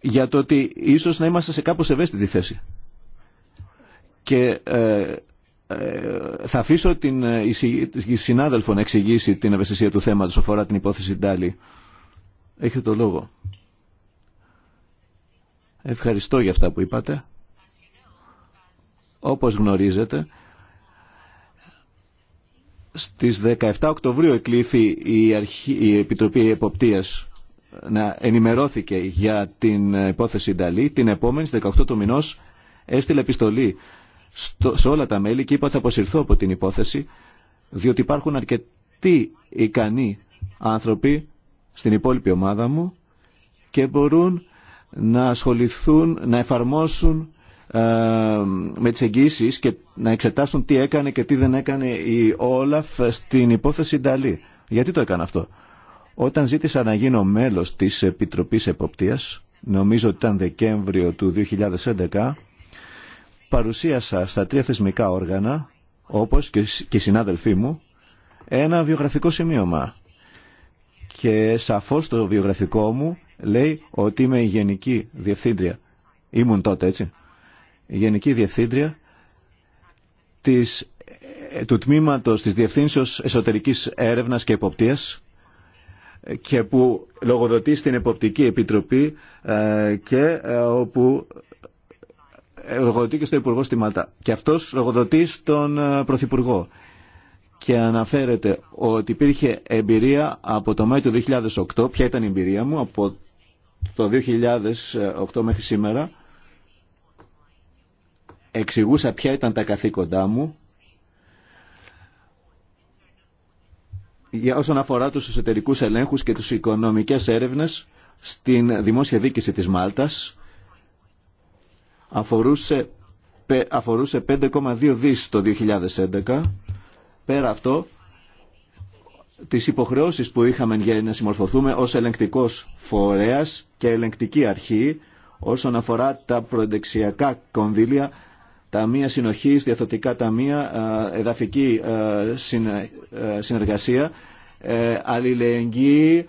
για το ότι ίσως να είμαστε σε κάπως ευαίσθητη θέση. Και ε, ε θα αφήσω την ε, η συνάδελφο να εξηγήσει την ευαισθησία του θέματος αφορά την υπόθεση Ντάλι. Έχετε το λόγο. Ευχαριστώ για αυτά που είπατε. Όπως γνωρίζετε, στις 17 Οκτωβρίου εκλήθη η, Επιτροπή Εποπτείας να ενημερώθηκε για την υπόθεση Νταλή. Την επόμενη, στις 18 του μηνός, έστειλε επιστολή σε όλα τα μέλη και είπα θα αποσυρθώ από την υπόθεση, διότι υπάρχουν αρκετοί ικανοί άνθρωποι στην υπόλοιπη ομάδα μου και μπορούν να ασχοληθούν, να εφαρμόσουν ε, με τις εγγύσεις και να εξετάσουν τι έκανε και τι δεν έκανε η Όλαφ στην υπόθεση Νταλή. Γιατί το έκανα αυτό. Όταν ζήτησα να γίνω μέλος της Επιτροπής Εποπτείας, νομίζω ότι ήταν Δεκέμβριο του 2011, παρουσίασα στα τρία θεσμικά όργανα, όπως και οι συνάδελφοί μου, ένα βιογραφικό σημείωμα. Και σαφώς το βιογραφικό μου λέει ότι είμαι η Γενική Διευθύντρια. Ήμουν τότε έτσι Γενική Διευθύντρια της, του τμήματος της Διευθύνσεως Εσωτερικής Έρευνας και Εποπτείας και που λογοδοτεί στην Εποπτική Επιτροπή ε, και ε, όπου λογοδοτεί και στο Υπουργό στη Και αυτός λογοδοτεί στον ε, Πρωθυπουργό. Και αναφέρεται ότι υπήρχε εμπειρία από το Μάιο του 2008. Ποια ήταν η εμπειρία μου από το 2008 μέχρι σήμερα εξηγούσα ποια ήταν τα καθήκοντά μου για όσον αφορά τους εσωτερικούς ελέγχους και τους οικονομικές έρευνες στην δημόσια δίκηση της Μάλτας αφορούσε, αφορούσε 5,2 δις το 2011. Πέρα αυτό, τις υποχρεώσεις που είχαμε για να συμμορφωθούμε ως ελεγκτικός φορέας και ελεγκτική αρχή όσον αφορά τα προεντεξιακά κονδύλια ταμεία συνοχής, διαθωτικά ταμεία, ε, εδαφική ε, ε, συνεργασία, αλληλεγγύη,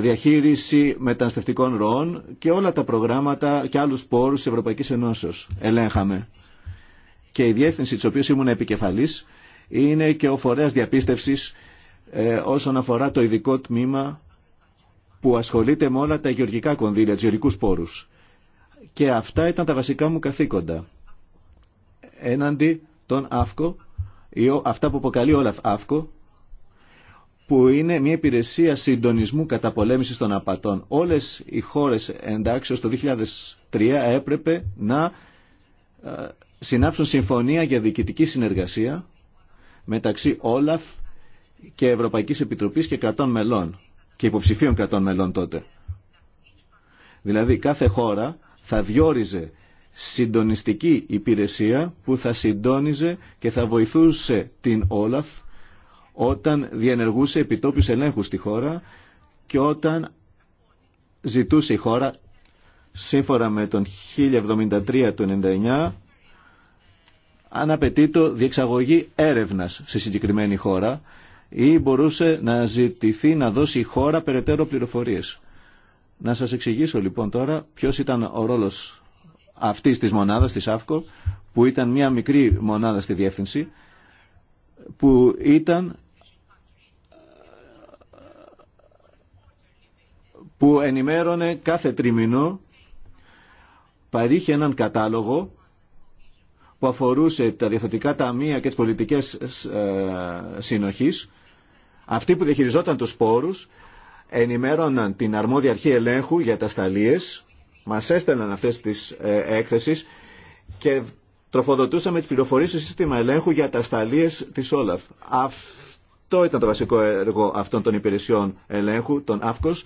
διαχείριση μεταναστευτικών ροών και όλα τα προγράμματα και άλλους πόρους της Ευρωπαϊκής Ενώσεως. Ελέγχαμε. Και η διεύθυνση της οποίας ήμουν επικεφαλής είναι και ο φορέας διαπίστευσης όσον αφορά το ειδικό τμήμα που ασχολείται με όλα τα γεωργικά κονδύλια, γεωργικούς πόρους. Και αυτά ήταν τα βασικά μου καθήκοντα έναντι των ΑΦΚΟ, αυτά που αποκαλεί όλα ΑΦΚΟ, που είναι μια υπηρεσία συντονισμού κατά πολέμησης των απατών. Όλες οι χώρες ως το 2003 έπρεπε να ε, συνάψουν συμφωνία για διοικητική συνεργασία μεταξύ Όλαφ και Ευρωπαϊκής Επιτροπής και κρατών μελών και υποψηφίων κρατών μελών τότε. Δηλαδή κάθε χώρα θα διόριζε συντονιστική υπηρεσία που θα συντόνιζε και θα βοηθούσε την Όλαφ όταν διενεργούσε επιτόπιους ελέγχους στη χώρα και όταν ζητούσε η χώρα σύμφωνα με τον 1073 του 99 αν το διεξαγωγή έρευνας στη συγκεκριμένη χώρα ή μπορούσε να ζητηθεί να δώσει η χώρα περαιτέρω πληροφορίες. Να σας εξηγήσω λοιπόν τώρα ποιος ήταν ο ρόλος αυτής της μονάδας, της ΑΦΚΟ, που ήταν μια μικρή μονάδα στη διεύθυνση, που ήταν που ενημέρωνε κάθε τριμηνό, παρήχε έναν κατάλογο που αφορούσε τα διαθετικά ταμεία και τις πολιτικές ε, συνοχής. Αυτοί που διαχειριζόταν τους πόρους ενημέρωναν την αρμόδια αρχή ελέγχου για τα σταλίες Μα έστελναν αυτές τις ε, έκθεσει και τροφοδοτούσαμε τις πληροφορίε στο σύστημα ελέγχου για τα σταλίες τη Όλαφ. Αυτό ήταν το βασικό έργο αυτών των υπηρεσιών ελέγχου, των ΑΦΚΟΣ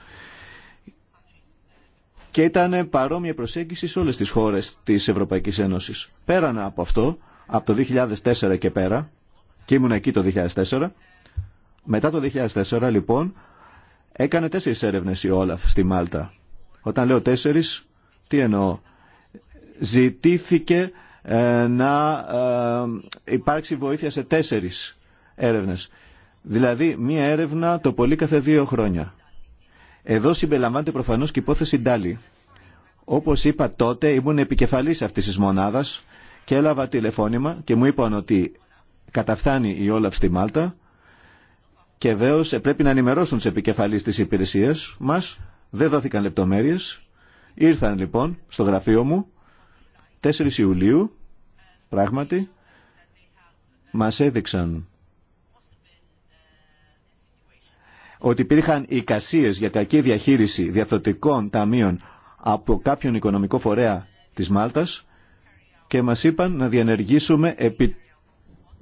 και ήταν παρόμοια προσέγγιση σε όλες τις χώρες της Ευρωπαϊκής Ένωσης. Πέραν από αυτό, από το 2004 και πέρα, και ήμουν εκεί το 2004, μετά το 2004 λοιπόν, έκανε τέσσερις έρευνες η Όλαφ στη Μάλτα όταν λέω τέσσερις, τι εννοώ. Ζητήθηκε ε, να ε, υπάρξει βοήθεια σε τέσσερις έρευνες. Δηλαδή, μία έρευνα το πολύ κάθε δύο χρόνια. Εδώ συμπεριλαμβάνεται προφανώς και υπόθεση Ντάλι. Όπως είπα τότε, ήμουν επικεφαλής αυτής της μονάδας και έλαβα τηλεφώνημα και μου είπαν ότι καταφθάνει η Όλαφ στη Μάλτα και βέβαιως πρέπει να ενημερώσουν τις επικεφαλής της υπηρεσίας μας δεν δόθηκαν λεπτομέρειες. Ήρθαν λοιπόν στο γραφείο μου 4 Ιουλίου, πράγματι, μας έδειξαν ότι υπήρχαν εικασίες για κακή διαχείριση διαθωτικών ταμείων από κάποιον οικονομικό φορέα της Μάλτας και μας είπαν να διενεργήσουμε επί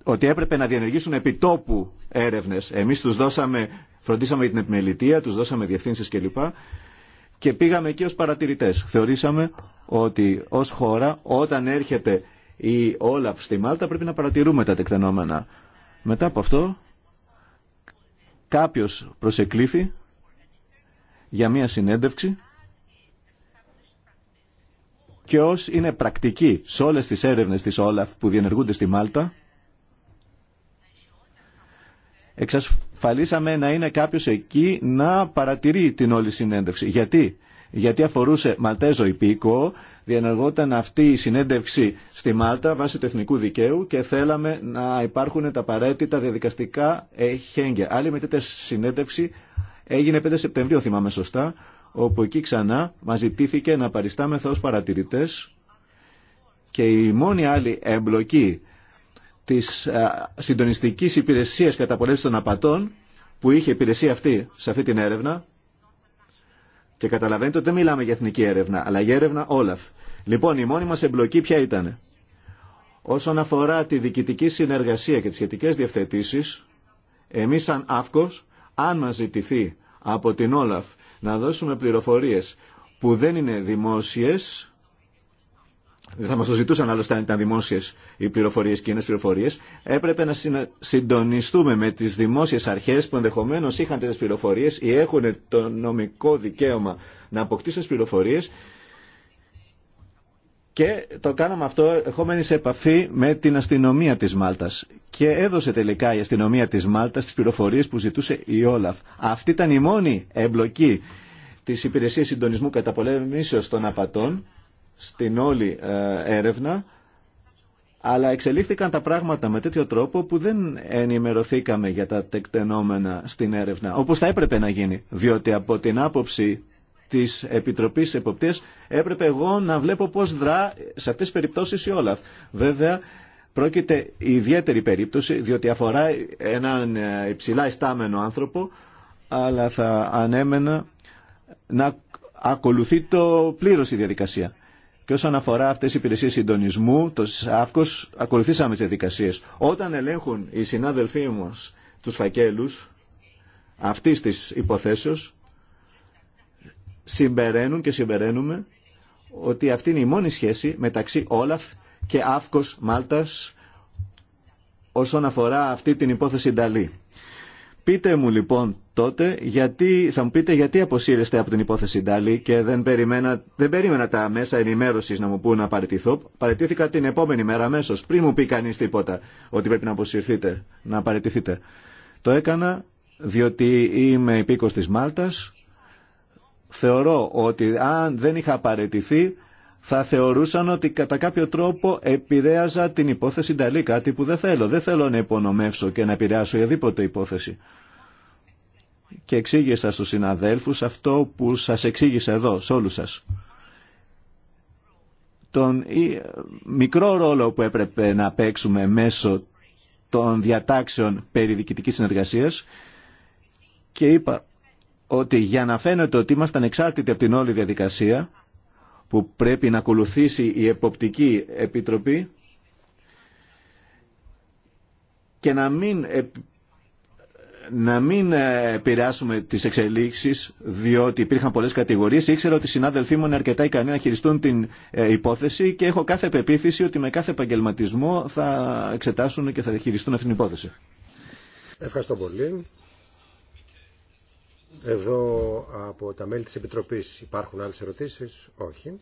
ότι έπρεπε να διενεργήσουν επιτόπου έρευνες. Εμείς τους δώσαμε, φροντίσαμε για την επιμελητία, τους δώσαμε διευθύνσει κλπ. Και πήγαμε εκεί ως παρατηρητές. Θεωρήσαμε ότι ως χώρα όταν έρχεται η Όλαφ στη Μάλτα πρέπει να παρατηρούμε τα τεκτενόμενα. Μετά από αυτό κάποιος προσεκλήθη για μία συνέντευξη και ως είναι πρακτική σε όλες τις έρευνες της Όλαφ που διενεργούνται στη Μάλτα εξασφαλίσαμε να είναι κάποιο εκεί να παρατηρεί την όλη συνέντευξη. Γιατί? Γιατί αφορούσε Μαλτέζο υπήκο, διενεργόταν αυτή η συνέντευξη στη Μάλτα βάσει του εθνικού δικαίου και θέλαμε να υπάρχουν τα απαραίτητα διαδικαστικά χέγγια. Άλλη μετέτε συνέντευξη έγινε 5 Σεπτεμβρίου, θυμάμαι σωστά, όπου εκεί ξανά μα ζητήθηκε να παριστάμεθα ω παρατηρητέ και η μόνη άλλη εμπλοκή της ε, συντονιστικής υπηρεσίας καταπολέμησης των απατών που είχε υπηρεσία αυτή σε αυτή την έρευνα και καταλαβαίνετε ότι δεν μιλάμε για εθνική έρευνα αλλά για έρευνα Όλαφ. Λοιπόν, η μόνη μας εμπλοκή ποια ήταν. Όσον αφορά τη διοικητική συνεργασία και τις σχετικές διευθετήσεις, εμείς σαν ΑΦΚΟΣ, αν μας ζητηθεί από την Όλαφ να δώσουμε πληροφορίες που δεν είναι δημόσιες, θα μας το ζητούσαν άλλωστε αν ήταν δημόσιε οι πληροφορίες, κοινές πληροφορίε. έπρεπε να συντονιστούμε με τι δημόσιε αρχέ που ενδεχομένω είχαν τέτοιε πληροφορίε ή έχουν το νομικό δικαίωμα να αποκτήσουν τις πληροφορίες και το κάναμε αυτό ερχόμενοι σε επαφή με την αστυνομία της Μάλτας. Και έδωσε τελικά η αστυνομία της Μάλτας τις πληροφορίες που ζητούσε η Όλαφ. Αυτή ήταν η μόνη εμπλοκή της Υπηρεσίας Συντονισμού Καταπολέμησεως των Απατών στην όλη ε, έρευνα, αλλά εξελίχθηκαν τα πράγματα με τέτοιο τρόπο που δεν ενημερωθήκαμε για τα τεκτενόμενα στην έρευνα, όπως θα έπρεπε να γίνει, διότι από την άποψη της Επιτροπής Εποπτείας έπρεπε εγώ να βλέπω πώς δρά σε αυτές τις περιπτώσεις η Όλαφ. Βέβαια, πρόκειται ιδιαίτερη περίπτωση, διότι αφορά έναν ε, υψηλά ιστάμενο άνθρωπο, αλλά θα ανέμενα να ακολουθεί το πλήρως η διαδικασία. Και όσον αφορά αυτέ οι υπηρεσίε συντονισμού, το ΣΑΦΚΟ ακολουθήσαμε τι διαδικασίε. Όταν ελέγχουν οι συνάδελφοί μα του φακέλου αυτή τη υποθέσεω, συμπεραίνουν και συμπεραίνουμε ότι αυτή είναι η μόνη σχέση μεταξύ Όλαφ και ΑΦΚΟΣ Μάλτα, όσον αφορά αυτή την υπόθεση Νταλή. Πείτε μου λοιπόν τότε γιατί, θα μου πείτε γιατί αποσύρεστε από την υπόθεση Ντάλι και δεν περιμένα, δεν περίμενα τα μέσα ενημέρωση να μου πούν να παραιτηθώ. Παραιτήθηκα την επόμενη μέρα αμέσω, πριν μου πει κανεί τίποτα ότι πρέπει να αποσυρθείτε, να παραιτηθείτε. Το έκανα διότι είμαι υπήκο της Μάλτας. Θεωρώ ότι αν δεν είχα παραιτηθεί θα θεωρούσαν ότι κατά κάποιο τρόπο επηρέαζα την υπόθεση Νταλή, κάτι που δεν θέλω. Δεν θέλω να υπονομεύσω και να επηρεάσω οποιαδήποτε υπόθεση και εξήγησα στους συναδέλφους αυτό που σας εξήγησα εδώ, σε όλους σας. Τον μικρό ρόλο που έπρεπε να παίξουμε μέσω των διατάξεων περί διοικητικής συνεργασίας και είπα ότι για να φαίνεται ότι ήμασταν εξάρτητοι από την όλη διαδικασία που πρέπει να ακολουθήσει η Εποπτική Επιτροπή και να μην να μην ε, επηρεάσουμε τι εξελίξει, διότι υπήρχαν πολλέ κατηγορίε. Ήξερα ότι οι συνάδελφοί μου είναι αρκετά ικανοί να χειριστούν την ε, υπόθεση και έχω κάθε πεποίθηση ότι με κάθε επαγγελματισμό θα εξετάσουν και θα χειριστούν αυτήν την υπόθεση. Ευχαριστώ πολύ. Εδώ από τα μέλη της Επιτροπής υπάρχουν άλλες ερωτήσεις. Όχι.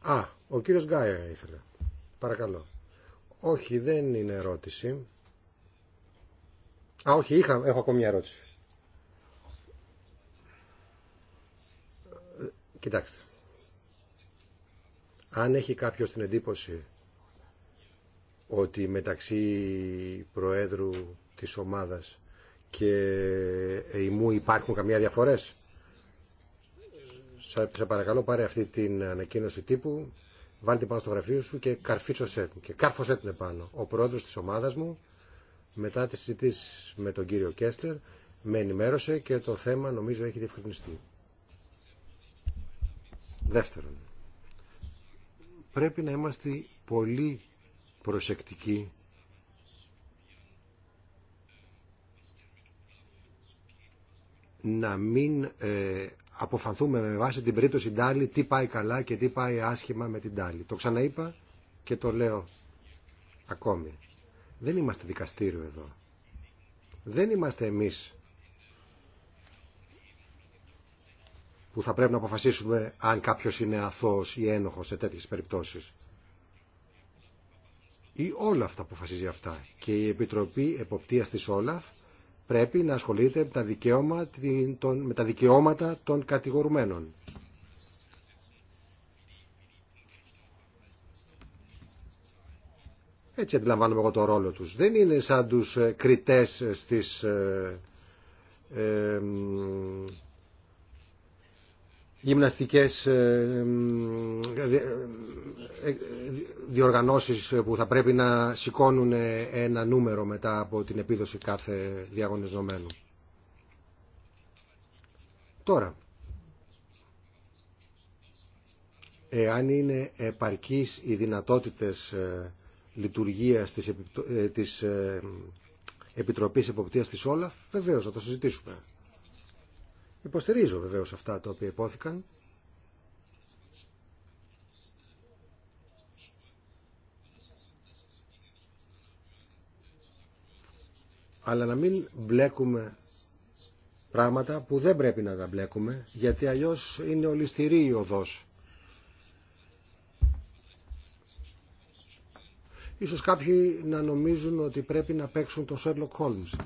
Α, ο κύριος Γκάια ήθελε. Παρακαλώ. Όχι, δεν είναι ερώτηση. Α, όχι, είχα, έχω ακόμη μια ερώτηση. Ε, κοιτάξτε. Αν έχει κάποιος την εντύπωση ότι μεταξύ Προέδρου της ομάδας και ημού υπάρχουν καμία διαφορές, σε παρακαλώ πάρε αυτή την ανακοίνωση τύπου, βάλτε πάνω στο γραφείο σου και καρφίτσο την και κάρφωσέ την επάνω. Ο πρόεδρος της ομάδας μου μετά τις συζητήσεις με τον κύριο Κέστερ με ενημέρωσε και το θέμα νομίζω έχει διευκρινιστεί. Δεύτερον, πρέπει να είμαστε πολύ προσεκτικοί να μην ε, αποφανθούμε με βάση την περίπτωση Ντάλι τι πάει καλά και τι πάει άσχημα με την Ντάλι. Το ξαναείπα και το λέω ακόμη. Δεν είμαστε δικαστήριο εδώ. Δεν είμαστε εμείς που θα πρέπει να αποφασίσουμε αν κάποιος είναι αθώος ή ένοχος σε τέτοιες περιπτώσεις. Ή όλα αυτά αποφασίζει αυτά. Και η Επιτροπή Εποπτείας της Όλαφ πρέπει να ασχολείται με τα δικαιώματα των κατηγορουμένων. Έτσι αντιλαμβάνομαι εγώ το ρόλο τους. Δεν είναι σαν τους ε, κριτές ε, στις, ε, γυμναστικές διοργανώσεις που θα πρέπει να σηκώνουν ένα νούμερο μετά από την επίδοση κάθε διαγωνιζομένου. Τώρα, εάν είναι επαρκείς οι δυνατότητες λειτουργίας της, επιπτω... Ε, της ε, Επιτροπής Εποπτείας της Όλαφ, βεβαίως να το συζητήσουμε. Υποστηρίζω βεβαίως αυτά τα οποία υπόθηκαν. Αλλά να μην μπλέκουμε πράγματα που δεν πρέπει να τα μπλέκουμε, γιατί αλλιώς είναι ολιστηρή η οδός Ίσως κάποιοι να νομίζουν ότι πρέπει να παίξουν τον Sherlock Holmes.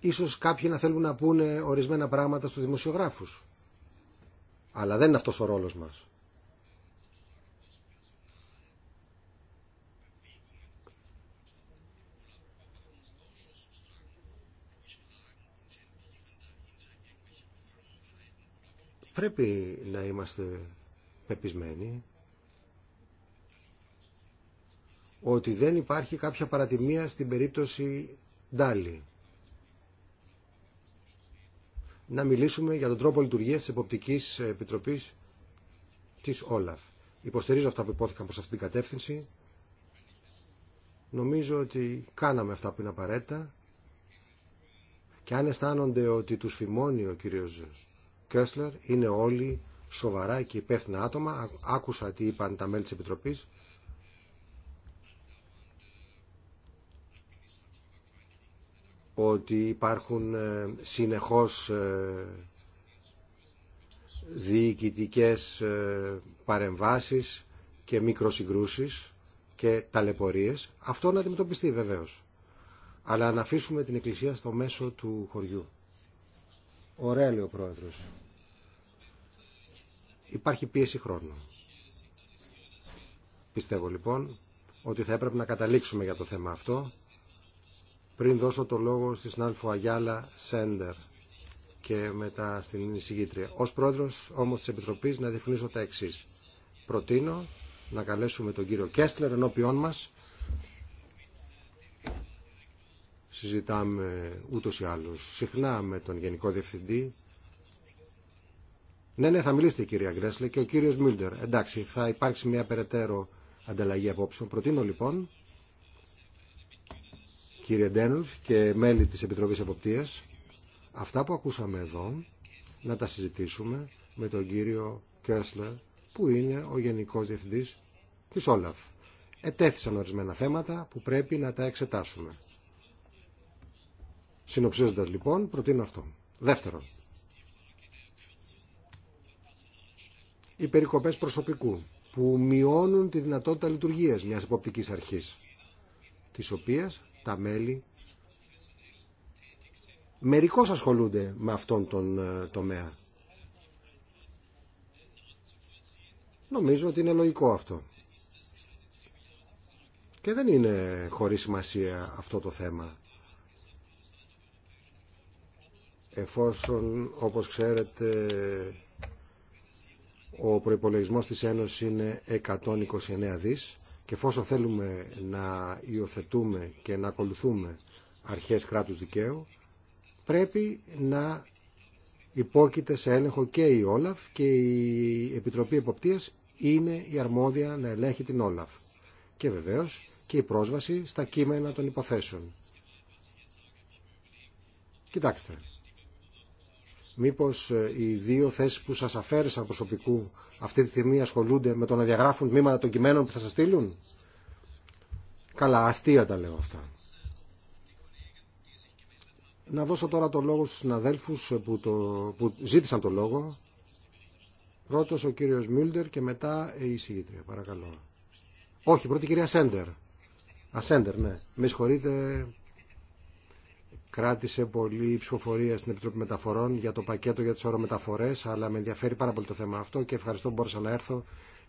Ίσως κάποιοι να θέλουν να πούνε ορισμένα πράγματα στους δημοσιογράφους. Αλλά δεν είναι αυτός ο ρόλος μας. Πρέπει να είμαστε πεπισμένοι ότι δεν υπάρχει κάποια παρατημία στην περίπτωση Ντάλι. Να μιλήσουμε για τον τρόπο λειτουργίας της Εποπτικής Επιτροπής της Όλαφ. Υποστηρίζω αυτά που υπόθηκαν προς αυτήν την κατεύθυνση. Νομίζω ότι κάναμε αυτά που είναι απαραίτητα. Και αν αισθάνονται ότι τους φημώνει ο κύριος Κέσλερ είναι όλοι σοβαρά και υπεύθυνα άτομα. Άκουσα τι είπαν τα μέλη της Επιτροπής. Ότι υπάρχουν ε, συνεχώς ε, διοικητικές ε, παρεμβάσεις και μικροσυγκρούσεις και ταλαιπωρίες. Αυτό να αντιμετωπιστεί βεβαίως. Αλλά να αφήσουμε την Εκκλησία στο μέσο του χωριού. Ωραία λέει ο Πρόεδρος. Υπάρχει πίεση χρόνου. Πιστεύω λοιπόν ότι θα έπρεπε να καταλήξουμε για το θέμα αυτό πριν δώσω το λόγο στη συνάδελφο Αγιάλα Σέντερ και μετά στην εισηγήτρια. Ως πρόεδρος όμως της Επιτροπής να διευκρινίσω τα εξή. Προτείνω να καλέσουμε τον κύριο Κέστλερ ενώπιόν μας. Συζητάμε ούτως ή άλλως συχνά με τον Γενικό Διευθυντή ναι, ναι, θα μιλήσετε κυρία Γκρέσλε και ο κύριος Μίλντερ. Εντάξει, θα υπάρξει μια περαιτέρω ανταλλαγή απόψεων. Προτείνω λοιπόν, κύριε Ντένουλφ και μέλη της Επιτροπής Εποπτείας, αυτά που ακούσαμε εδώ, να τα συζητήσουμε με τον κύριο Κέσλε, που είναι ο Γενικός Διευθυντής της Όλαφ. Ετέθησαν ορισμένα θέματα που πρέπει να τα εξετάσουμε. Συνοψίζοντας λοιπόν, προτείνω αυτό. Δεύτερον, οι περικοπές προσωπικού που μειώνουν τη δυνατότητα λειτουργίας μιας εποπτικής αρχής της οποίας τα μέλη μερικώς ασχολούνται με αυτόν τον ε, τομέα. Νομίζω ότι είναι λογικό αυτό. Και δεν είναι χωρίς σημασία αυτό το θέμα. Εφόσον, όπως ξέρετε, ο προπολογισμό της Ένωσης είναι 129 δις και εφόσον θέλουμε να υιοθετούμε και να ακολουθούμε αρχές κράτους δικαίου, πρέπει να υπόκειται σε έλεγχο και η Όλαφ και η Επιτροπή Εποπτείας είναι η αρμόδια να ελέγχει την Όλαφ. Και βεβαίως και η πρόσβαση στα κείμενα των υποθέσεων. Κοιτάξτε, μήπως ε, οι δύο θέσεις που σας αφαίρεσαν προσωπικού αυτή τη στιγμή ασχολούνται με το να διαγράφουν τμήματα των κειμένων που θα σας στείλουν. Καλά, αστεία τα λέω αυτά. Να δώσω τώρα το λόγο στους συναδέλφους ε, που, το, που ζήτησαν το λόγο. Πρώτος ο κύριος Μιούλντερ και μετά η συγγετρία, παρακαλώ. Όχι, πρώτη κυρία Σέντερ. Ασέντερ, ναι. Με συγχωρείτε, κράτησε πολύ ψηφοφορία στην Επιτροπή Μεταφορών για το πακέτο για τις ορομεταφορές, αλλά με ενδιαφέρει πάρα πολύ το θέμα αυτό και ευχαριστώ που μπόρεσα να έρθω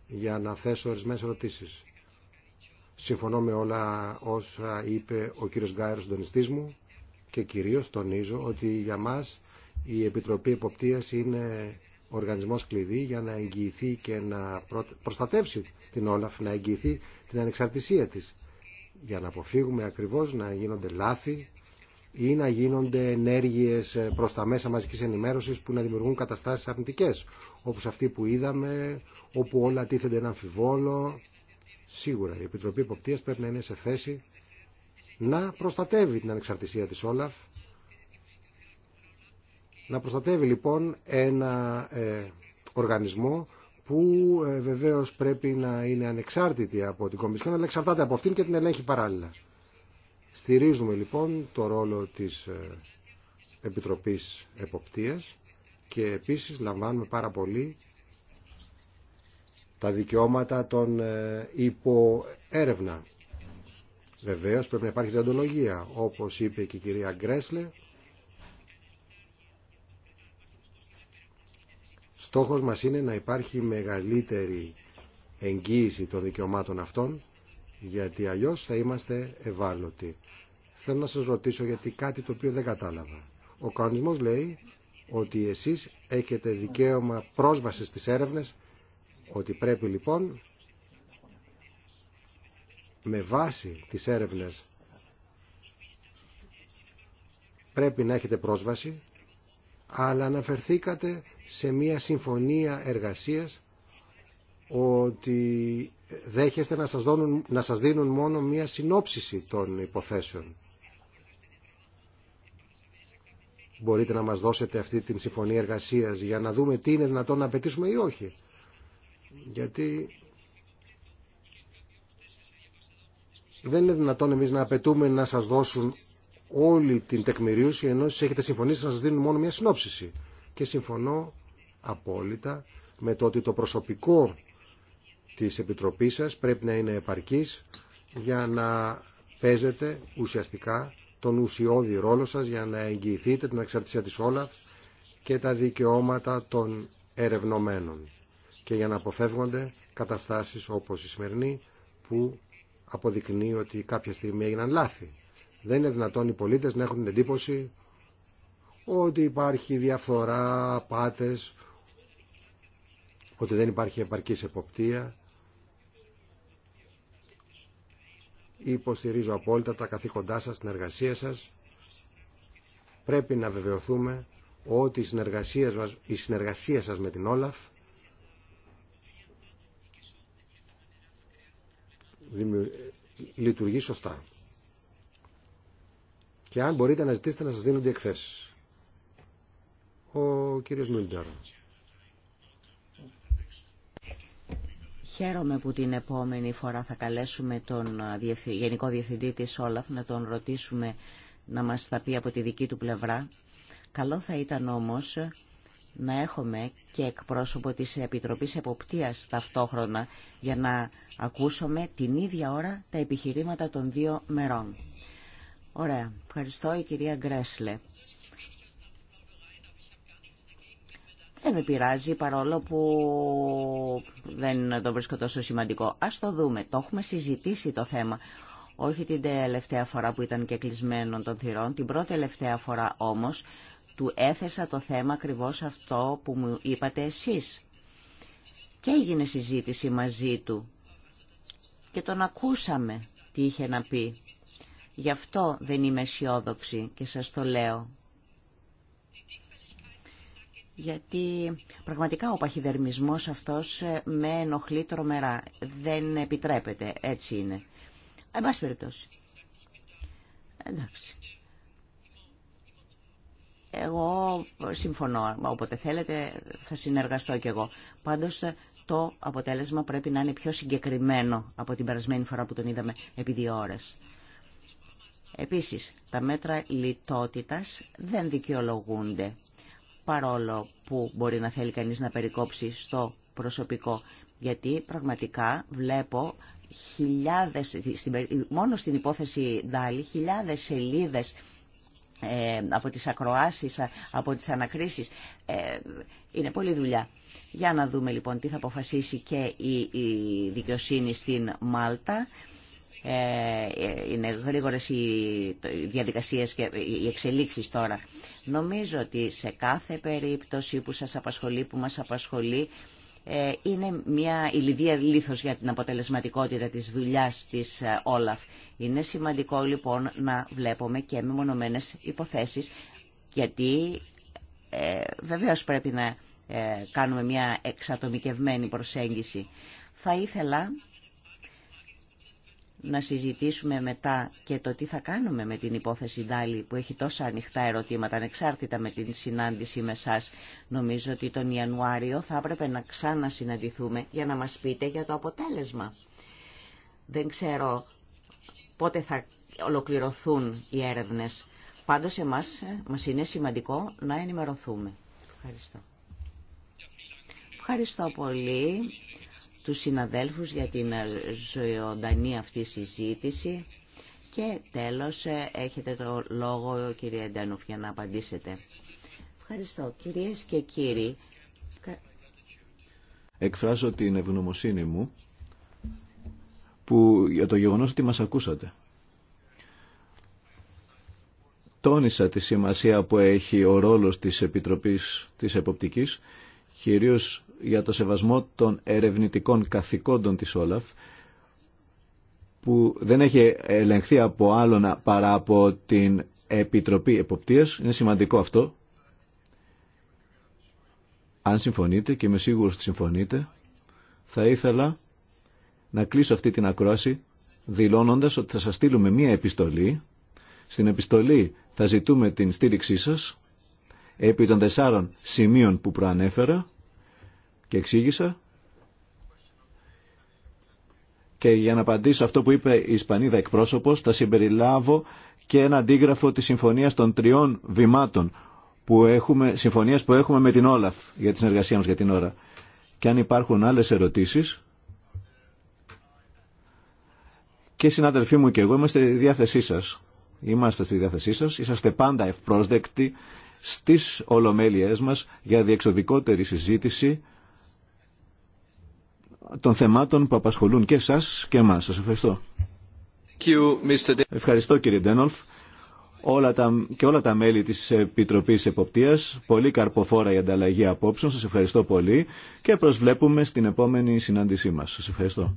για να θέσω ορισμένε ερωτήσει. Συμφωνώ με όλα όσα είπε ο κύριος Γκάιρος, συντονιστή μου, και κυρίω τονίζω ότι για μα η Επιτροπή Εποπτείας είναι οργανισμό κλειδί για να εγγυηθεί και να προστατεύσει την Όλαφ, να εγγυηθεί την ανεξαρτησία τη, για να αποφύγουμε ακριβώς να γίνονται λάθη ή να γίνονται ενέργειες προς τα μέσα μαζική ενημέρωση που να δημιουργούν καταστάσεις αρνητικές, όπως αυτή που είδαμε, όπου όλα τίθενται ένα αμφιβόλο. Σίγουρα η Επιτροπή Υποπτίας πρέπει να είναι σε θέση να προστατεύει την ανεξαρτησία της Όλαφ, να προστατεύει λοιπόν ένα ε, οργανισμό που ε, βεβαίως πρέπει να είναι ανεξάρτητη από την Κομισιόν, αλλά εξαρτάται από αυτήν και την ελέγχει παράλληλα. Στηρίζουμε λοιπόν το ρόλο της ε, Επιτροπής Εποπτείας και επίσης λαμβάνουμε πάρα πολύ τα δικαιώματα των ε, υποέρευνα. Βεβαίως πρέπει να υπάρχει διοντολογία, όπως είπε και η κυρία Γκρέσλε. Στόχος μας είναι να υπάρχει μεγαλύτερη εγγύηση των δικαιωμάτων αυτών γιατί αλλιώς θα είμαστε ευάλωτοι. Θέλω να σας ρωτήσω γιατί κάτι το οποίο δεν κατάλαβα. Ο κανονισμός λέει ότι εσείς έχετε δικαίωμα πρόσβασης στις έρευνες, ότι πρέπει λοιπόν με βάση τις έρευνες πρέπει να έχετε πρόσβαση, αλλά αναφερθήκατε σε μια συμφωνία εργασίας ότι δέχεστε να σας, να σας δίνουν μόνο μία συνόψιση των υποθέσεων. Μπορείτε να μας δώσετε αυτή την συμφωνία εργασίας για να δούμε τι είναι δυνατόν να απαιτήσουμε ή όχι. Γιατί δεν είναι δυνατόν εμείς να απαιτούμε να σας δώσουν όλη την τεκμηρίωση ενώ εσείς έχετε συμφωνήσει να σας δίνουν μόνο μια συνόψιση. Και συμφωνώ απόλυτα με το ότι το προσωπικό της Επιτροπής σας πρέπει να είναι επαρκής για να παίζετε ουσιαστικά τον ουσιώδη ρόλο σας για να εγγυηθείτε την εξαρτησία της Όλαφ και τα δικαιώματα των ερευνομένων και για να αποφεύγονται καταστάσεις όπως η σημερινή που αποδεικνύει ότι κάποια στιγμή έγιναν λάθη. Δεν είναι δυνατόν οι πολίτες να έχουν την εντύπωση ότι υπάρχει διαφθορά, πάτες, ότι δεν υπάρχει επαρκής εποπτεία Υποστηρίζω απόλυτα τα καθήκοντά σας, την εργασία σας. Πρέπει να βεβαιωθούμε ότι η συνεργασία, μας, η συνεργασία σας με την Όλαφ λειτουργεί σωστά. Και αν μπορείτε να ζητήσετε να σας δίνονται εκθέσεις. Ο κύριος Μιλντερ. Χαίρομαι που την επόμενη φορά θα καλέσουμε τον Γενικό Διευθυντή της Όλαφ να τον ρωτήσουμε να μας τα πει από τη δική του πλευρά. Καλό θα ήταν όμως να έχουμε και εκπρόσωπο της Επιτροπής Εποπτείας ταυτόχρονα για να ακούσουμε την ίδια ώρα τα επιχειρήματα των δύο μερών. Ωραία. Ευχαριστώ η κυρία Γκρέσλε. Δεν με πειράζει παρόλο που δεν το βρίσκω τόσο σημαντικό. Ας το δούμε. Το έχουμε συζητήσει το θέμα. Όχι την τελευταία φορά που ήταν και κλεισμένο των θυρών. Την πρώτη τελευταία φορά όμως του έθεσα το θέμα ακριβώς αυτό που μου είπατε εσείς. Και έγινε συζήτηση μαζί του. Και τον ακούσαμε τι είχε να πει. Γι' αυτό δεν είμαι αισιόδοξη και σας το λέω γιατί πραγματικά ο παχυδερμισμός αυτός ε, με ενοχλεί τρομερά. Δεν επιτρέπεται, έτσι είναι. Εν πάση περιπτώσει. Εντάξει. Εγώ συμφωνώ, όποτε θέλετε θα συνεργαστώ κι εγώ. Πάντως ε, το αποτέλεσμα πρέπει να είναι πιο συγκεκριμένο από την περασμένη φορά που τον είδαμε επί δύο ώρες. Επίσης, τα μέτρα λιτότητας δεν δικαιολογούνται παρόλο που μπορεί να θέλει κανείς να περικόψει στο προσωπικό. Γιατί πραγματικά βλέπω χιλιάδες, μόνο στην υπόθεση Ντάλι, χιλιάδες σελίδες ε, από τις ακροάσεις, από τις ανακρίσεις. Ε, είναι πολλή δουλειά. Για να δούμε λοιπόν τι θα αποφασίσει και η, η δικαιοσύνη στην Μάλτα. Ε, είναι γρήγορε οι διαδικασίε και οι εξελίξει τώρα. Νομίζω ότι σε κάθε περίπτωση που σα απασχολεί, που μας απασχολεί, ε, είναι μια ηλιδία λήθος για την αποτελεσματικότητα της δουλειάς της ε, Όλαφ. Είναι σημαντικό λοιπόν να βλέπουμε και μεμονωμένες υποθέσεις, γιατί ε, βεβαίως πρέπει να κάνουμε μια εξατομικευμένη προσέγγιση. Θα ήθελα να συζητήσουμε μετά και το τι θα κάνουμε με την υπόθεση Ντάλι που έχει τόσα ανοιχτά ερωτήματα ανεξάρτητα με την συνάντηση με εσά. Νομίζω ότι τον Ιανουάριο θα έπρεπε να ξανασυναντηθούμε για να μας πείτε για το αποτέλεσμα. Δεν ξέρω πότε θα ολοκληρωθούν οι έρευνες. Πάντως εμάς ε, μας είναι σημαντικό να ενημερωθούμε. Ευχαριστώ. Ευχαριστώ πολύ τους συναδέλφους για την ε, ζωντανή αυτή συζήτηση και τέλος ε, έχετε το λόγο κύριε Ντανούφ για να απαντήσετε. Ευχαριστώ. Κυρίες και κύριοι, εκφράζω την ευγνωμοσύνη μου που, για το γεγονός ότι μας ακούσατε. Τόνισα τη σημασία που έχει ο ρόλος της Επιτροπής της Εποπτικής κυρίως για το σεβασμό των ερευνητικών καθηκόντων της Όλαφ, που δεν έχει ελεγχθεί από άλλον παρά από την Επιτροπή Εποπτείας. Είναι σημαντικό αυτό. Αν συμφωνείτε και είμαι σίγουρος ότι συμφωνείτε, θα ήθελα να κλείσω αυτή την ακρόαση δηλώνοντας ότι θα σας στείλουμε μία επιστολή. Στην επιστολή θα ζητούμε την στήριξή σας επί των τεσσάρων σημείων που προανέφερα και εξήγησα και για να απαντήσω αυτό που είπε η Ισπανίδα εκπρόσωπος θα συμπεριλάβω και ένα αντίγραφο της συμφωνίας των τριών βημάτων που έχουμε, συμφωνίας που έχουμε με την Όλαφ για τη συνεργασία μας για την ώρα. Και αν υπάρχουν άλλες ερωτήσεις και συνάδελφοί μου και εγώ είμαστε στη διάθεσή σας. Είμαστε στη διάθεσή σας, είσαστε πάντα ευπρόσδεκτοι στις ολομέλειές μας για διεξοδικότερη συζήτηση των θεμάτων που απασχολούν και εσάς και εμάς. Σας ευχαριστώ. Ευχαριστώ κύριε Ντένολφ όλα τα, και όλα τα μέλη της Επιτροπής Εποπτείας. Πολύ καρποφόρα η ανταλλαγή απόψεων. Σας ευχαριστώ πολύ και προσβλέπουμε στην επόμενη συνάντησή μας. Σας ευχαριστώ.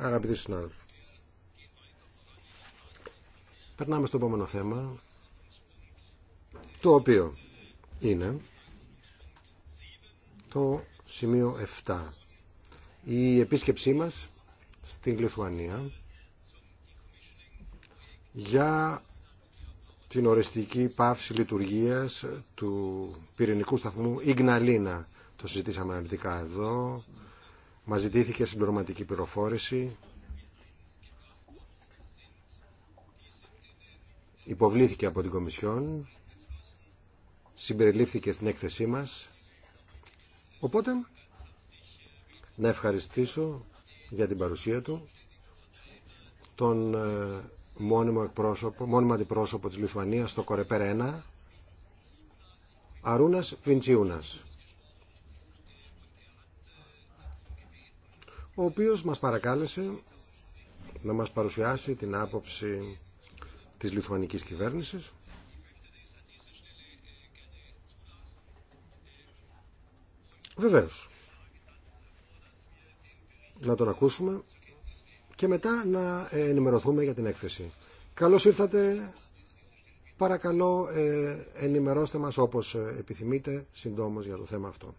Αγαπητοί συνάδελφοι, περνάμε στο επόμενο θέμα, το οποίο είναι το σημείο 7. Η επίσκεψή μας στην Λιθουανία για την οριστική πάυση λειτουργίας του πυρηνικού σταθμού Ιγναλίνα. Το συζητήσαμε αναλυτικά εδώ μας ζητήθηκε συμπληρωματική πληροφόρηση. Υποβλήθηκε από την Κομισιόν. Συμπεριλήφθηκε στην έκθεσή μας. Οπότε, να ευχαριστήσω για την παρουσία του τον ε, μόνιμο, εκπρόσωπο, μόνιμο αντιπρόσωπο της Λιθουανίας στο Κορεπέρα 1, Αρούνας Βιντσιούνας. ο οποίος μας παρακάλεσε να μας παρουσιάσει την άποψη της λιθουανικής κυβέρνησης Βεβαίως. Να τον ακούσουμε και μετά να ενημερωθούμε για την έκθεση. Καλώς ήρθατε. Παρακαλώ ε, ενημερώστε μας όπως ε, επιθυμείτε συντόμως για το θέμα αυτό.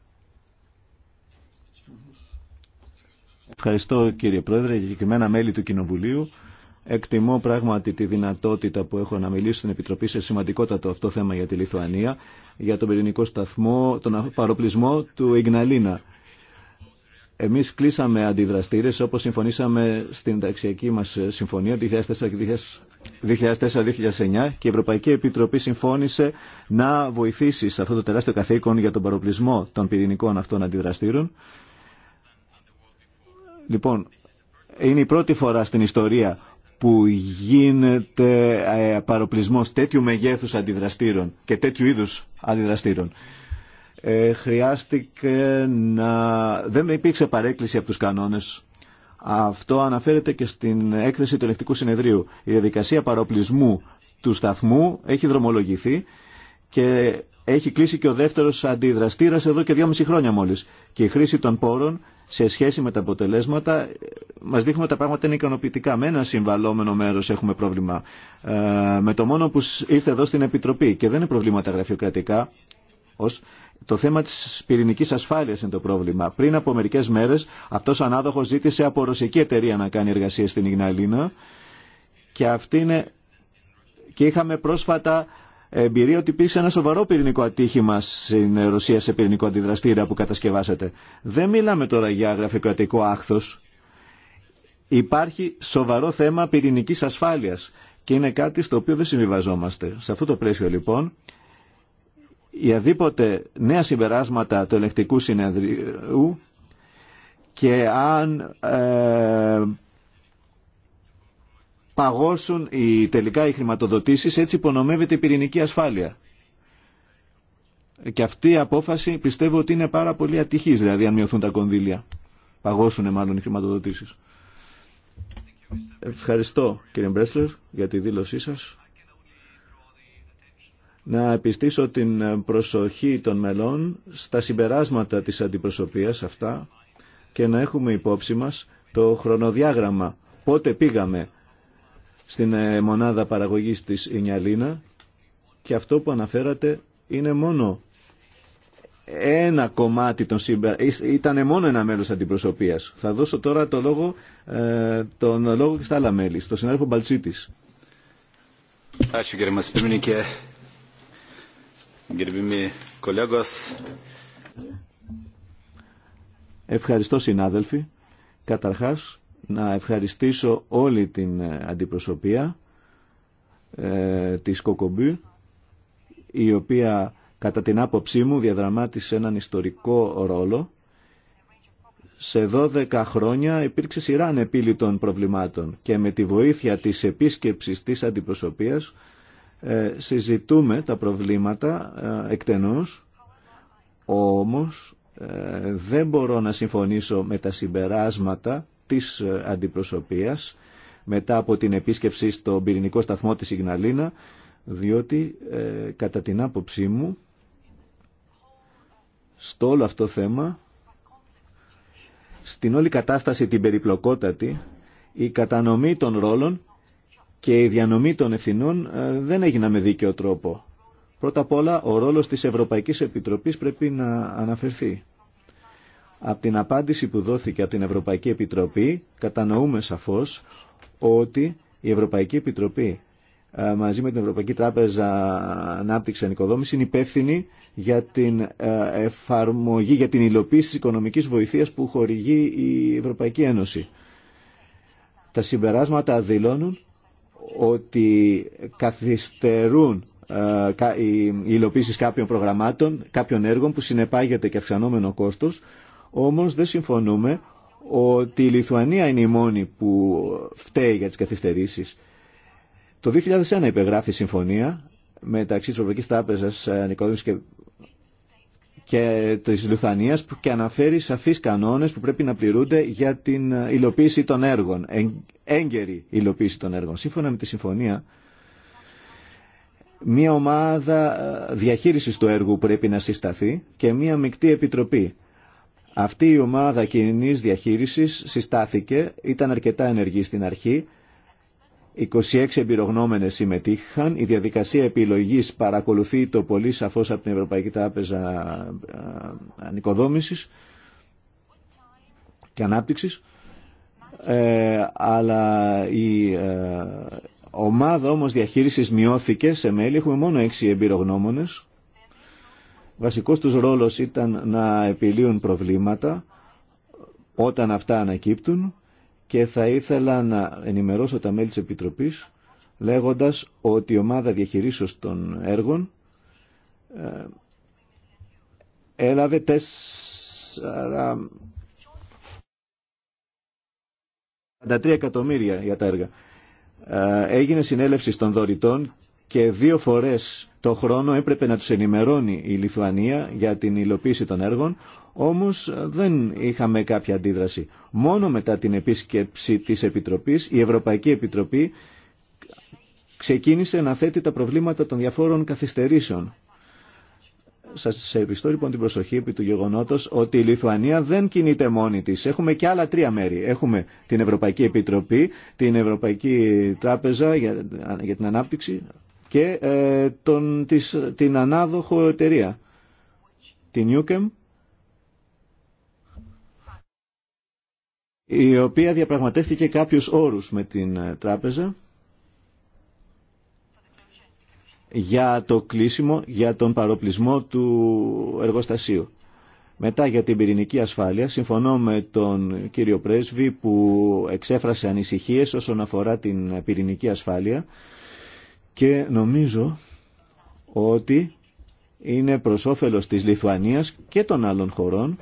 Ευχαριστώ κύριε Πρόεδρε για συγκεκριμένα μέλη του Κοινοβουλίου. Εκτιμώ πράγματι τη δυνατότητα που έχω να μιλήσω στην Επιτροπή σε σημαντικότατο αυτό θέμα για τη Λιθουανία, για τον πυρηνικό σταθμό, τον παροπλισμό του Ιγναλίνα. Εμεί κλείσαμε αντιδραστήρε όπω συμφωνήσαμε στην ταξιακή μα συμφωνία 2004-2009 και η Ευρωπαϊκή Επιτροπή συμφώνησε να βοηθήσει σε αυτό το τεράστιο καθήκον για τον παροπλισμό των πυρηνικών αυτών αντιδραστήρων. Λοιπόν, είναι η πρώτη φορά στην ιστορία που γίνεται ε, παροπλισμός τέτοιου μεγέθους αντιδραστήρων και τέτοιου είδους αντιδραστήρων. Ε, χρειάστηκε να... Δεν υπήρξε παρέκκληση από τους κανόνες. Αυτό αναφέρεται και στην έκθεση του ελεκτικού συνεδρίου. Η διαδικασία παροπλισμού του σταθμού έχει δρομολογηθεί και έχει κλείσει και ο δεύτερο αντιδραστήρα εδώ και δυόμιση χρόνια μόλι. Και η χρήση των πόρων σε σχέση με τα αποτελέσματα ε, μα δείχνει ότι τα πράγματα είναι ικανοποιητικά. Με ένα συμβαλόμενο μέρο έχουμε πρόβλημα. Ε, με το μόνο που ήρθε εδώ στην Επιτροπή και δεν είναι προβλήματα γραφειοκρατικά. Ως το θέμα τη πυρηνική ασφάλεια είναι το πρόβλημα. Πριν από μερικέ μέρε αυτό ο ανάδοχο ζήτησε από ρωσική εταιρεία να κάνει εργασία στην Ιγναλίνα και αυτή είναι... Και είχαμε πρόσφατα εμπειρία ότι υπήρξε ένα σοβαρό πυρηνικό ατύχημα στην Ρωσία σε πυρηνικό αντιδραστήρα που κατασκευάσατε. Δεν μιλάμε τώρα για γραφειοκρατικό άχθο. Υπάρχει σοβαρό θέμα πυρηνική ασφάλειας και είναι κάτι στο οποίο δεν συμβιβαζόμαστε. Σε αυτό το πλαίσιο λοιπόν, οι αδίποτε νέα συμπεράσματα του ελεκτικού συνεδρίου και αν ε, παγώσουν οι, τελικά οι χρηματοδοτήσεις, έτσι υπονομεύεται η πυρηνική ασφάλεια. Και αυτή η απόφαση πιστεύω ότι είναι πάρα πολύ ατυχής, δηλαδή αν μειωθούν τα κονδύλια. Παγώσουν μάλλον οι χρηματοδοτήσεις. Ευχαριστώ κύριε Μπρέσλερ για τη δήλωσή σας. Να επιστήσω την προσοχή των μελών στα συμπεράσματα της αντιπροσωπείας αυτά και να έχουμε υπόψη μας το χρονοδιάγραμμα. Πότε πήγαμε στην ε, μονάδα παραγωγής της Ινιαλίνα και αυτό που αναφέρατε είναι μόνο ένα κομμάτι των σύμπερα. Ήταν μόνο ένα μέλος αντιπροσωπείας. Θα δώσω τώρα το λόγο, ε, τον λόγο και στα άλλα μέλη, στον συνάδελφο Μπαλτσίτης. Ευχαριστώ συνάδελφοι. Καταρχάς, να ευχαριστήσω όλη την ε, αντιπροσωπεία ε, της Κοκομπή η οποία κατά την άποψή μου διαδραμάτισε έναν ιστορικό ρόλο σε 12 χρόνια υπήρξε σειρά ανεπίλητων προβλημάτων και με τη βοήθεια της επίσκεψης της αντιπροσωπείας ε, συζητούμε τα προβλήματα ε, εκτενώς όμως ε, δεν μπορώ να συμφωνήσω με τα συμπεράσματα της αντιπροσωπείας μετά από την επίσκεψη στο πυρηνικό σταθμό της Ιγναλίνα διότι ε, κατά την άποψή μου στο όλο αυτό θέμα στην όλη κατάσταση την περιπλοκότατη η κατανομή των ρόλων και η διανομή των ευθυνών ε, δεν έγινα με δίκαιο τρόπο. Πρώτα απ' όλα ο ρόλος της Ευρωπαϊκής Επιτροπής πρέπει να αναφερθεί. Από την απάντηση που δόθηκε από την Ευρωπαϊκή Επιτροπή κατανοούμε σαφώς ότι η Ευρωπαϊκή Επιτροπή ε, μαζί με την Ευρωπαϊκή Τράπεζα Ανάπτυξη Ανοικοδόμηση είναι υπεύθυνη για την ε, εφαρμογή, για την υλοποίηση της οικονομικής βοηθείας που χορηγεί η Ευρωπαϊκή Ένωση. Τα συμπεράσματα δηλώνουν ότι καθυστερούν οι ε, υλοποίησεις κάποιων προγραμμάτων, κάποιων έργων που συνεπάγεται και αυξανόμενο κόστος όμως δεν συμφωνούμε ότι η Λιθουανία είναι η μόνη που φταίει για τις καθυστερήσεις. Το 2001 υπεγράφει συμφωνία μεταξύ της Ευρωπαϊκής Τράπεζας ε, Νικόδημης και, και της Λιθουανίας που και αναφέρει σαφείς κανόνες που πρέπει να πληρούνται για την υλοποίηση των έργων, έγκαιρη υλοποίηση των έργων. Σύμφωνα με τη συμφωνία, μία ομάδα ε, διαχείρισης του έργου πρέπει να συσταθεί και μία μεικτή επιτροπή αυτή η ομάδα κοινή διαχείρισης συστάθηκε, ήταν αρκετά ενεργή στην αρχή. 26 εμπειρογνώμενες συμμετείχαν. Η διαδικασία επιλογής παρακολουθεί το πολύ σαφώς από την Ευρωπαϊκή Τάπεζα ε, Ανοικοδόμησης και Ανάπτυξης. Ε, αλλά η ε, ομάδα όμως διαχείρισης μειώθηκε σε μέλη. Έχουμε μόνο 6 εμπειρογνώμονες βασικός τους ρόλος ήταν να επιλύουν προβλήματα όταν αυτά ανακύπτουν και θα ήθελα να ενημερώσω τα μέλη της Επιτροπής λέγοντας ότι η ομάδα διαχειρίσεως των έργων ε, έλαβε τέσσερα 43 εκατομμύρια για τα έργα. Ε, έγινε συνέλευση των δωρητών και δύο φορές το χρόνο έπρεπε να τους ενημερώνει η Λιθουανία για την υλοποίηση των έργων, όμως δεν είχαμε κάποια αντίδραση. Μόνο μετά την επίσκεψη της Επιτροπής, η Ευρωπαϊκή Επιτροπή ξεκίνησε να θέτει τα προβλήματα των διαφόρων καθυστερήσεων. Σα επιστώ λοιπόν την προσοχή επί του γεγονότος ότι η Λιθουανία δεν κινείται μόνη της. Έχουμε και άλλα τρία μέρη. Έχουμε την Ευρωπαϊκή Επιτροπή, την Ευρωπαϊκή Τράπεζα για, για την Ανάπτυξη, και ε, την ανάδοχο εταιρεία, την Newcam, η οποία διαπραγματεύτηκε κάποιους όρους με την ε, τράπεζα για το κλείσιμο, για τον παροπλισμό του εργοστασίου. Μετά για την πυρηνική ασφάλεια, συμφωνώ με τον κύριο Πρέσβη που εξέφρασε ανησυχίες όσον αφορά την πυρηνική ασφάλεια και νομίζω ότι είναι προς όφελος της Λιθουανίας και των άλλων χωρών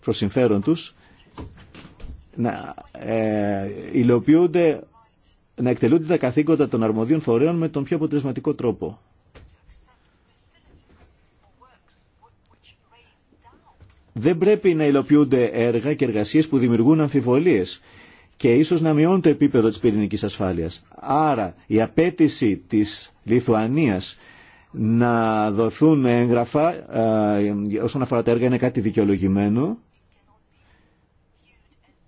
προς συμφέρον τους να ε, υλοποιούνται να εκτελούνται τα καθήκοντα των αρμοδίων φορέων με τον πιο αποτελεσματικό τρόπο. Δεν πρέπει να υλοποιούνται έργα και εργασίες που δημιουργούν αμφιβολίες και ίσως να μειώνει το επίπεδο της πυρηνικής ασφάλειας. Άρα η απέτηση της Λιθουανίας να δοθούν έγγραφα ε, όσον αφορά τα έργα είναι κάτι δικαιολογημένο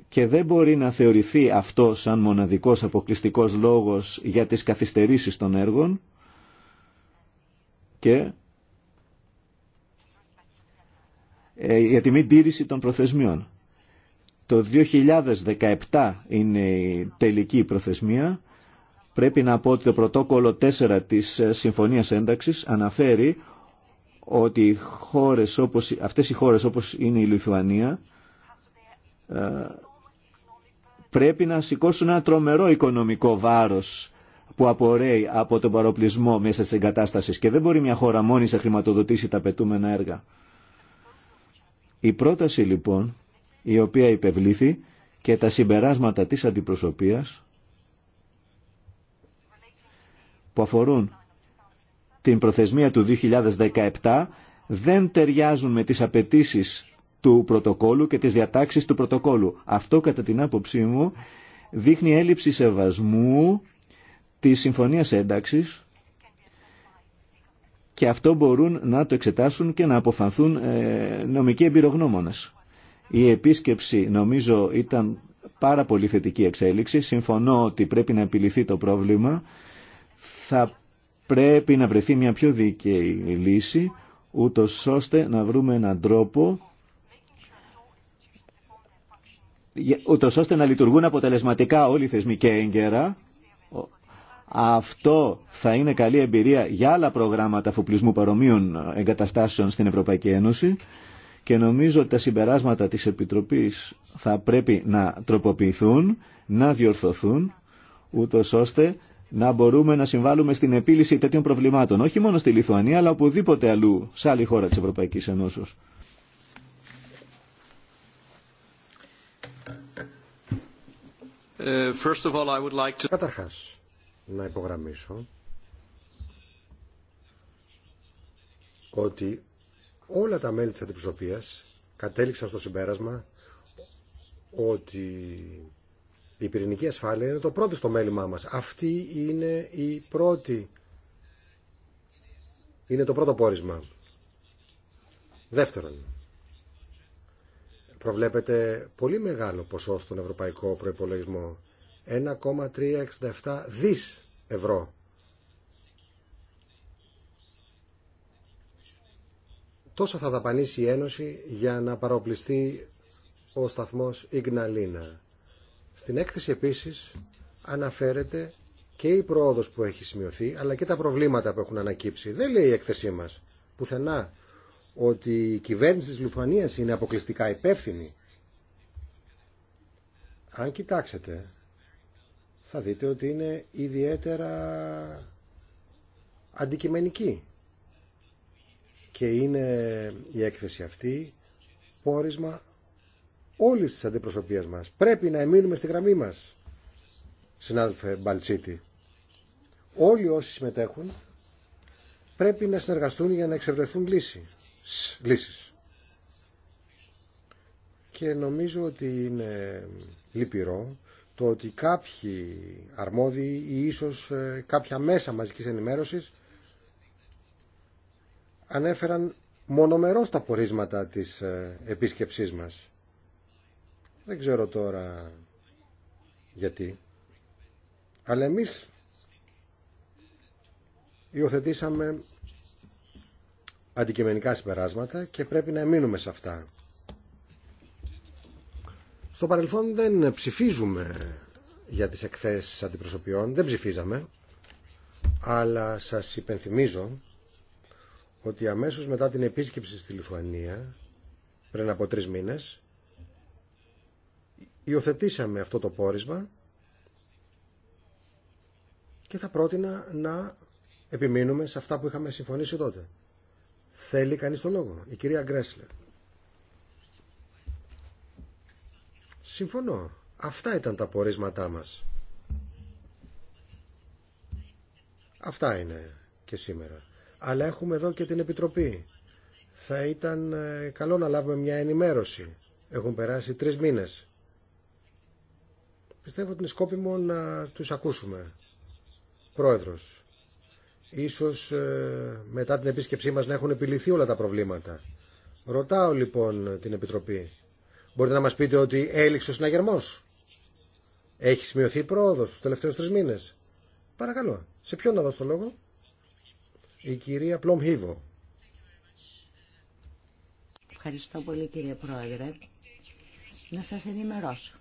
και δεν μπορεί να θεωρηθεί αυτό σαν μοναδικός αποκλειστικός λόγος για τις καθυστερήσεις των έργων και ε, για τη μη τήρηση των προθεσμιών. Το 2017 είναι η τελική προθεσμία. Πρέπει να πω ότι το πρωτόκολλο 4 της Συμφωνίας Ένταξης αναφέρει ότι χώρες όπως, αυτές οι χώρες όπως είναι η Λιθουανία ε, πρέπει να σηκώσουν ένα τρομερό οικονομικό βάρος που απορρέει από τον παροπλισμό μέσα στις εγκατάστασεις και δεν μπορεί μια χώρα μόνη να χρηματοδοτήσει τα πετούμενα έργα. Η πρόταση λοιπόν η οποία υπευλήθη και τα συμπεράσματα της αντιπροσωπείας που αφορούν την προθεσμία του 2017 δεν ταιριάζουν με τις απαιτήσει του πρωτοκόλου και τις διατάξεις του πρωτοκόλου. Αυτό κατά την άποψή μου δείχνει έλλειψη σεβασμού της συμφωνίας ένταξης και αυτό μπορούν να το εξετάσουν και να αποφανθούν ε, νομικοί εμπειρογνώμονες. Η επίσκεψη νομίζω ήταν πάρα πολύ θετική εξέλιξη. Συμφωνώ ότι πρέπει να επιληθεί το πρόβλημα. Θα πρέπει να βρεθεί μια πιο δίκαιη λύση, ούτω ώστε να βρούμε έναν τρόπο ούτω ώστε να λειτουργούν αποτελεσματικά όλοι οι θεσμοί και έγκαιρα. Αυτό θα είναι καλή εμπειρία για άλλα προγράμματα αφοπλισμού παρομοίων εγκαταστάσεων στην Ευρωπαϊκή Ένωση και νομίζω ότι τα συμπεράσματα της Επιτροπής θα πρέπει να τροποποιηθούν, να διορθωθούν, ούτω ώστε να μπορούμε να συμβάλλουμε στην επίλυση τέτοιων προβλημάτων, όχι μόνο στη Λιθουανία, αλλά οπουδήποτε αλλού, σε άλλη χώρα της Ευρωπαϊκής Ενώσεως. Ε, first Καταρχάς, να υπογραμμίσω ότι όλα τα μέλη της αντιπροσωπείας κατέληξαν στο συμπέρασμα ότι η πυρηνική ασφάλεια είναι το πρώτο στο μέλημά μας. Αυτή είναι η πρώτη, είναι το πρώτο πόρισμα. Δεύτερον, προβλέπεται πολύ μεγάλο ποσό στον ευρωπαϊκό προϋπολογισμό, 1,367 δις ευρώ τόσο θα δαπανίσει η Ένωση για να παροπλιστεί ο σταθμός Ιγναλίνα. Στην έκθεση επίσης αναφέρεται και η πρόοδος που έχει σημειωθεί, αλλά και τα προβλήματα που έχουν ανακύψει. Δεν λέει η έκθεσή μας πουθενά ότι η κυβέρνηση της Λουφανίας είναι αποκλειστικά υπεύθυνη. Αν κοιτάξετε, θα δείτε ότι είναι ιδιαίτερα αντικειμενική και είναι η έκθεση αυτή πόρισμα όλης της αντιπροσωπείας μας. Πρέπει να εμείνουμε στη γραμμή μας, συνάδελφε Μπαλτσίτη. Όλοι όσοι συμμετέχουν πρέπει να συνεργαστούν για να εξευρεθούν λύση, λύσεις. Και νομίζω ότι είναι λυπηρό το ότι κάποιοι αρμόδιοι ή ίσως ε, κάποια μέσα μαζικής ενημέρωσης ανέφεραν μονομερώς τα πορίσματα της ε, επίσκεψής μας. Δεν ξέρω τώρα γιατί. Αλλά εμείς υιοθετήσαμε αντικειμενικά συμπεράσματα και πρέπει να εμείνουμε σε αυτά. Στο παρελθόν δεν ψηφίζουμε για τις εκθέσεις αντιπροσωπιών, δεν ψηφίζαμε, αλλά σας υπενθυμίζω ότι αμέσως μετά την επίσκεψη στη Λιθουανία, πριν από τρεις μήνες, υιοθετήσαμε αυτό το πόρισμα και θα πρότεινα να επιμείνουμε σε αυτά που είχαμε συμφωνήσει τότε. Θέλει κανείς το λόγο. Η κυρία Γκρέσλε. Συμφωνώ. Αυτά ήταν τα πορίσματά μας. Αυτά είναι και σήμερα αλλά έχουμε εδώ και την Επιτροπή. Θα ήταν ε, καλό να λάβουμε μια ενημέρωση. Έχουν περάσει τρεις μήνες. Πιστεύω ότι είναι σκόπιμο να τους ακούσουμε. Πρόεδρος, ίσως ε, μετά την επίσκεψή μας να έχουν επιληθεί όλα τα προβλήματα. Ρωτάω λοιπόν την Επιτροπή. Μπορείτε να μας πείτε ότι έληξε ο συναγερμός. Έχει σημειωθεί πρόοδος τους τελευταίους τρεις μήνες. Παρακαλώ, σε ποιον να δώσω το λόγο. Η κυρία Πλομχίβο. Ευχαριστώ πολύ κύριε Πρόεδρε. Να σας ενημερώσω.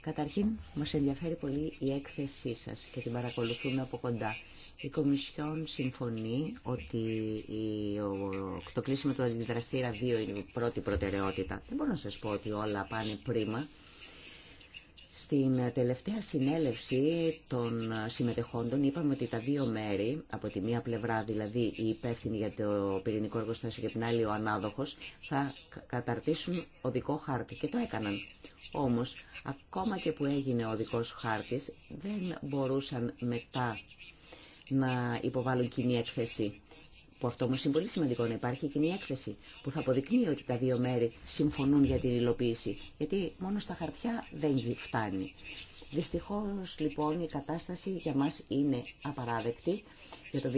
Καταρχήν, μας ενδιαφέρει πολύ η έκθεσή σας και την παρακολουθούμε από κοντά. Η Κομισιόν συμφωνεί ότι το κλείσιμο του αντιδραστήρα 2 είναι η πρώτη προτεραιότητα. Δεν μπορώ να σας πω ότι όλα πάνε πρίμα. Στην τελευταία συνέλευση των συμμετεχόντων είπαμε ότι τα δύο μέρη, από τη μία πλευρά δηλαδή η υπεύθυνη για το πυρηνικό εργοστάσιο και την άλλη ο ανάδοχος, θα καταρτήσουν οδικό χάρτη και το έκαναν. Όμως, ακόμα και που έγινε ο οδικός χάρτης, δεν μπορούσαν μετά να υποβάλουν κοινή έκθεση που αυτό όμω είναι πολύ σημαντικό να υπάρχει κοινή έκθεση που θα αποδεικνύει ότι τα δύο μέρη συμφωνούν για την υλοποίηση, γιατί μόνο στα χαρτιά δεν φτάνει. Δυστυχώ, λοιπόν η κατάσταση για μα είναι απαράδεκτη. Για το β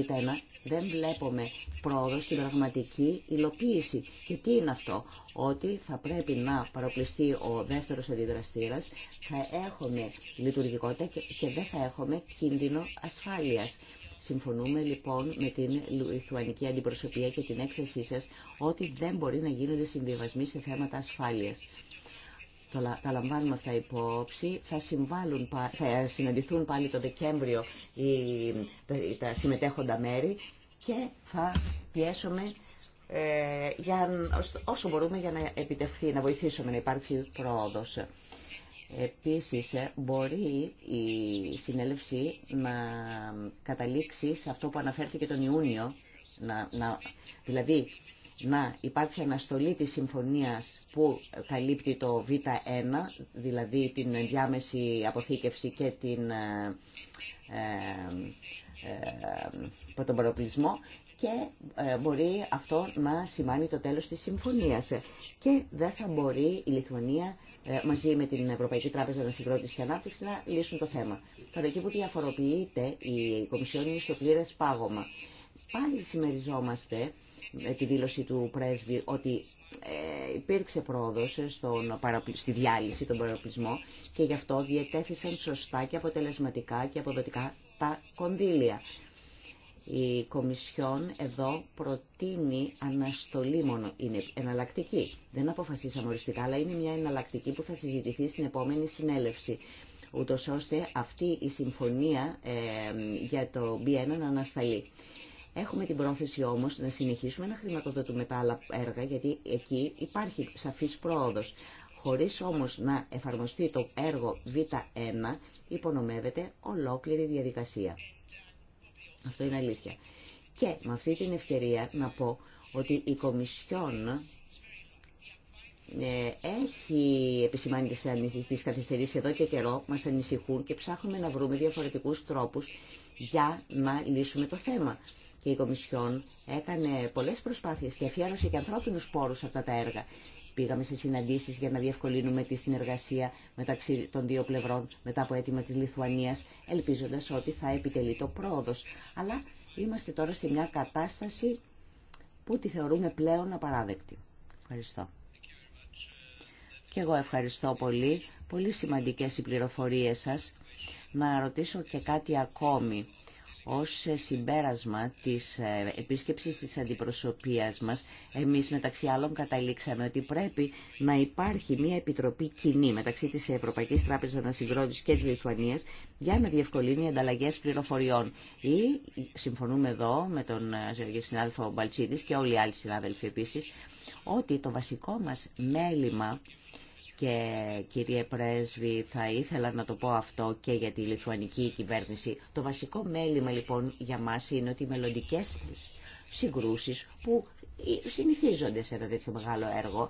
δεν βλέπουμε πρόοδο στην πραγματική υλοποίηση. Και τι είναι αυτό, ότι θα πρέπει να παροπληστεί ο δεύτερο αντιδραστήρα, θα έχουμε λειτουργικότητα και δεν θα έχουμε κίνδυνο ασφάλεια. Συμφωνούμε λοιπόν με την Λιθουανική Αντιπροσωπεία και την έκθεσή σας ότι δεν μπορεί να γίνονται συμβιβασμοί σε θέματα ασφάλειας. Τα λαμβάνουμε αυτά υπόψη. Θα, θα συναντηθούν πάλι το Δεκέμβριο τα συμμετέχοντα μέρη και θα πιέσουμε ε, για, όσο μπορούμε για να επιτευχθεί, να βοηθήσουμε να υπάρξει πρόοδος. Επίσης, ε, μπορεί η συνέλευση να καταλήξει σε αυτό που αναφέρθηκε τον Ιούνιο, να, να, δηλαδή να υπάρξει αναστολή της συμφωνίας που καλύπτει το Β1, δηλαδή την ενδιάμεση αποθήκευση και την, ε, ε, ε τον και ε, μπορεί αυτό να σημάνει το τέλος της συμφωνίας. Και δεν θα μπορεί η Λιθουανία ε, μαζί με την Ευρωπαϊκή Τράπεζα Ανασυγκρότηση και Ανάπτυξη να λύσουν το θέμα. Τώρα εκεί που διαφοροποιείται η Κομισιόν είναι στο πλήρε πάγωμα. Πάλι συμμεριζόμαστε τη δήλωση του πρέσβη ότι ε, υπήρξε πρόοδος στον, στη διάλυση, τον παραπλησμό και γι' αυτό διετέθησαν σωστά και αποτελεσματικά και αποδοτικά τα κονδύλια. Η Κομισιόν εδώ προτείνει αναστολή μόνο. Είναι εναλλακτική. Δεν αποφασίσαμε οριστικά, αλλά είναι μια εναλλακτική που θα συζητηθεί στην επόμενη συνέλευση ούτως ώστε αυτή η συμφωνία ε, για το B1 να ανασταλεί. Έχουμε την πρόθεση όμως να συνεχίσουμε να χρηματοδοτούμε τα άλλα έργα, γιατί εκεί υπάρχει σαφής πρόοδος. Χωρίς όμως να εφαρμοστεί το έργο Β1, υπονομεύεται ολόκληρη διαδικασία. Αυτό είναι αλήθεια. Και με αυτή την ευκαιρία να πω ότι η Κομισιόν ε, έχει επισημάνει τις, τις καθυστερήσεις εδώ και καιρό, μας ανησυχούν και ψάχνουμε να βρούμε διαφορετικούς τρόπους για να λύσουμε το θέμα. Και η Κομισιόν έκανε πολλές προσπάθειες και αφιέρωσε και ανθρώπινους πόρους σε αυτά τα έργα. Πήγαμε σε συναντήσει για να διευκολύνουμε τη συνεργασία μεταξύ των δύο πλευρών μετά από αίτημα τη Λιθουανίας, ελπίζοντας ότι θα επιτελεί το πρόοδο. Αλλά είμαστε τώρα σε μια κατάσταση που τη θεωρούμε πλέον απαράδεκτη. Ευχαριστώ. Και εγώ ευχαριστώ πολύ. Πολύ σημαντικές οι πληροφορίες σας. Να ρωτήσω και κάτι ακόμη ως συμπέρασμα της ε, επίσκεψης της αντιπροσωπείας μας, εμείς μεταξύ άλλων καταλήξαμε ότι πρέπει να υπάρχει μια επιτροπή κοινή μεταξύ της Ευρωπαϊκής Τράπεζας Ανασυγκρότησης και της Λιθουανίας για να διευκολύνει ανταλλαγές πληροφοριών. Ή, συμφωνούμε εδώ με τον ε, συνάδελφο Μπαλτσίδης και όλοι οι άλλοι συνάδελφοι επίσης, ότι το βασικό μας μέλημα και κύριε Πρέσβη, θα ήθελα να το πω αυτό και για τη λιθουανική κυβέρνηση. Το βασικό μέλημα λοιπόν για μας είναι ότι οι μελλοντικέ συγκρούσεις που συνηθίζονται σε ένα τέτοιο μεγάλο έργο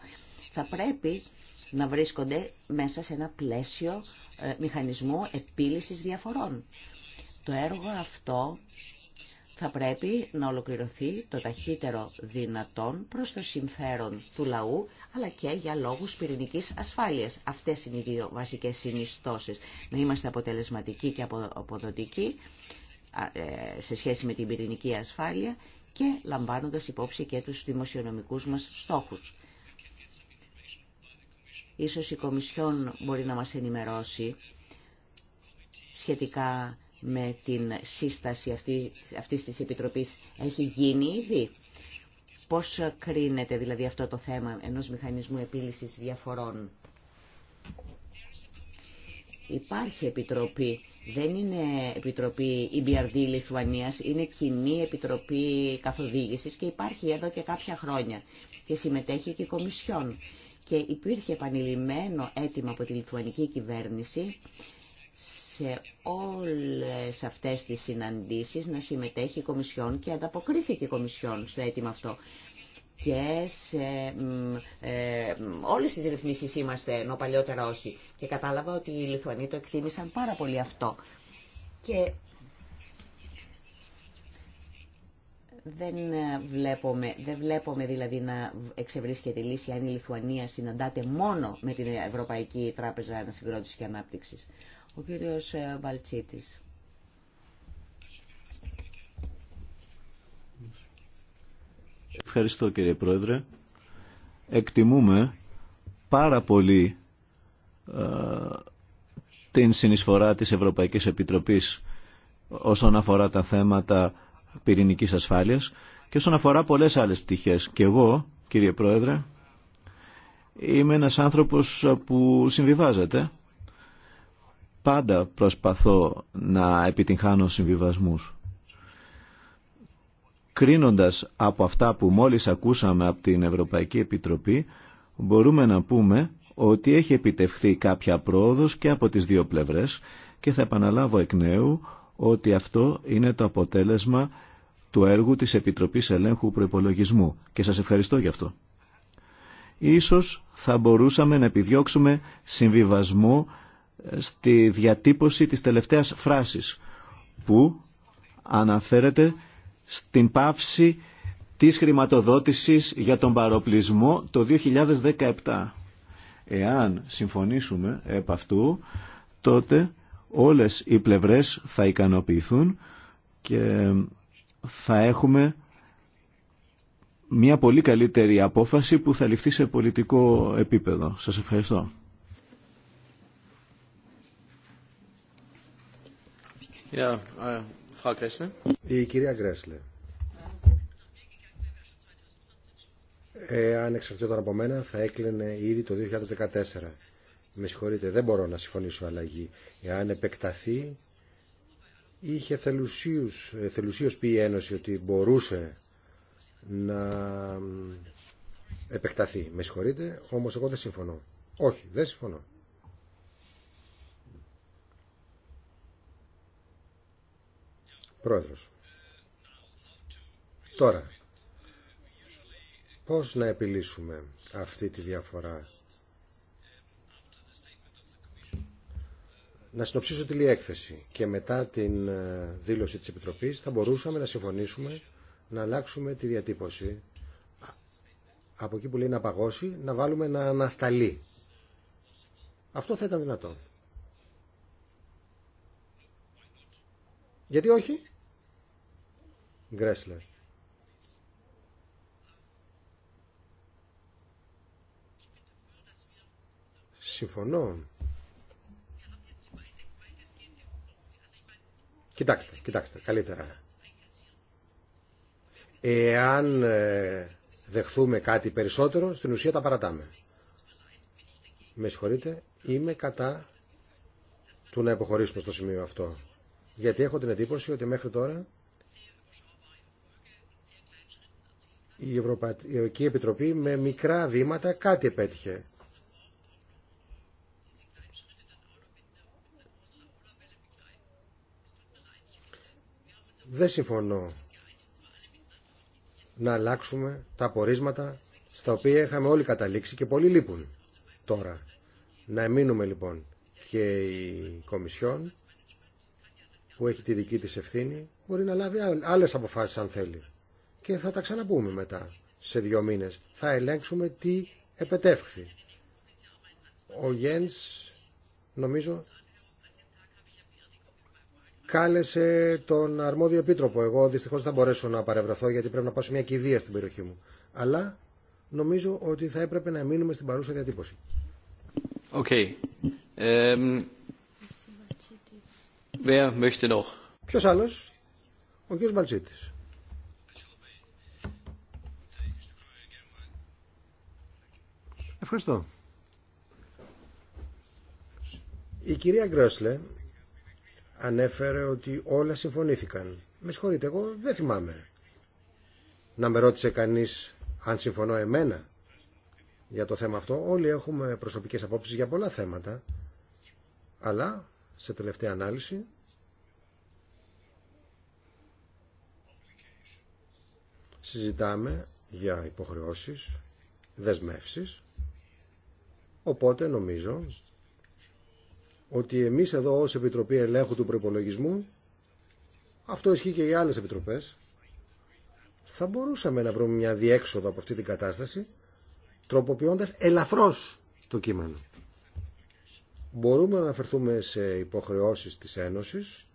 θα πρέπει να βρίσκονται μέσα σε ένα πλαίσιο ε, μηχανισμού επίλυσης διαφορών. Το έργο αυτό θα πρέπει να ολοκληρωθεί το ταχύτερο δυνατόν προς το συμφέρον του λαού, αλλά και για λόγους πυρηνικής ασφάλειας. Αυτές είναι οι δύο βασικές συνιστώσεις. Να είμαστε αποτελεσματικοί και αποδοτικοί ε, σε σχέση με την πυρηνική ασφάλεια και λαμβάνοντας υπόψη και τους δημοσιονομικούς μας στόχους. Ίσως η Κομισιόν μπορεί να μας ενημερώσει σχετικά με την σύσταση αυτή, αυτής της Επιτροπής έχει γίνει ήδη. Πώς κρίνεται δηλαδή αυτό το θέμα ενός μηχανισμού επίλυσης διαφορών. Υπάρχει επιτροπή, δεν είναι επιτροπή EBRD Λιθουανίας, είναι κοινή επιτροπή καθοδήγησης και υπάρχει εδώ και κάποια χρόνια και συμμετέχει και η Κομισιόν. Και υπήρχε επανειλημμένο αίτημα από τη Λιθουανική κυβέρνηση σε όλες αυτές τις συναντήσεις να συμμετέχει η Κομισιόν και ανταποκρίθηκε η Κομισιόν στο αίτημα αυτό. Και σε ε, όλες τις ρυθμίσεις είμαστε, ενώ παλιότερα όχι. Και κατάλαβα ότι οι Λιθουανοί το εκτίμησαν πάρα πολύ αυτό. Και δεν ε, βλέπουμε, δεν βλέπουμε δηλαδή να εξευρίσκεται η λύση αν η Λιθουανία συναντάται μόνο με την Ευρωπαϊκή Τράπεζα Ανασυγκρότησης και Ανάπτυξης ο κύριος ε, Μπαλτσίτης. Ευχαριστώ κύριε Πρόεδρε. Εκτιμούμε πάρα πολύ ε, την συνεισφορά της Ευρωπαϊκής Επιτροπής όσον αφορά τα θέματα πυρηνικής ασφάλειας και όσον αφορά πολλές άλλες πτυχές. Και εγώ, κύριε Πρόεδρε, είμαι ένας άνθρωπος που συμβιβάζεται Πάντα προσπαθώ να επιτυγχάνω συμβιβασμούς. Κρίνοντας από αυτά που μόλις ακούσαμε από την Ευρωπαϊκή Επιτροπή, μπορούμε να πούμε ότι έχει επιτευχθεί κάποια πρόοδος και από τις δύο πλευρές και θα επαναλάβω εκ νέου ότι αυτό είναι το αποτέλεσμα του έργου της Επιτροπής Ελέγχου Προϋπολογισμού και σας ευχαριστώ γι' αυτό. Ίσως θα μπορούσαμε να επιδιώξουμε συμβιβασμό στη διατύπωση της τελευταίας φράσης που αναφέρεται στην πάυση της χρηματοδότησης για τον παροπλισμό το 2017. Εάν συμφωνήσουμε επ' αυτού, τότε όλες οι πλευρές θα ικανοποιηθούν και θα έχουμε μια πολύ καλύτερη απόφαση που θα ληφθεί σε πολιτικό επίπεδο. Σας ευχαριστώ. Äh, η κυρία Γκρέσλε. Εάν εξαρτιόταν από μένα θα έκλαινε ήδη το 2014. Με συγχωρείτε, δεν μπορώ να συμφωνήσω αλλαγή. Εάν επεκταθεί, είχε θελούσιους, θελουσίως πει η Ένωση ότι μπορούσε να επεκταθεί. Με συγχωρείτε, όμως εγώ δεν συμφωνώ. Όχι, δεν συμφωνώ. Πρόεδρος. Τώρα, πώς να επιλύσουμε αυτή τη διαφορά. Να συνοψίσω τη έκθεση και μετά την ε, δήλωση της Επιτροπής θα μπορούσαμε να συμφωνήσουμε να αλλάξουμε τη διατύπωση από εκεί που λέει να παγώσει, να βάλουμε να ανασταλεί. Αυτό θα ήταν δυνατό. Γιατί όχι? Γκρέσλερ. Συμφωνώ. Κοιτάξτε, κοιτάξτε, καλύτερα. Εάν ε, δεχθούμε κάτι περισσότερο, στην ουσία τα παρατάμε. Με συγχωρείτε, είμαι κατά του να υποχωρήσουμε στο σημείο αυτό. Γιατί έχω την εντύπωση ότι μέχρι τώρα η Ευρωπαϊκή Επιτροπή με μικρά βήματα κάτι επέτυχε. Δεν συμφωνώ να αλλάξουμε τα πορίσματα στα οποία είχαμε όλοι καταλήξει και πολλοί λείπουν τώρα. Να εμείνουμε λοιπόν και η Κομισιόν που έχει τη δική της ευθύνη μπορεί να λάβει άλλες αποφάσεις αν θέλει και θα τα ξαναπούμε μετά σε δύο μήνες. Θα ελέγξουμε τι επετεύχθη. Ο Γένς, νομίζω, κάλεσε τον αρμόδιο επίτροπο. Εγώ δυστυχώς δεν θα μπορέσω να παρευρεθώ γιατί πρέπει να πάω σε μια κηδεία στην περιοχή μου. Αλλά νομίζω ότι θα έπρεπε να μείνουμε στην παρούσα διατύπωση. Okay. Um... Ποιος άλλος? Ο κ. Μπαλτσίτης. Ευχαριστώ. Η κυρία Γκρόσλε ανέφερε ότι όλα συμφωνήθηκαν. Με συγχωρείτε, εγώ δεν θυμάμαι. Να με ρώτησε κανείς αν συμφωνώ εμένα για το θέμα αυτό. Όλοι έχουμε προσωπικές απόψεις για πολλά θέματα. Αλλά, σε τελευταία ανάλυση, συζητάμε για υποχρεώσεις, δεσμεύσεις Οπότε νομίζω ότι εμείς εδώ ως Επιτροπή Ελέγχου του Προϋπολογισμού αυτό ισχύει και για άλλες επιτροπές θα μπορούσαμε να βρούμε μια διέξοδο από αυτή την κατάσταση τροποποιώντας ελαφρώς το κείμενο. Μπορούμε να αναφερθούμε σε υποχρεώσεις της Ένωσης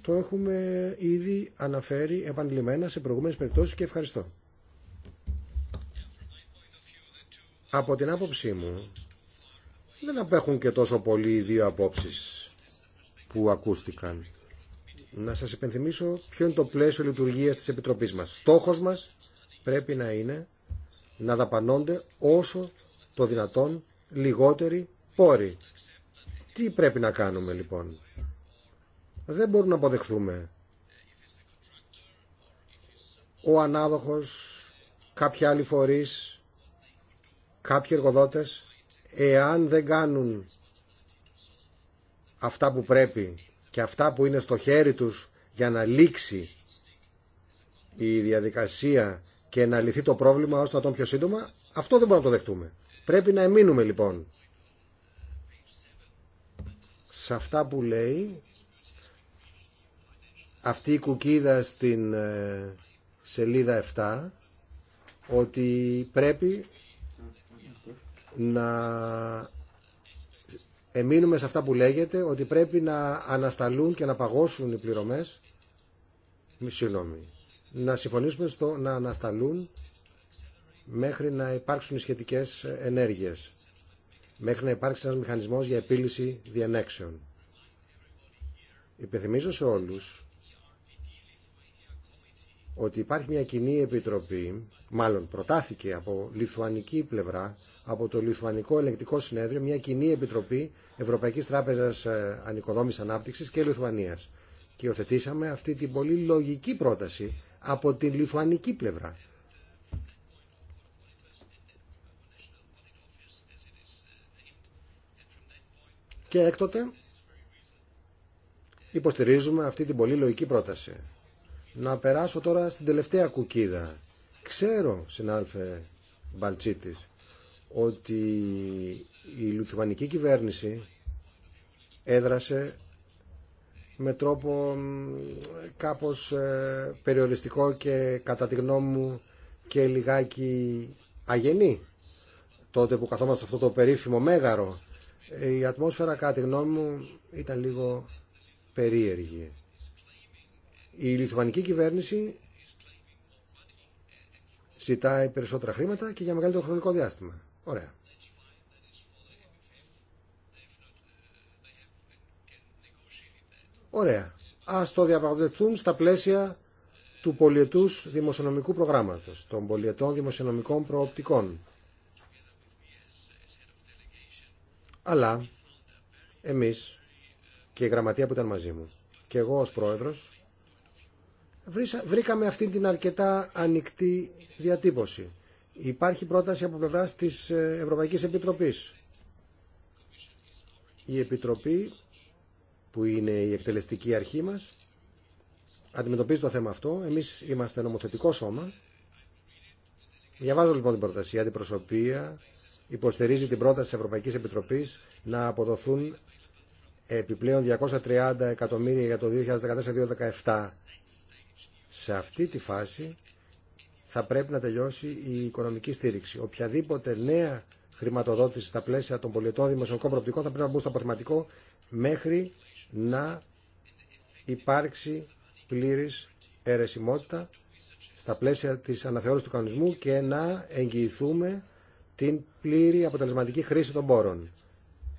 το έχουμε ήδη αναφέρει επανειλημμένα σε προηγούμενες περιπτώσεις και ευχαριστώ. Από την άποψή μου, δεν απέχουν και τόσο πολύ οι δύο απόψεις που ακούστηκαν. Να σας υπενθυμίσω ποιο είναι το πλαίσιο λειτουργίας της Επιτροπής μας. Στόχος μας πρέπει να είναι να δαπανώνται όσο το δυνατόν λιγότεροι πόροι. Τι πρέπει να κάνουμε λοιπόν. Δεν μπορούμε να αποδεχθούμε ο ανάδοχος, κάποια άλλη φορείς κάποιοι εργοδότες εάν δεν κάνουν αυτά που πρέπει και αυτά που είναι στο χέρι τους για να λήξει η διαδικασία και να λυθεί το πρόβλημα ώστε να τον πιο σύντομα, αυτό δεν μπορούμε να το δεχτούμε. Πρέπει να εμείνουμε λοιπόν σε αυτά που λέει αυτή η κουκίδα στην ε, σελίδα 7 ότι πρέπει να εμείνουμε σε αυτά που λέγεται ότι πρέπει να ανασταλούν και να παγώσουν οι πληρωμές συγγνώμη, να συμφωνήσουμε στο να ανασταλούν μέχρι να υπάρξουν οι σχετικές ενέργειες μέχρι να υπάρξει ένας μηχανισμός για επίλυση διενέξεων. Υπενθυμίζω σε όλους ότι υπάρχει μια κοινή επιτροπή, μάλλον προτάθηκε από λιθουανική πλευρά, από το Λιθουανικό Ελεκτικό Συνέδριο, μια κοινή επιτροπή Ευρωπαϊκής Τράπεζας ε, Ανοικοδόμης Ανάπτυξης και Λιθουανίας. Και υιοθετήσαμε αυτή την πολύ λογική πρόταση από την λιθουανική πλευρά. Και έκτοτε υποστηρίζουμε αυτή την πολύ λογική πρόταση να περάσω τώρα στην τελευταία κουκίδα. Ξέρω, συνάλφε Μπαλτσίτης, ότι η λουθουμανική κυβέρνηση έδρασε με τρόπο κάπως ε, περιοριστικό και κατά τη γνώμη μου και λιγάκι αγενή. Τότε που καθόμαστε σε αυτό το περίφημο μέγαρο, ε, η ατμόσφαιρα κατά τη γνώμη μου ήταν λίγο περίεργη. Η λιθουανική κυβέρνηση ζητάει περισσότερα χρήματα και για μεγαλύτερο χρονικό διάστημα. Ωραία. Ωραία. Ας το διαπραγματευτούν στα πλαίσια του πολιετούς δημοσιονομικού προγράμματος, των πολιετών δημοσιονομικών προοπτικών. Αλλά εμείς και η γραμματεία που ήταν μαζί μου και εγώ ως πρόεδρος βρήκαμε αυτή την αρκετά ανοιχτή διατύπωση. Υπάρχει πρόταση από πλευρά τη ε, Ευρωπαϊκή Επιτροπή. Η Επιτροπή, που είναι η εκτελεστική αρχή μα, αντιμετωπίζει το θέμα αυτό. Εμεί είμαστε νομοθετικό σώμα. Διαβάζω λοιπόν την πρόταση. Η αντιπροσωπεία υποστηρίζει την πρόταση της Ευρωπαϊκής Επιτροπής να αποδοθούν επιπλέον 230 εκατομμύρια για το 2014-2017 σε αυτή τη φάση θα πρέπει να τελειώσει η οικονομική στήριξη. Οποιαδήποτε νέα χρηματοδότηση στα πλαίσια των πολιτών δημοσιονομικών προοπτικών θα πρέπει να μπουν στο αποθεματικό μέχρι να υπάρξει πλήρης αιρεσιμότητα στα πλαίσια της αναθεώρησης του κανονισμού και να εγγυηθούμε την πλήρη αποτελεσματική χρήση των πόρων.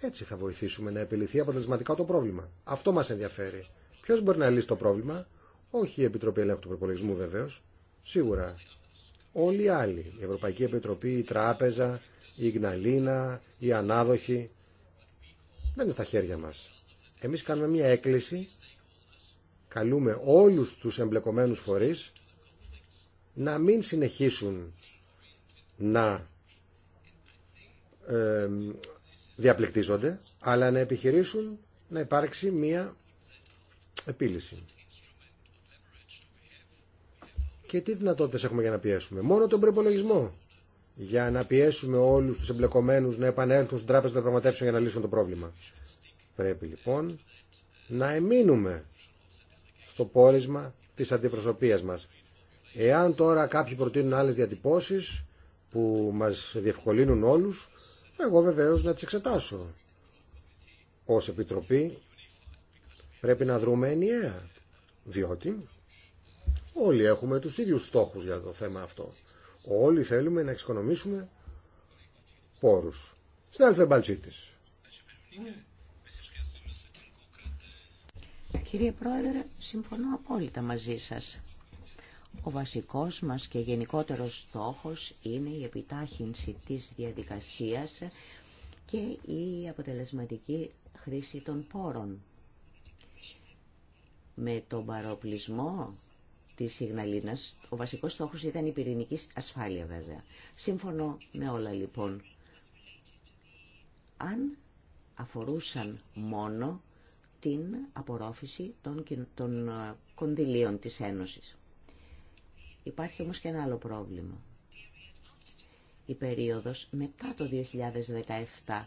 Έτσι θα βοηθήσουμε να επιληθεί αποτελεσματικά το πρόβλημα. Αυτό μας ενδιαφέρει. Ποιος μπορεί να λύσει το πρόβλημα, όχι η Επιτροπή Ελέγχου του Προπολογισμού βεβαίω, σίγουρα. Όλοι οι άλλοι, η Ευρωπαϊκή Επιτροπή, η Τράπεζα, η Ιγναλίνα, οι ανάδοχοι, δεν είναι στα χέρια μας. Εμείς κάνουμε μια έκκληση, καλούμε όλους τους εμπλεκομένους φορείς να μην συνεχίσουν να ε, διαπληκτίζονται, αλλά να επιχειρήσουν να υπάρξει μια επίλυση. Και τι δυνατότητε έχουμε για να πιέσουμε. Μόνο τον προπολογισμό. Για να πιέσουμε όλους τους εμπλεκομένους να επανέλθουν στην τράπεζα των πραγματεύσεων για να λύσουν το πρόβλημα. Πρέπει λοιπόν να εμείνουμε στο πόρισμα τη αντιπροσωπείας μας. Εάν τώρα κάποιοι προτείνουν άλλε διατυπώσει που μας διευκολύνουν όλου, εγώ βεβαίω να τι εξετάσω. Ω Επιτροπή πρέπει να δρούμε ενιαία, διότι Όλοι έχουμε τους ίδιους στόχους για το θέμα αυτό. Όλοι θέλουμε να εξοικονομήσουμε πόρους. Συνάδελφε Μπαλτσίτης. Κύριε Πρόεδρε, συμφωνώ απόλυτα μαζί σας. Ο βασικός μας και γενικότερος στόχος είναι η επιτάχυνση της διαδικασίας και η αποτελεσματική χρήση των πόρων. Με τον παροπλισμό της Ιγναλίνας. Ο βασικός στόχο ήταν η πυρηνική ασφάλεια βέβαια. Σύμφωνο με όλα λοιπόν. Αν αφορούσαν μόνο την απορρόφηση των, των ε, κονδυλίων της Ένωσης. Υπάρχει όμως και ένα άλλο πρόβλημα. Η περίοδος μετά το 2017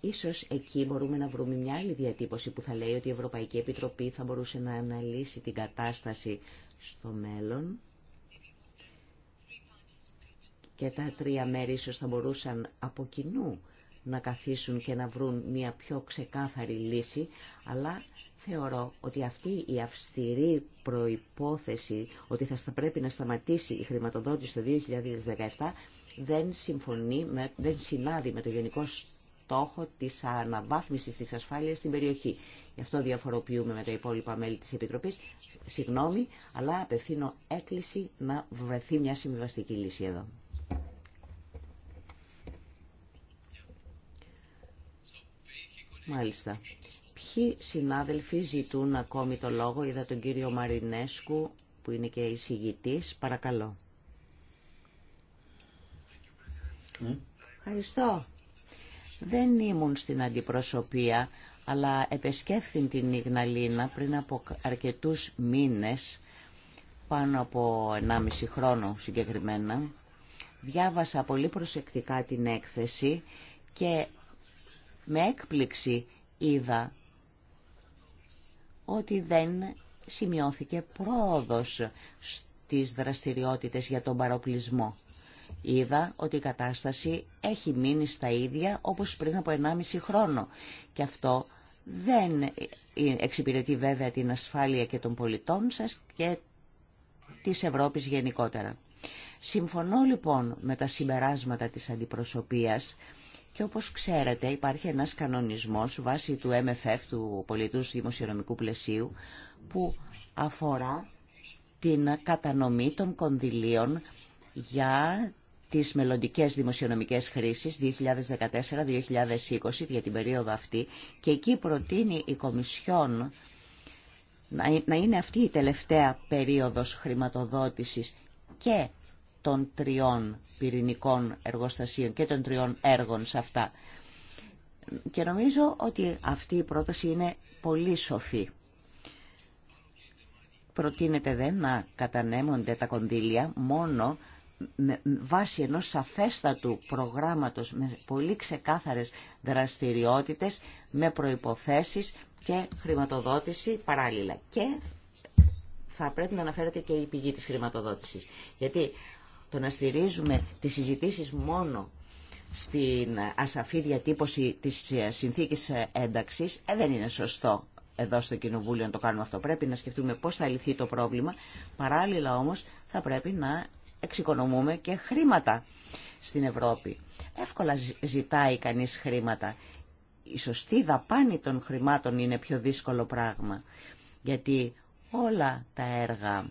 Ίσως εκεί μπορούμε να βρούμε μια άλλη διατύπωση που θα λέει ότι η Ευρωπαϊκή Επιτροπή θα μπορούσε να αναλύσει την κατάσταση στο μέλλον και τα τρία μέρη ίσως θα μπορούσαν από κοινού να καθίσουν και να βρουν μια πιο ξεκάθαρη λύση, αλλά θεωρώ ότι αυτή η αυστηρή προϋπόθεση ότι θα πρέπει να σταματήσει η χρηματοδότηση το 2017 δεν συμφωνεί, με, δεν συνάδει με το γενικό στόχο της αναβάθμισης της ασφάλειας στην περιοχή. Γι' αυτό διαφοροποιούμε με τα υπόλοιπα μέλη της Επιτροπής. Συγγνώμη, αλλά απευθύνω έκκληση να βρεθεί μια συμβιβαστική λύση εδώ. Μάλιστα. Ποιοι συνάδελφοι ζητούν ακόμη το λόγο. Είδα τον κύριο Μαρινέσκου που είναι και εισηγητής. Παρακαλώ. Ευχαριστώ. Δεν ήμουν στην αντιπροσωπεία αλλά επεσκέφθη την Ιγναλίνα πριν από αρκετούς μήνες, πάνω από 1,5 χρόνο συγκεκριμένα, διάβασα πολύ προσεκτικά την έκθεση και με έκπληξη είδα ότι δεν σημειώθηκε πρόοδος στις δραστηριότητες για τον παροπλισμό. Είδα ότι η κατάσταση έχει μείνει στα ίδια όπως πριν από 1,5 χρόνο και αυτό δεν εξυπηρετεί βέβαια την ασφάλεια και των πολιτών σας και της Ευρώπης γενικότερα. Συμφωνώ λοιπόν με τα συμπεράσματα της αντιπροσωπείας και όπως ξέρετε υπάρχει ένας κανονισμός βάσει του MFF, του Πολιτούς Δημοσιονομικού Πλαισίου, που αφορά την κατανομή των κονδυλίων για τις μελλοντικές δημοσιονομικές χρήσεις 2014-2020 για την περίοδο αυτή και εκεί προτείνει η Κομισιόν να είναι αυτή η τελευταία περίοδος χρηματοδότησης και των τριών πυρηνικών εργοστασίων και των τριών έργων σε αυτά. Και νομίζω ότι αυτή η πρόταση είναι πολύ σοφή. Προτείνεται δεν να κατανέμονται τα κονδύλια μόνο με βάση ενός σαφέστατου προγράμματος με πολύ ξεκάθαρες δραστηριότητες, με προϋποθέσεις και χρηματοδότηση παράλληλα. Και θα πρέπει να αναφέρεται και η πηγή της χρηματοδότησης. Γιατί το να στηρίζουμε τις συζητήσεις μόνο στην ασαφή διατύπωση της συνθήκης ένταξης ε, δεν είναι σωστό εδώ στο Κοινοβούλιο να το κάνουμε αυτό. Πρέπει να σκεφτούμε πώς θα λυθεί το πρόβλημα. Παράλληλα όμως θα πρέπει να εξοικονομούμε και χρήματα στην Ευρώπη. Εύκολα ζητάει κανείς χρήματα. Η σωστή δαπάνη των χρημάτων είναι πιο δύσκολο πράγμα. Γιατί όλα τα έργα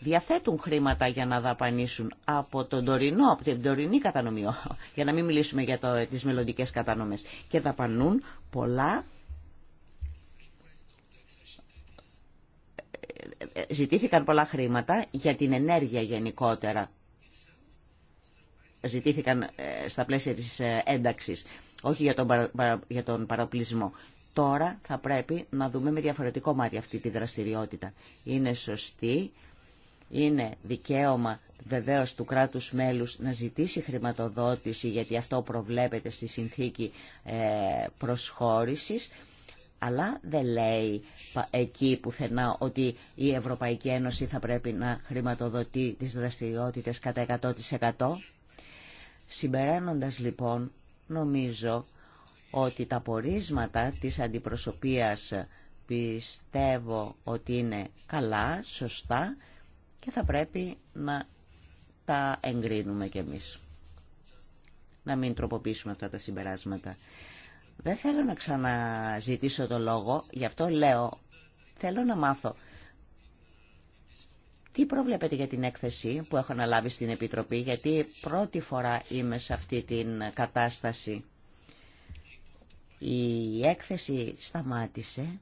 διαθέτουν χρήματα για να δαπανίσουν από τον τωρινό, από την τωρινή κατανομή, για να μην μιλήσουμε για το, τις μελλοντικές κατανομές, και δαπανούν πολλά ζητήθηκαν πολλά χρήματα για την ενέργεια γενικότερα. Ζητήθηκαν ε, στα πλαίσια της ε, ένταξης, όχι για τον, παρα, Τώρα θα πρέπει να δούμε με διαφορετικό μάτι αυτή τη δραστηριότητα. Είναι σωστή, είναι δικαίωμα βεβαίως του κράτους μέλους να ζητήσει χρηματοδότηση, γιατί αυτό προβλέπεται στη συνθήκη ε, προσχώρησης αλλά δεν λέει εκεί πουθενά ότι η Ευρωπαϊκή Ένωση θα πρέπει να χρηματοδοτεί τις δραστηριότητες κατά 100%. Συμπεραίνοντας λοιπόν, νομίζω ότι τα πορίσματα της αντιπροσωπείας πιστεύω ότι είναι καλά, σωστά και θα πρέπει να τα εγκρίνουμε κι εμείς. Να μην τροποποιήσουμε αυτά τα συμπεράσματα. Δεν θέλω να ξαναζητήσω το λόγο, γι' αυτό λέω, θέλω να μάθω. Τι προβλέπετε για την έκθεση που έχω αναλάβει στην Επιτροπή, γιατί πρώτη φορά είμαι σε αυτή την κατάσταση. Η έκθεση σταμάτησε.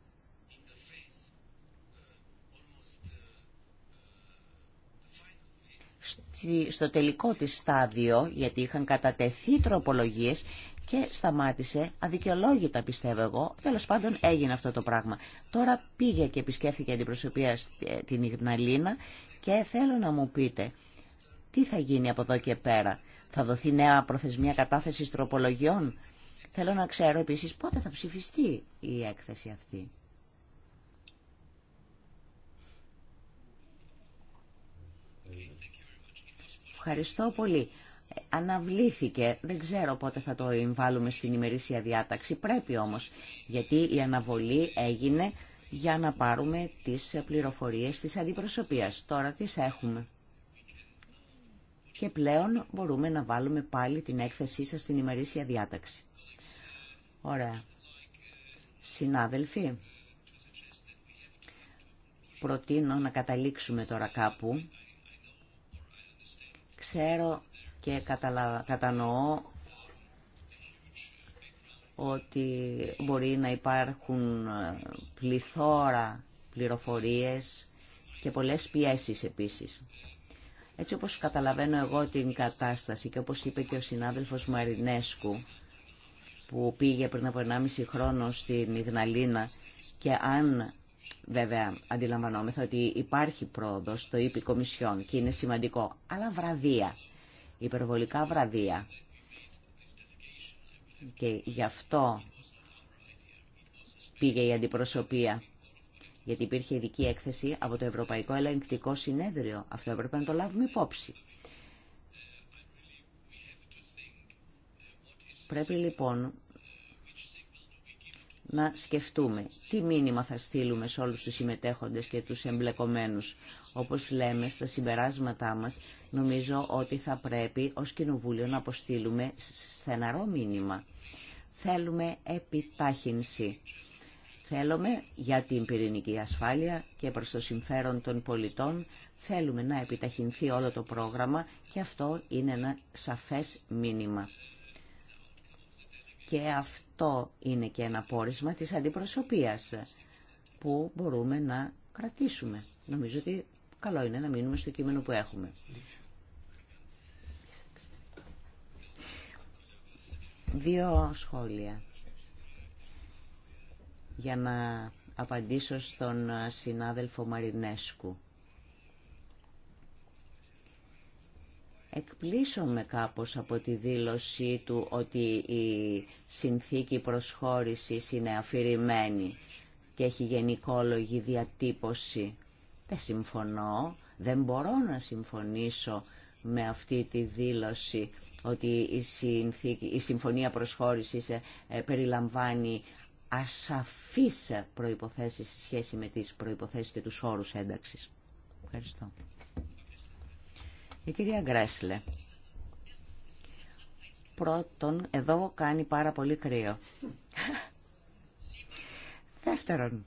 Στο τελικό της στάδιο, γιατί είχαν κατατεθεί τροπολογίες και σταμάτησε, αδικαιολόγητα πιστεύω εγώ, τέλο πάντων έγινε αυτό το πράγμα. Τώρα πήγε και επισκέφθηκε αντιπροσωπεία ε, την Ιγναλίνα και θέλω να μου πείτε τι θα γίνει από εδώ και πέρα. Θα δοθεί νέα προθεσμία κατάθεση τροπολογιών. Θέλω να ξέρω επίσης πότε θα ψηφιστεί η έκθεση αυτή. Ευχαριστώ πολύ αναβλήθηκε. Δεν ξέρω πότε θα το εμβάλουμε στην ημερήσια διάταξη. Πρέπει όμως, γιατί η αναβολή έγινε για να πάρουμε τις πληροφορίες της αντιπροσωπείας. Τώρα τις έχουμε. Και πλέον μπορούμε να βάλουμε πάλι την έκθεσή σας στην ημερήσια διάταξη. Ωραία. Συνάδελφοι, προτείνω να καταλήξουμε τώρα κάπου. Ξέρω και κατανοώ ότι μπορεί να υπάρχουν ε, πληθώρα πληροφορίες και πολλές πιέσεις επίσης. Έτσι όπως καταλαβαίνω εγώ την κατάσταση και όπως είπε και ο συνάδελφος Μαρινέσκου που πήγε πριν από 1,5 χρόνο στην Ιγναλίνα και αν βέβαια αντιλαμβανόμεθα ότι υπάρχει πρόοδος το είπε η Κομισιόν και είναι σημαντικό αλλά βραδία υπερβολικά βραδεία. Και γι' αυτό πήγε η αντιπροσωπεία. Γιατί υπήρχε ειδική έκθεση από το Ευρωπαϊκό Ελεγκτικό Συνέδριο. Αυτό έπρεπε να το λάβουμε υπόψη. Πρέπει λοιπόν να σκεφτούμε τι μήνυμα θα στείλουμε σε όλους τους συμμετέχοντες και τους εμπλεκομένους. Όπως λέμε στα συμπεράσματά μας, νομίζω ότι θα πρέπει ως Κοινοβούλιο να αποστείλουμε στεναρό μήνυμα. Θέλουμε επιτάχυνση. Θέλουμε για την πυρηνική ασφάλεια και προς το συμφέρον των πολιτών θέλουμε να επιταχυνθεί όλο το πρόγραμμα και αυτό είναι ένα σαφές μήνυμα. Και αυτό είναι και ένα πόρισμα της αντιπροσωπείας που μπορούμε να κρατήσουμε. Νομίζω ότι καλό είναι να μείνουμε στο κείμενο που έχουμε. Δύο σχόλια για να απαντήσω στον συνάδελφο Μαρινέσκου. με κάπως από τη δήλωσή του ότι η συνθήκη προσχώρησης είναι αφηρημένη και έχει γενικόλογη διατύπωση. Δεν συμφωνώ, δεν μπορώ να συμφωνήσω με αυτή τη δήλωση ότι η, η συμφωνία προσχώρησης ε, ε, περιλαμβάνει ασαφείς προϋποθέσεις σε σχέση με τις προϋποθέσεις και τους όρους ένταξης. Ευχαριστώ. Η κυρία Γκρέσλε. Πρώτον, εδώ κάνει πάρα πολύ κρύο. Δεύτερον,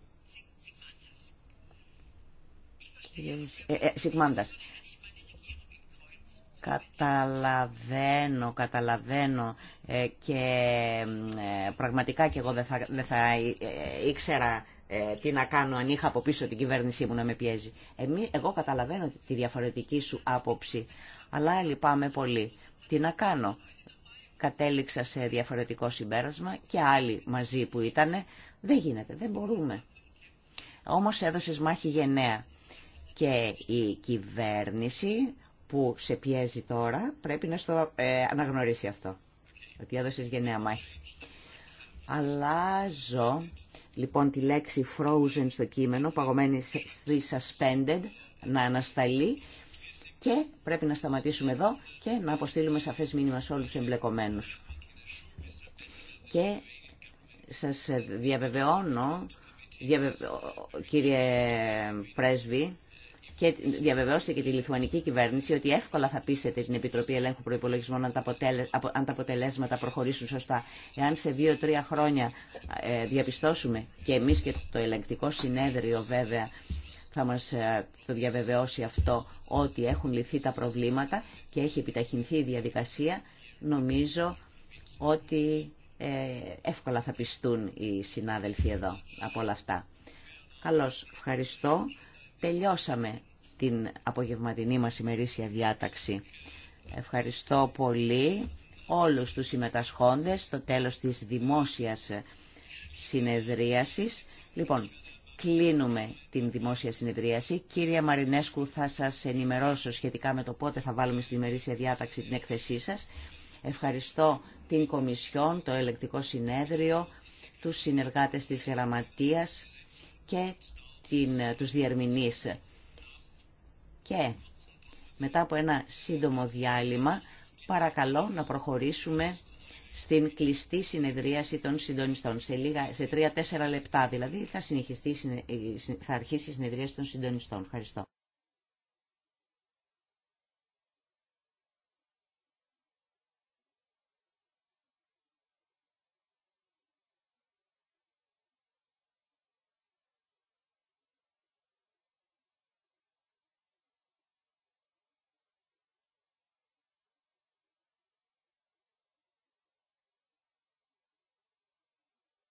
ε, ε, Σιγμάντας. Καταλαβαίνω, καταλαβαίνω ε, και πραγματικά και εγώ δεν θα ήξερα ε, τι να κάνω αν είχα από πίσω την κυβέρνησή μου να με πιέζει. Εμεί, εγώ καταλαβαίνω τη διαφορετική σου άποψη, αλλά λυπάμαι πολύ. Τι να κάνω. Κατέληξα σε διαφορετικό συμπέρασμα και άλλοι μαζί που ήταν. Δεν γίνεται, δεν μπορούμε. Όμως έδωσες μάχη γενναία. Και η κυβέρνηση που σε πιέζει τώρα πρέπει να στο ε, αναγνωρίσει αυτό. Ότι έδωσες γενναία μάχη. Αλλάζω λοιπόν τη λέξη frozen στο κείμενο, παγωμένη στη suspended, να ανασταλεί και πρέπει να σταματήσουμε εδώ και να αποστείλουμε σαφές μήνυμα σε όλους τους εμπλεκομένους. Και σας διαβεβαιώνω, διαβεβαιώ, κύριε Πρέσβη, και διαβεβαιώστε και τη λιθουανική κυβέρνηση ότι εύκολα θα πείσετε την Επιτροπή Ελέγχου Προπολογισμών αν, τα αποτελέσματα προχωρήσουν σωστά. Εάν σε δύο-τρία χρόνια ε, διαπιστώσουμε και εμεί και το ελεγκτικό συνέδριο βέβαια θα μας ε, το διαβεβαιώσει αυτό ότι έχουν λυθεί τα προβλήματα και έχει επιταχυνθεί η διαδικασία, νομίζω ότι ε, εύκολα θα πιστούν οι συνάδελφοι εδώ από όλα αυτά. Καλώς, ευχαριστώ. Τελειώσαμε την απογευματινή μας ημερήσια διάταξη. Ευχαριστώ πολύ όλους τους συμμετασχόντες στο τέλος της δημόσιας συνεδρίασης. Λοιπόν, κλείνουμε την δημόσια συνεδρίαση. Κύριε Μαρινέσκου, θα σας ενημερώσω σχετικά με το πότε θα βάλουμε στη ημερήσια διάταξη την έκθεσή σας. Ευχαριστώ την Κομισιόν, το Ελεκτικό Συνέδριο, τους συνεργάτες της Γραμματείας και την, τους διερμηνείς και μετά από ένα σύντομο διάλειμμα παρακαλώ να προχωρήσουμε στην κλειστή συνεδρίαση των συντονιστών. Σε, λίγα, σε 3-4 λεπτά δηλαδή θα, συνεχιστεί, θα αρχίσει η συνεδρίαση των συντονιστών. Ευχαριστώ.